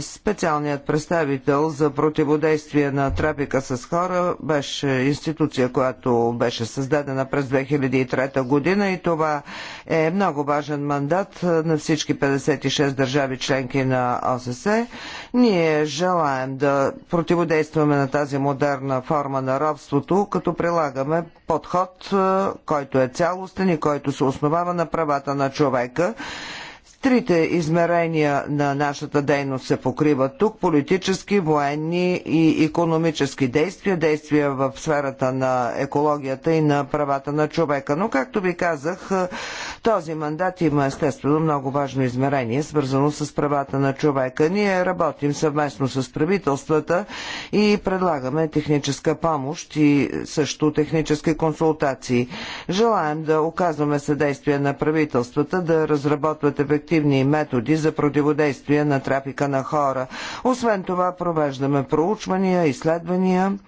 Специалният представител за противодействие на трафика с хора беше институция, която беше създадена през 2003 година и това е много важен мандат на всички 56 държави членки на ОССЕ. Ние желаем да противодействаме на тази модерна форма на робството, като прилагаме подход, който е цялостен и който се основава на правата на човека Трите измерения на нашата дейност се покриват тук политически, военни и економически действия, действия в сферата на екологията и на правата на човека. Но, както ви казах, този мандат има естествено много важно измерение, свързано с правата на човека. Ние работим съвместно с правителствата и предлагаме техническа помощ и също технически консултации. Желаем да оказваме съдействие на правителствата да разработват ефективно ефективни методи за противодействие на трафика на хора. Освен това, провеждаме проучвания, изследвания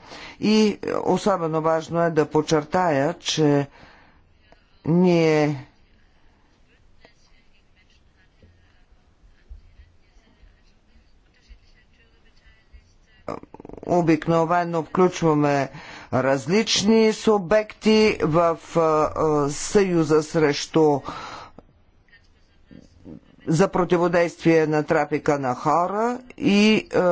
и особено важно е да подчертая, че ние обикновено включваме различни субекти в Съюза срещу за противодействие на трафика на хора и е,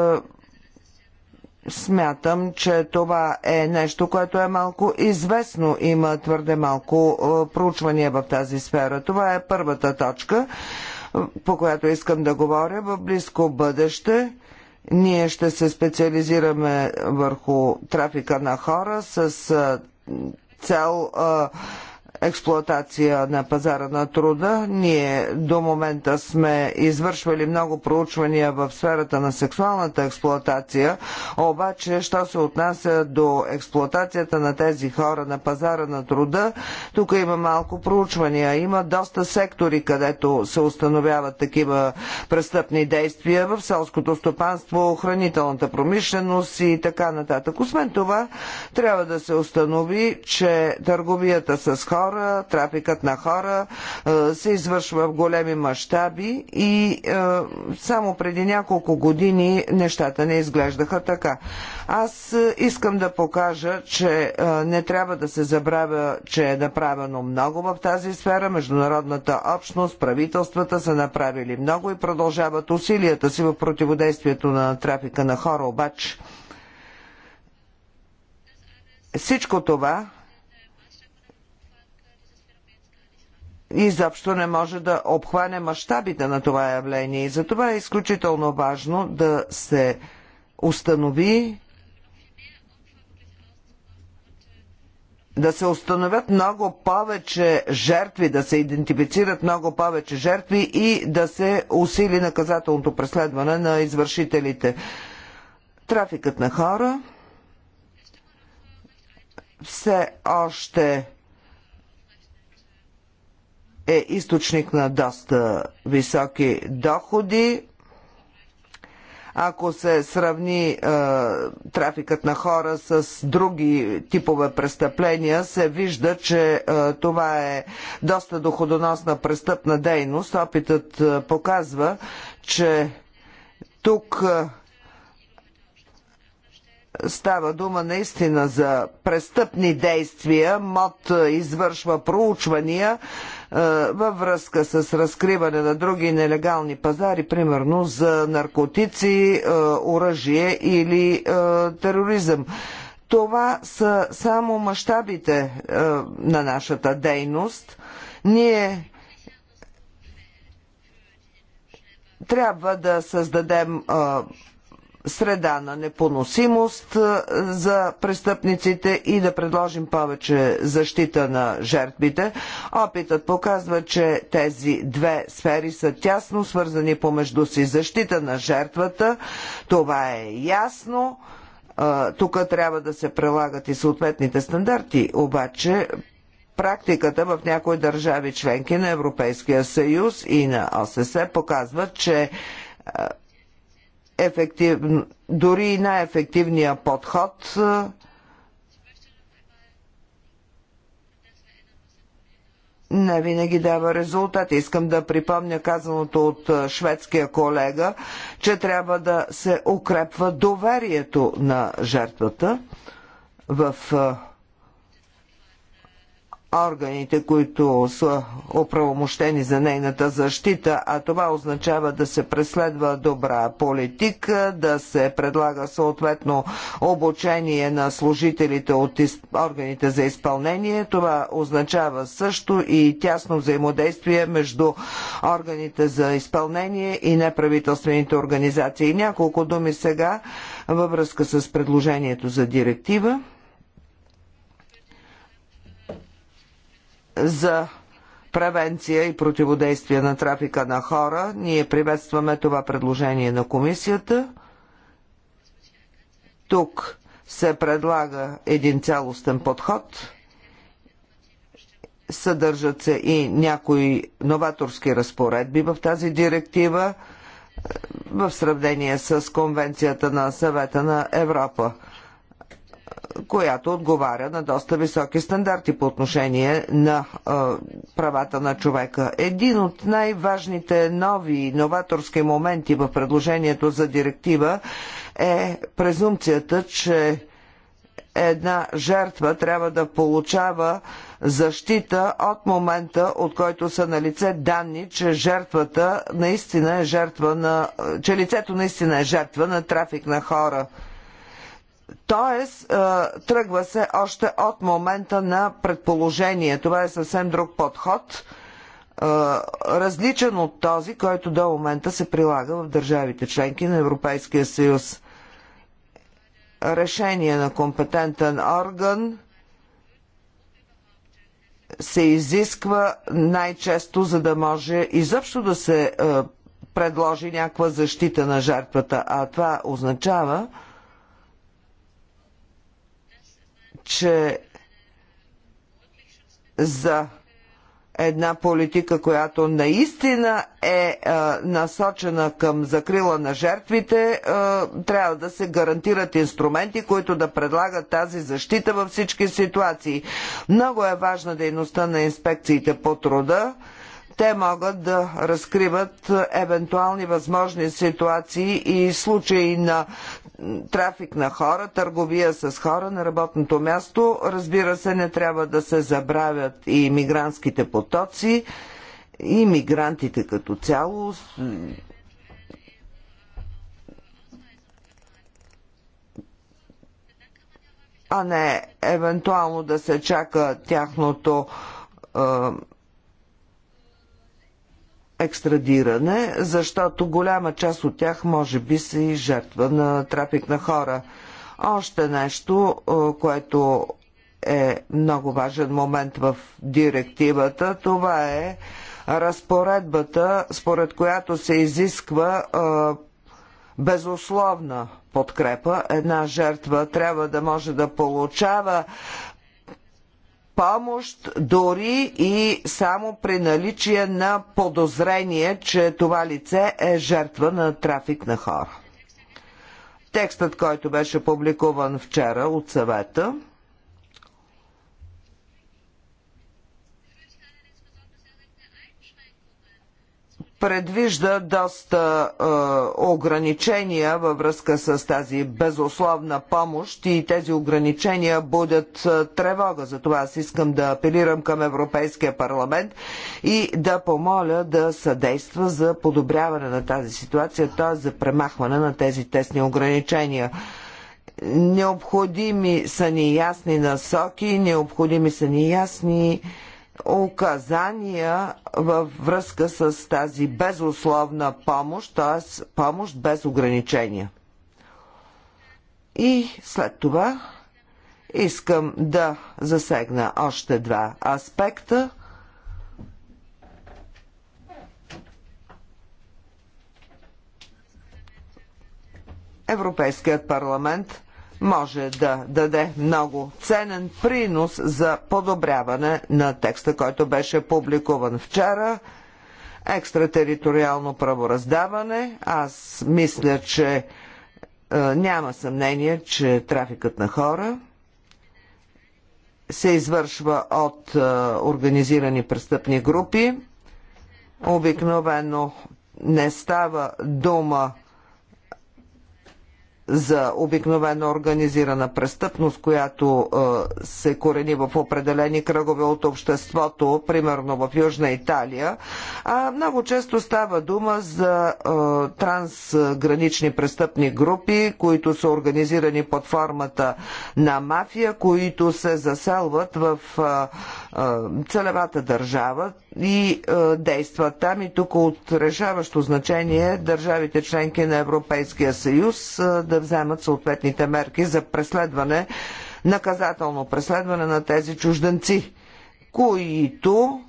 Смятам, че това е нещо, което е малко известно. Има твърде малко е, проучвания в тази сфера. Това е първата точка, е, по която искам да говоря. В близко бъдеще ние ще се специализираме върху трафика на хора с цел експлоатация на пазара на труда. Ние до момента сме извършвали много проучвания в сферата на сексуалната експлоатация, обаче, що се отнася до експлоатацията на тези хора на пазара на труда, тук има малко проучвания. Има доста сектори, където се установяват такива престъпни действия в селското стопанство, хранителната промишленост и така нататък. Освен това, трябва да се установи, че търговията с хора хора, трафикът на хора се извършва в големи мащаби и само преди няколко години нещата не изглеждаха така. Аз искам да покажа, че не трябва да се забравя, че е направено много в тази сфера. Международната общност, правителствата са направили много и продължават усилията си в противодействието на трафика на хора. Обаче всичко това изобщо не може да обхване мащабите на това явление. И затова е изключително важно да се установи да се установят много повече жертви, да се идентифицират много повече жертви и да се усили наказателното преследване на извършителите. Трафикът на хора все още е източник на доста високи доходи. Ако се сравни е, трафикът на хора с други типове престъпления, се вижда, че е, това е доста доходоносна престъпна дейност. Опитът е, показва, че тук. Е, Става дума наистина за престъпни действия. МОД е, извършва проучвания е, във връзка с разкриване на други нелегални пазари, примерно за наркотици, е, оръжие или е, тероризъм. Това са само мащабите на нашата дейност. Ние трябва да създадем среда на непоносимост е, за престъпниците и да предложим повече защита на жертвите. Опитът показва, че тези две сфери са тясно свързани помежду си. Защита на жертвата, това е ясно. Е, тук трябва да се прилагат и съответните стандарти, обаче Практиката в някои държави членки на Европейския съюз и на ОССЕ показва, че е, ефектив, дори и най-ефективния подход не винаги дава резултат. Искам да припомня казаното от шведския колега, че трябва да се укрепва доверието на жертвата в органите, които са оправомощени за нейната защита, а това означава да се преследва добра политика, да се предлага съответно обучение на служителите от органите за изпълнение. Това означава също и тясно взаимодействие между органите за изпълнение и неправителствените организации. Няколко думи сега във връзка с предложението за директива. за превенция и противодействие на трафика на хора. Ние приветстваме това предложение на комисията. Тук се предлага един цялостен подход. Съдържат се и някои новаторски разпоредби в тази директива в сравнение с Конвенцията на съвета на Европа която отговаря на доста високи стандарти по отношение на е, правата на човека. Един от най-важните нови новаторски моменти в предложението за директива е презумпцията, че една жертва трябва да получава защита от момента, от който са на лице данни, че жертвата наистина е жертва на... че лицето наистина е жертва на трафик на хора. Тоест, тръгва се още от момента на предположение. Това е съвсем друг подход, различен от този, който до момента се прилага в държавите членки на Европейския съюз. Решение на компетентен орган се изисква най-често, за да може изобщо да се предложи някаква защита на жертвата, а това означава, че за една политика, която наистина е а, е, насочена към закрила на жертвите, а, е, трябва да се гарантират инструменти, които да предлагат тази защита във всички ситуации. Много е важна дейността на инспекциите по труда те могат да разкриват евентуални възможни ситуации и случаи на трафик на хора, търговия с хора на работното място. Разбира се, не трябва да се забравят и мигрантските потоци, и мигрантите като цяло. А не евентуално да се чака тяхното е, екстрадиране, защото голяма част от тях може би са и жертва на трафик на хора. Още нещо, е, което е много важен момент в директивата, това е разпоредбата, според която се изисква е, безусловна подкрепа. Една жертва трябва да може да получава помощ дори и само при наличие на подозрение, че това лице е жертва на трафик на хора. Текстът, който беше публикуван вчера от съвета, предвижда доста е, ограничения във връзка с тази безусловна помощ и тези ограничения будят е, тревога. Затова аз искам да апелирам към Европейския парламент и да помоля да съдейства за подобряване на тази ситуация, т.е. за премахване на тези тесни ограничения. Необходими са ни ясни насоки, необходими са ни ясни указания във връзка с тази безусловна помощ, т.е. помощ без ограничения. И след това искам да засегна още два аспекта. Европейският парламент може да даде много ценен принос за подобряване на текста, който беше публикуван вчера. Екстратериториално правораздаване. Аз мисля, че е, няма съмнение, че трафикът на хора се извършва от е, организирани престъпни групи. Обикновено не става дума за обикновено организирана престъпност, която е, се корени в определени кръгове от обществото, примерно в Южна Италия, а много често става дума за е, трансгранични престъпни групи, които са организирани под формата на мафия, които се заселват в е, целевата държава, и е, действат там. И тук от решаващо значение държавите членки на Европейския съюз е, да вземат съответните мерки за преследване, наказателно преследване на тези чужденци, които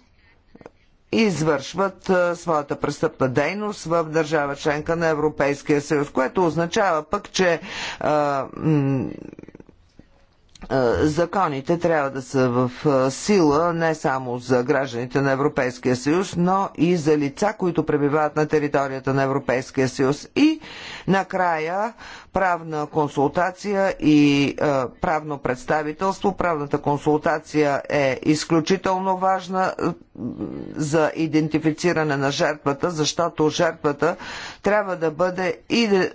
извършват е, своята престъпна дейност в държава членка на Европейския съюз, което означава пък, че е, е, законите трябва да са в е, сила не само за гражданите на Европейския съюз, но и за лица, които пребивават на територията на Европейския съюз. И накрая правна консултация и е, правно представителство. Правната консултация е изключително важна е, за идентифициране на жертвата, защото жертвата трябва да бъде и е,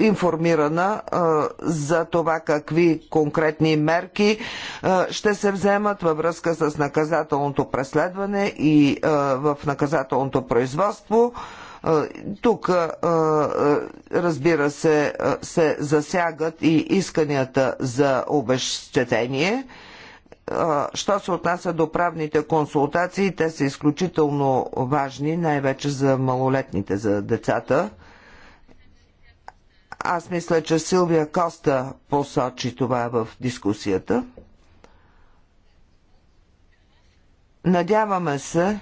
информирана е, за това какви конкретни мерки е, ще се вземат във връзка с наказателното преследване и е, в наказателното производство. Тук, разбира се, се засягат и исканията за обещетение. Що се отнася до правните консултации, те са изключително важни, най-вече за малолетните, за децата. Аз мисля, че Силвия Коста посочи това в дискусията. Надяваме се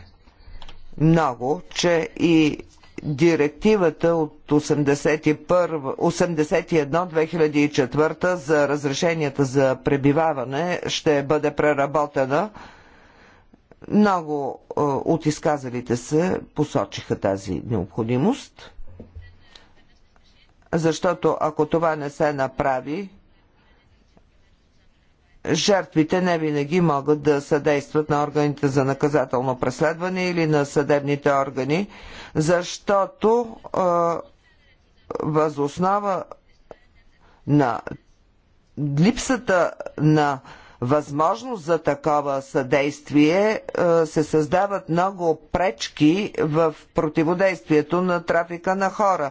много, че и директивата от 81-2004 за разрешенията за пребиваване ще бъде преработена. Много е, от изказалите се посочиха тази необходимост, защото ако това не се направи, жертвите не винаги могат да съдействат на органите за наказателно преследване или на съдебните органи, защото възоснова на липсата на възможност за такова съдействие се създават много пречки в противодействието на трафика на хора.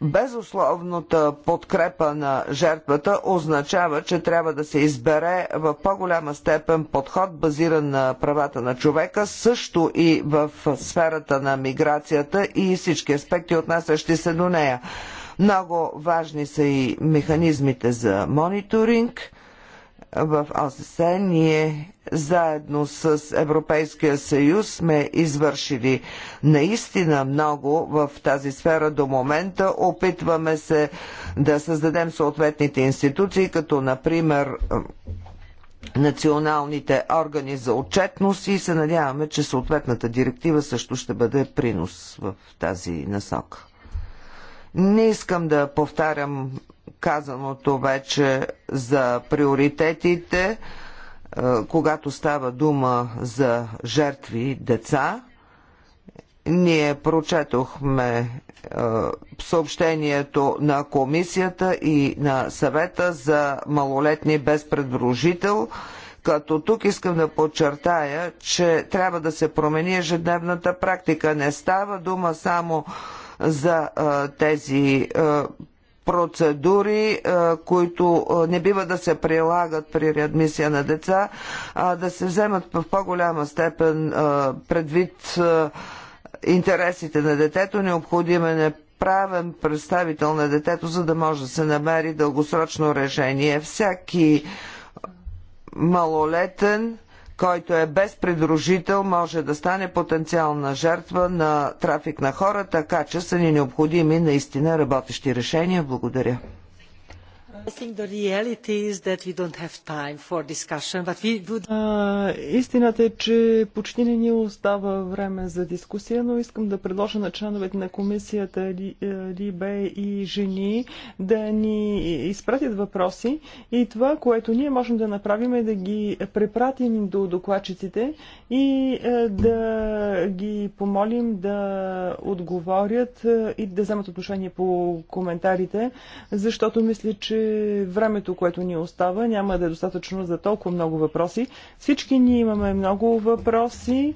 Безусловната подкрепа на жертвата означава, че трябва да се избере в по-голяма степен подход, базиран на правата на човека, също и в сферата на миграцията и всички аспекти, отнасящи се до нея. Много важни са и механизмите за мониторинг в ОССЕ ние заедно с Европейския съюз сме извършили наистина много в тази сфера до момента. Опитваме се да създадем съответните институции, като например националните органи за отчетност и се надяваме, че съответната директива също ще бъде принос в тази насока. Не искам да повтарям казаното вече за приоритетите, е, когато става дума за жертви деца. Ние прочетохме е, съобщението на комисията и на съвета за малолетни без предложител, като тук искам да подчертая, че трябва да се промени ежедневната практика. Не става дума само за а, е, тези а, процедури, е, които е, не бива да се прилагат при реадмисия на деца, а да се вземат в по-голяма степен е, предвид интересите на детето, необходим е правен представител на детето, за да може да се намери дългосрочно решение. Всяки малолетен който е без придружител, може да стане потенциална жертва на трафик на хора, така че са ни необходими наистина работещи решения. Благодаря. Истината е, че почти не ни остава време за дискусия, но искам да предложа на членовете на комисията е, Либе и Жени да ни изпратят въпроси и това, което ние можем да направим е да ги препратим до докладчиците и е, да ги помолим да отговорят е, и да вземат отношение по коментарите, защото мисля, че времето, което ни остава, няма да е достатъчно за толкова много въпроси. Всички ние имаме много въпроси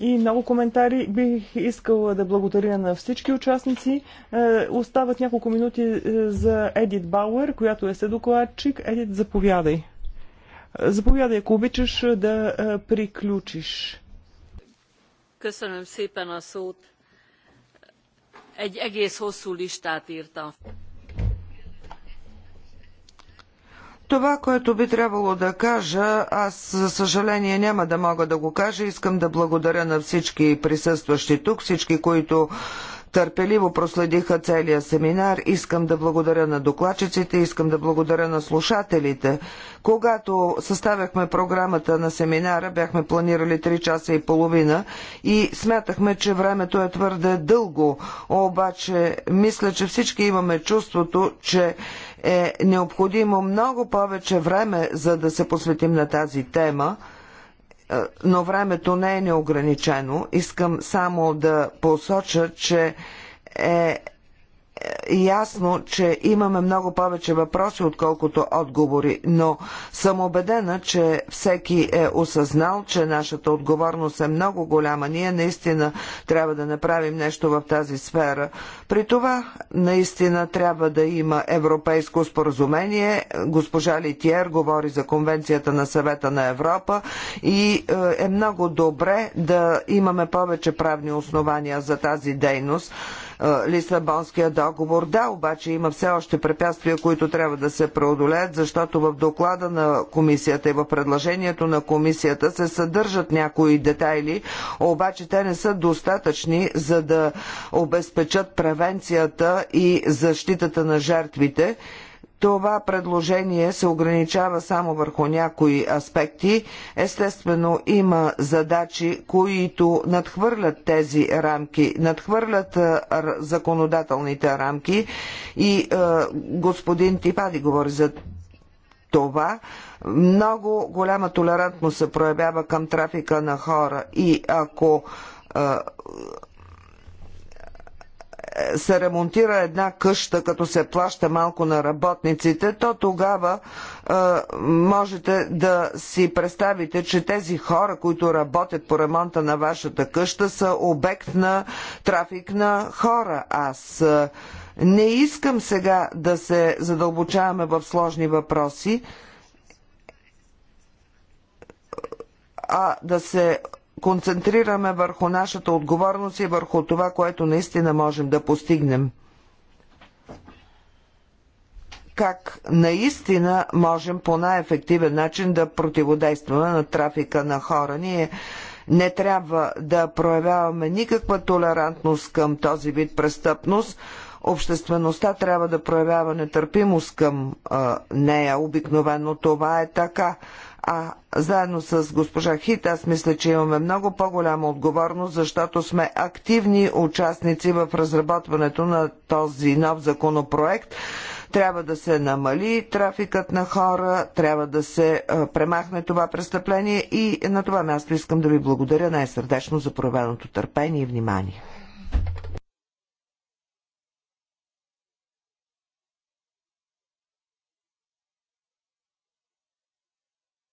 и много коментари. Бих искала да благодаря на всички участници. Е, остават няколко минути е, за Едит Бауер, която е седокладчик. Едит, заповядай. Заповядай, ако обичаш да е, приключиш. Köszönöm szépen a szót. Egy egész hosszú listát írtam. Това, което би трябвало да кажа, аз за съжаление няма да мога да го кажа. Искам да благодаря на всички присъстващи тук, всички, които търпеливо проследиха целия семинар. Искам да благодаря на докладчиците, искам да благодаря на слушателите. Когато съставяхме програмата на семинара, бяхме планирали 3 часа и половина и смятахме, че времето е твърде дълго. Обаче, мисля, че всички имаме чувството, че е необходимо много повече време, за да се посветим на тази тема. Е, но времето не е неограничено. Искам само да посоча, че е ясно, че имаме много повече въпроси, отколкото отговори, но съм убедена, че всеки е осъзнал, че нашата отговорност е много голяма. Ние наистина трябва да направим нещо в тази сфера. При това наистина трябва да има европейско споразумение. Госпожа Литиер говори за Конвенцията на съвета на Европа и е, е много добре да имаме повече правни основания за тази дейност. Лисабонския договор. Да, обаче има все още препятствия, които трябва да се преодолеят, защото в доклада на комисията и в предложението на комисията се съдържат някои детайли, обаче те не са достатъчни за да обезпечат превенцията и защитата на жертвите това предложение се ограничава само върху някои аспекти. Естествено, има задачи, които надхвърлят тези рамки, надхвърлят законодателните рамки и е, господин Типади говори за това. Много голяма толерантност се проявява към трафика на хора и ако е, се ремонтира една къща, като се плаща малко на работниците, то тогава е, можете да си представите, че тези хора, които работят по ремонта на вашата къща, са обект на трафик на хора. Аз е, не искам сега да се задълбочаваме в сложни въпроси, а да се концентрираме върху нашата отговорност и върху това, което наистина можем да постигнем. Как наистина можем по най-ефективен начин да противодействаме на трафика на хора. Ние не трябва да проявяваме никаква толерантност към този вид престъпност. Обществеността трябва да проявява нетърпимост към а, нея. Обикновено това е така. А заедно с госпожа Хит, аз мисля, че имаме много по-голяма отговорност, защото сме активни участници в разработването на този нов законопроект. Трябва да се намали трафикът на хора, трябва да се премахне това престъпление и на това място искам да ви благодаря най-сърдечно за проявеното търпение и внимание.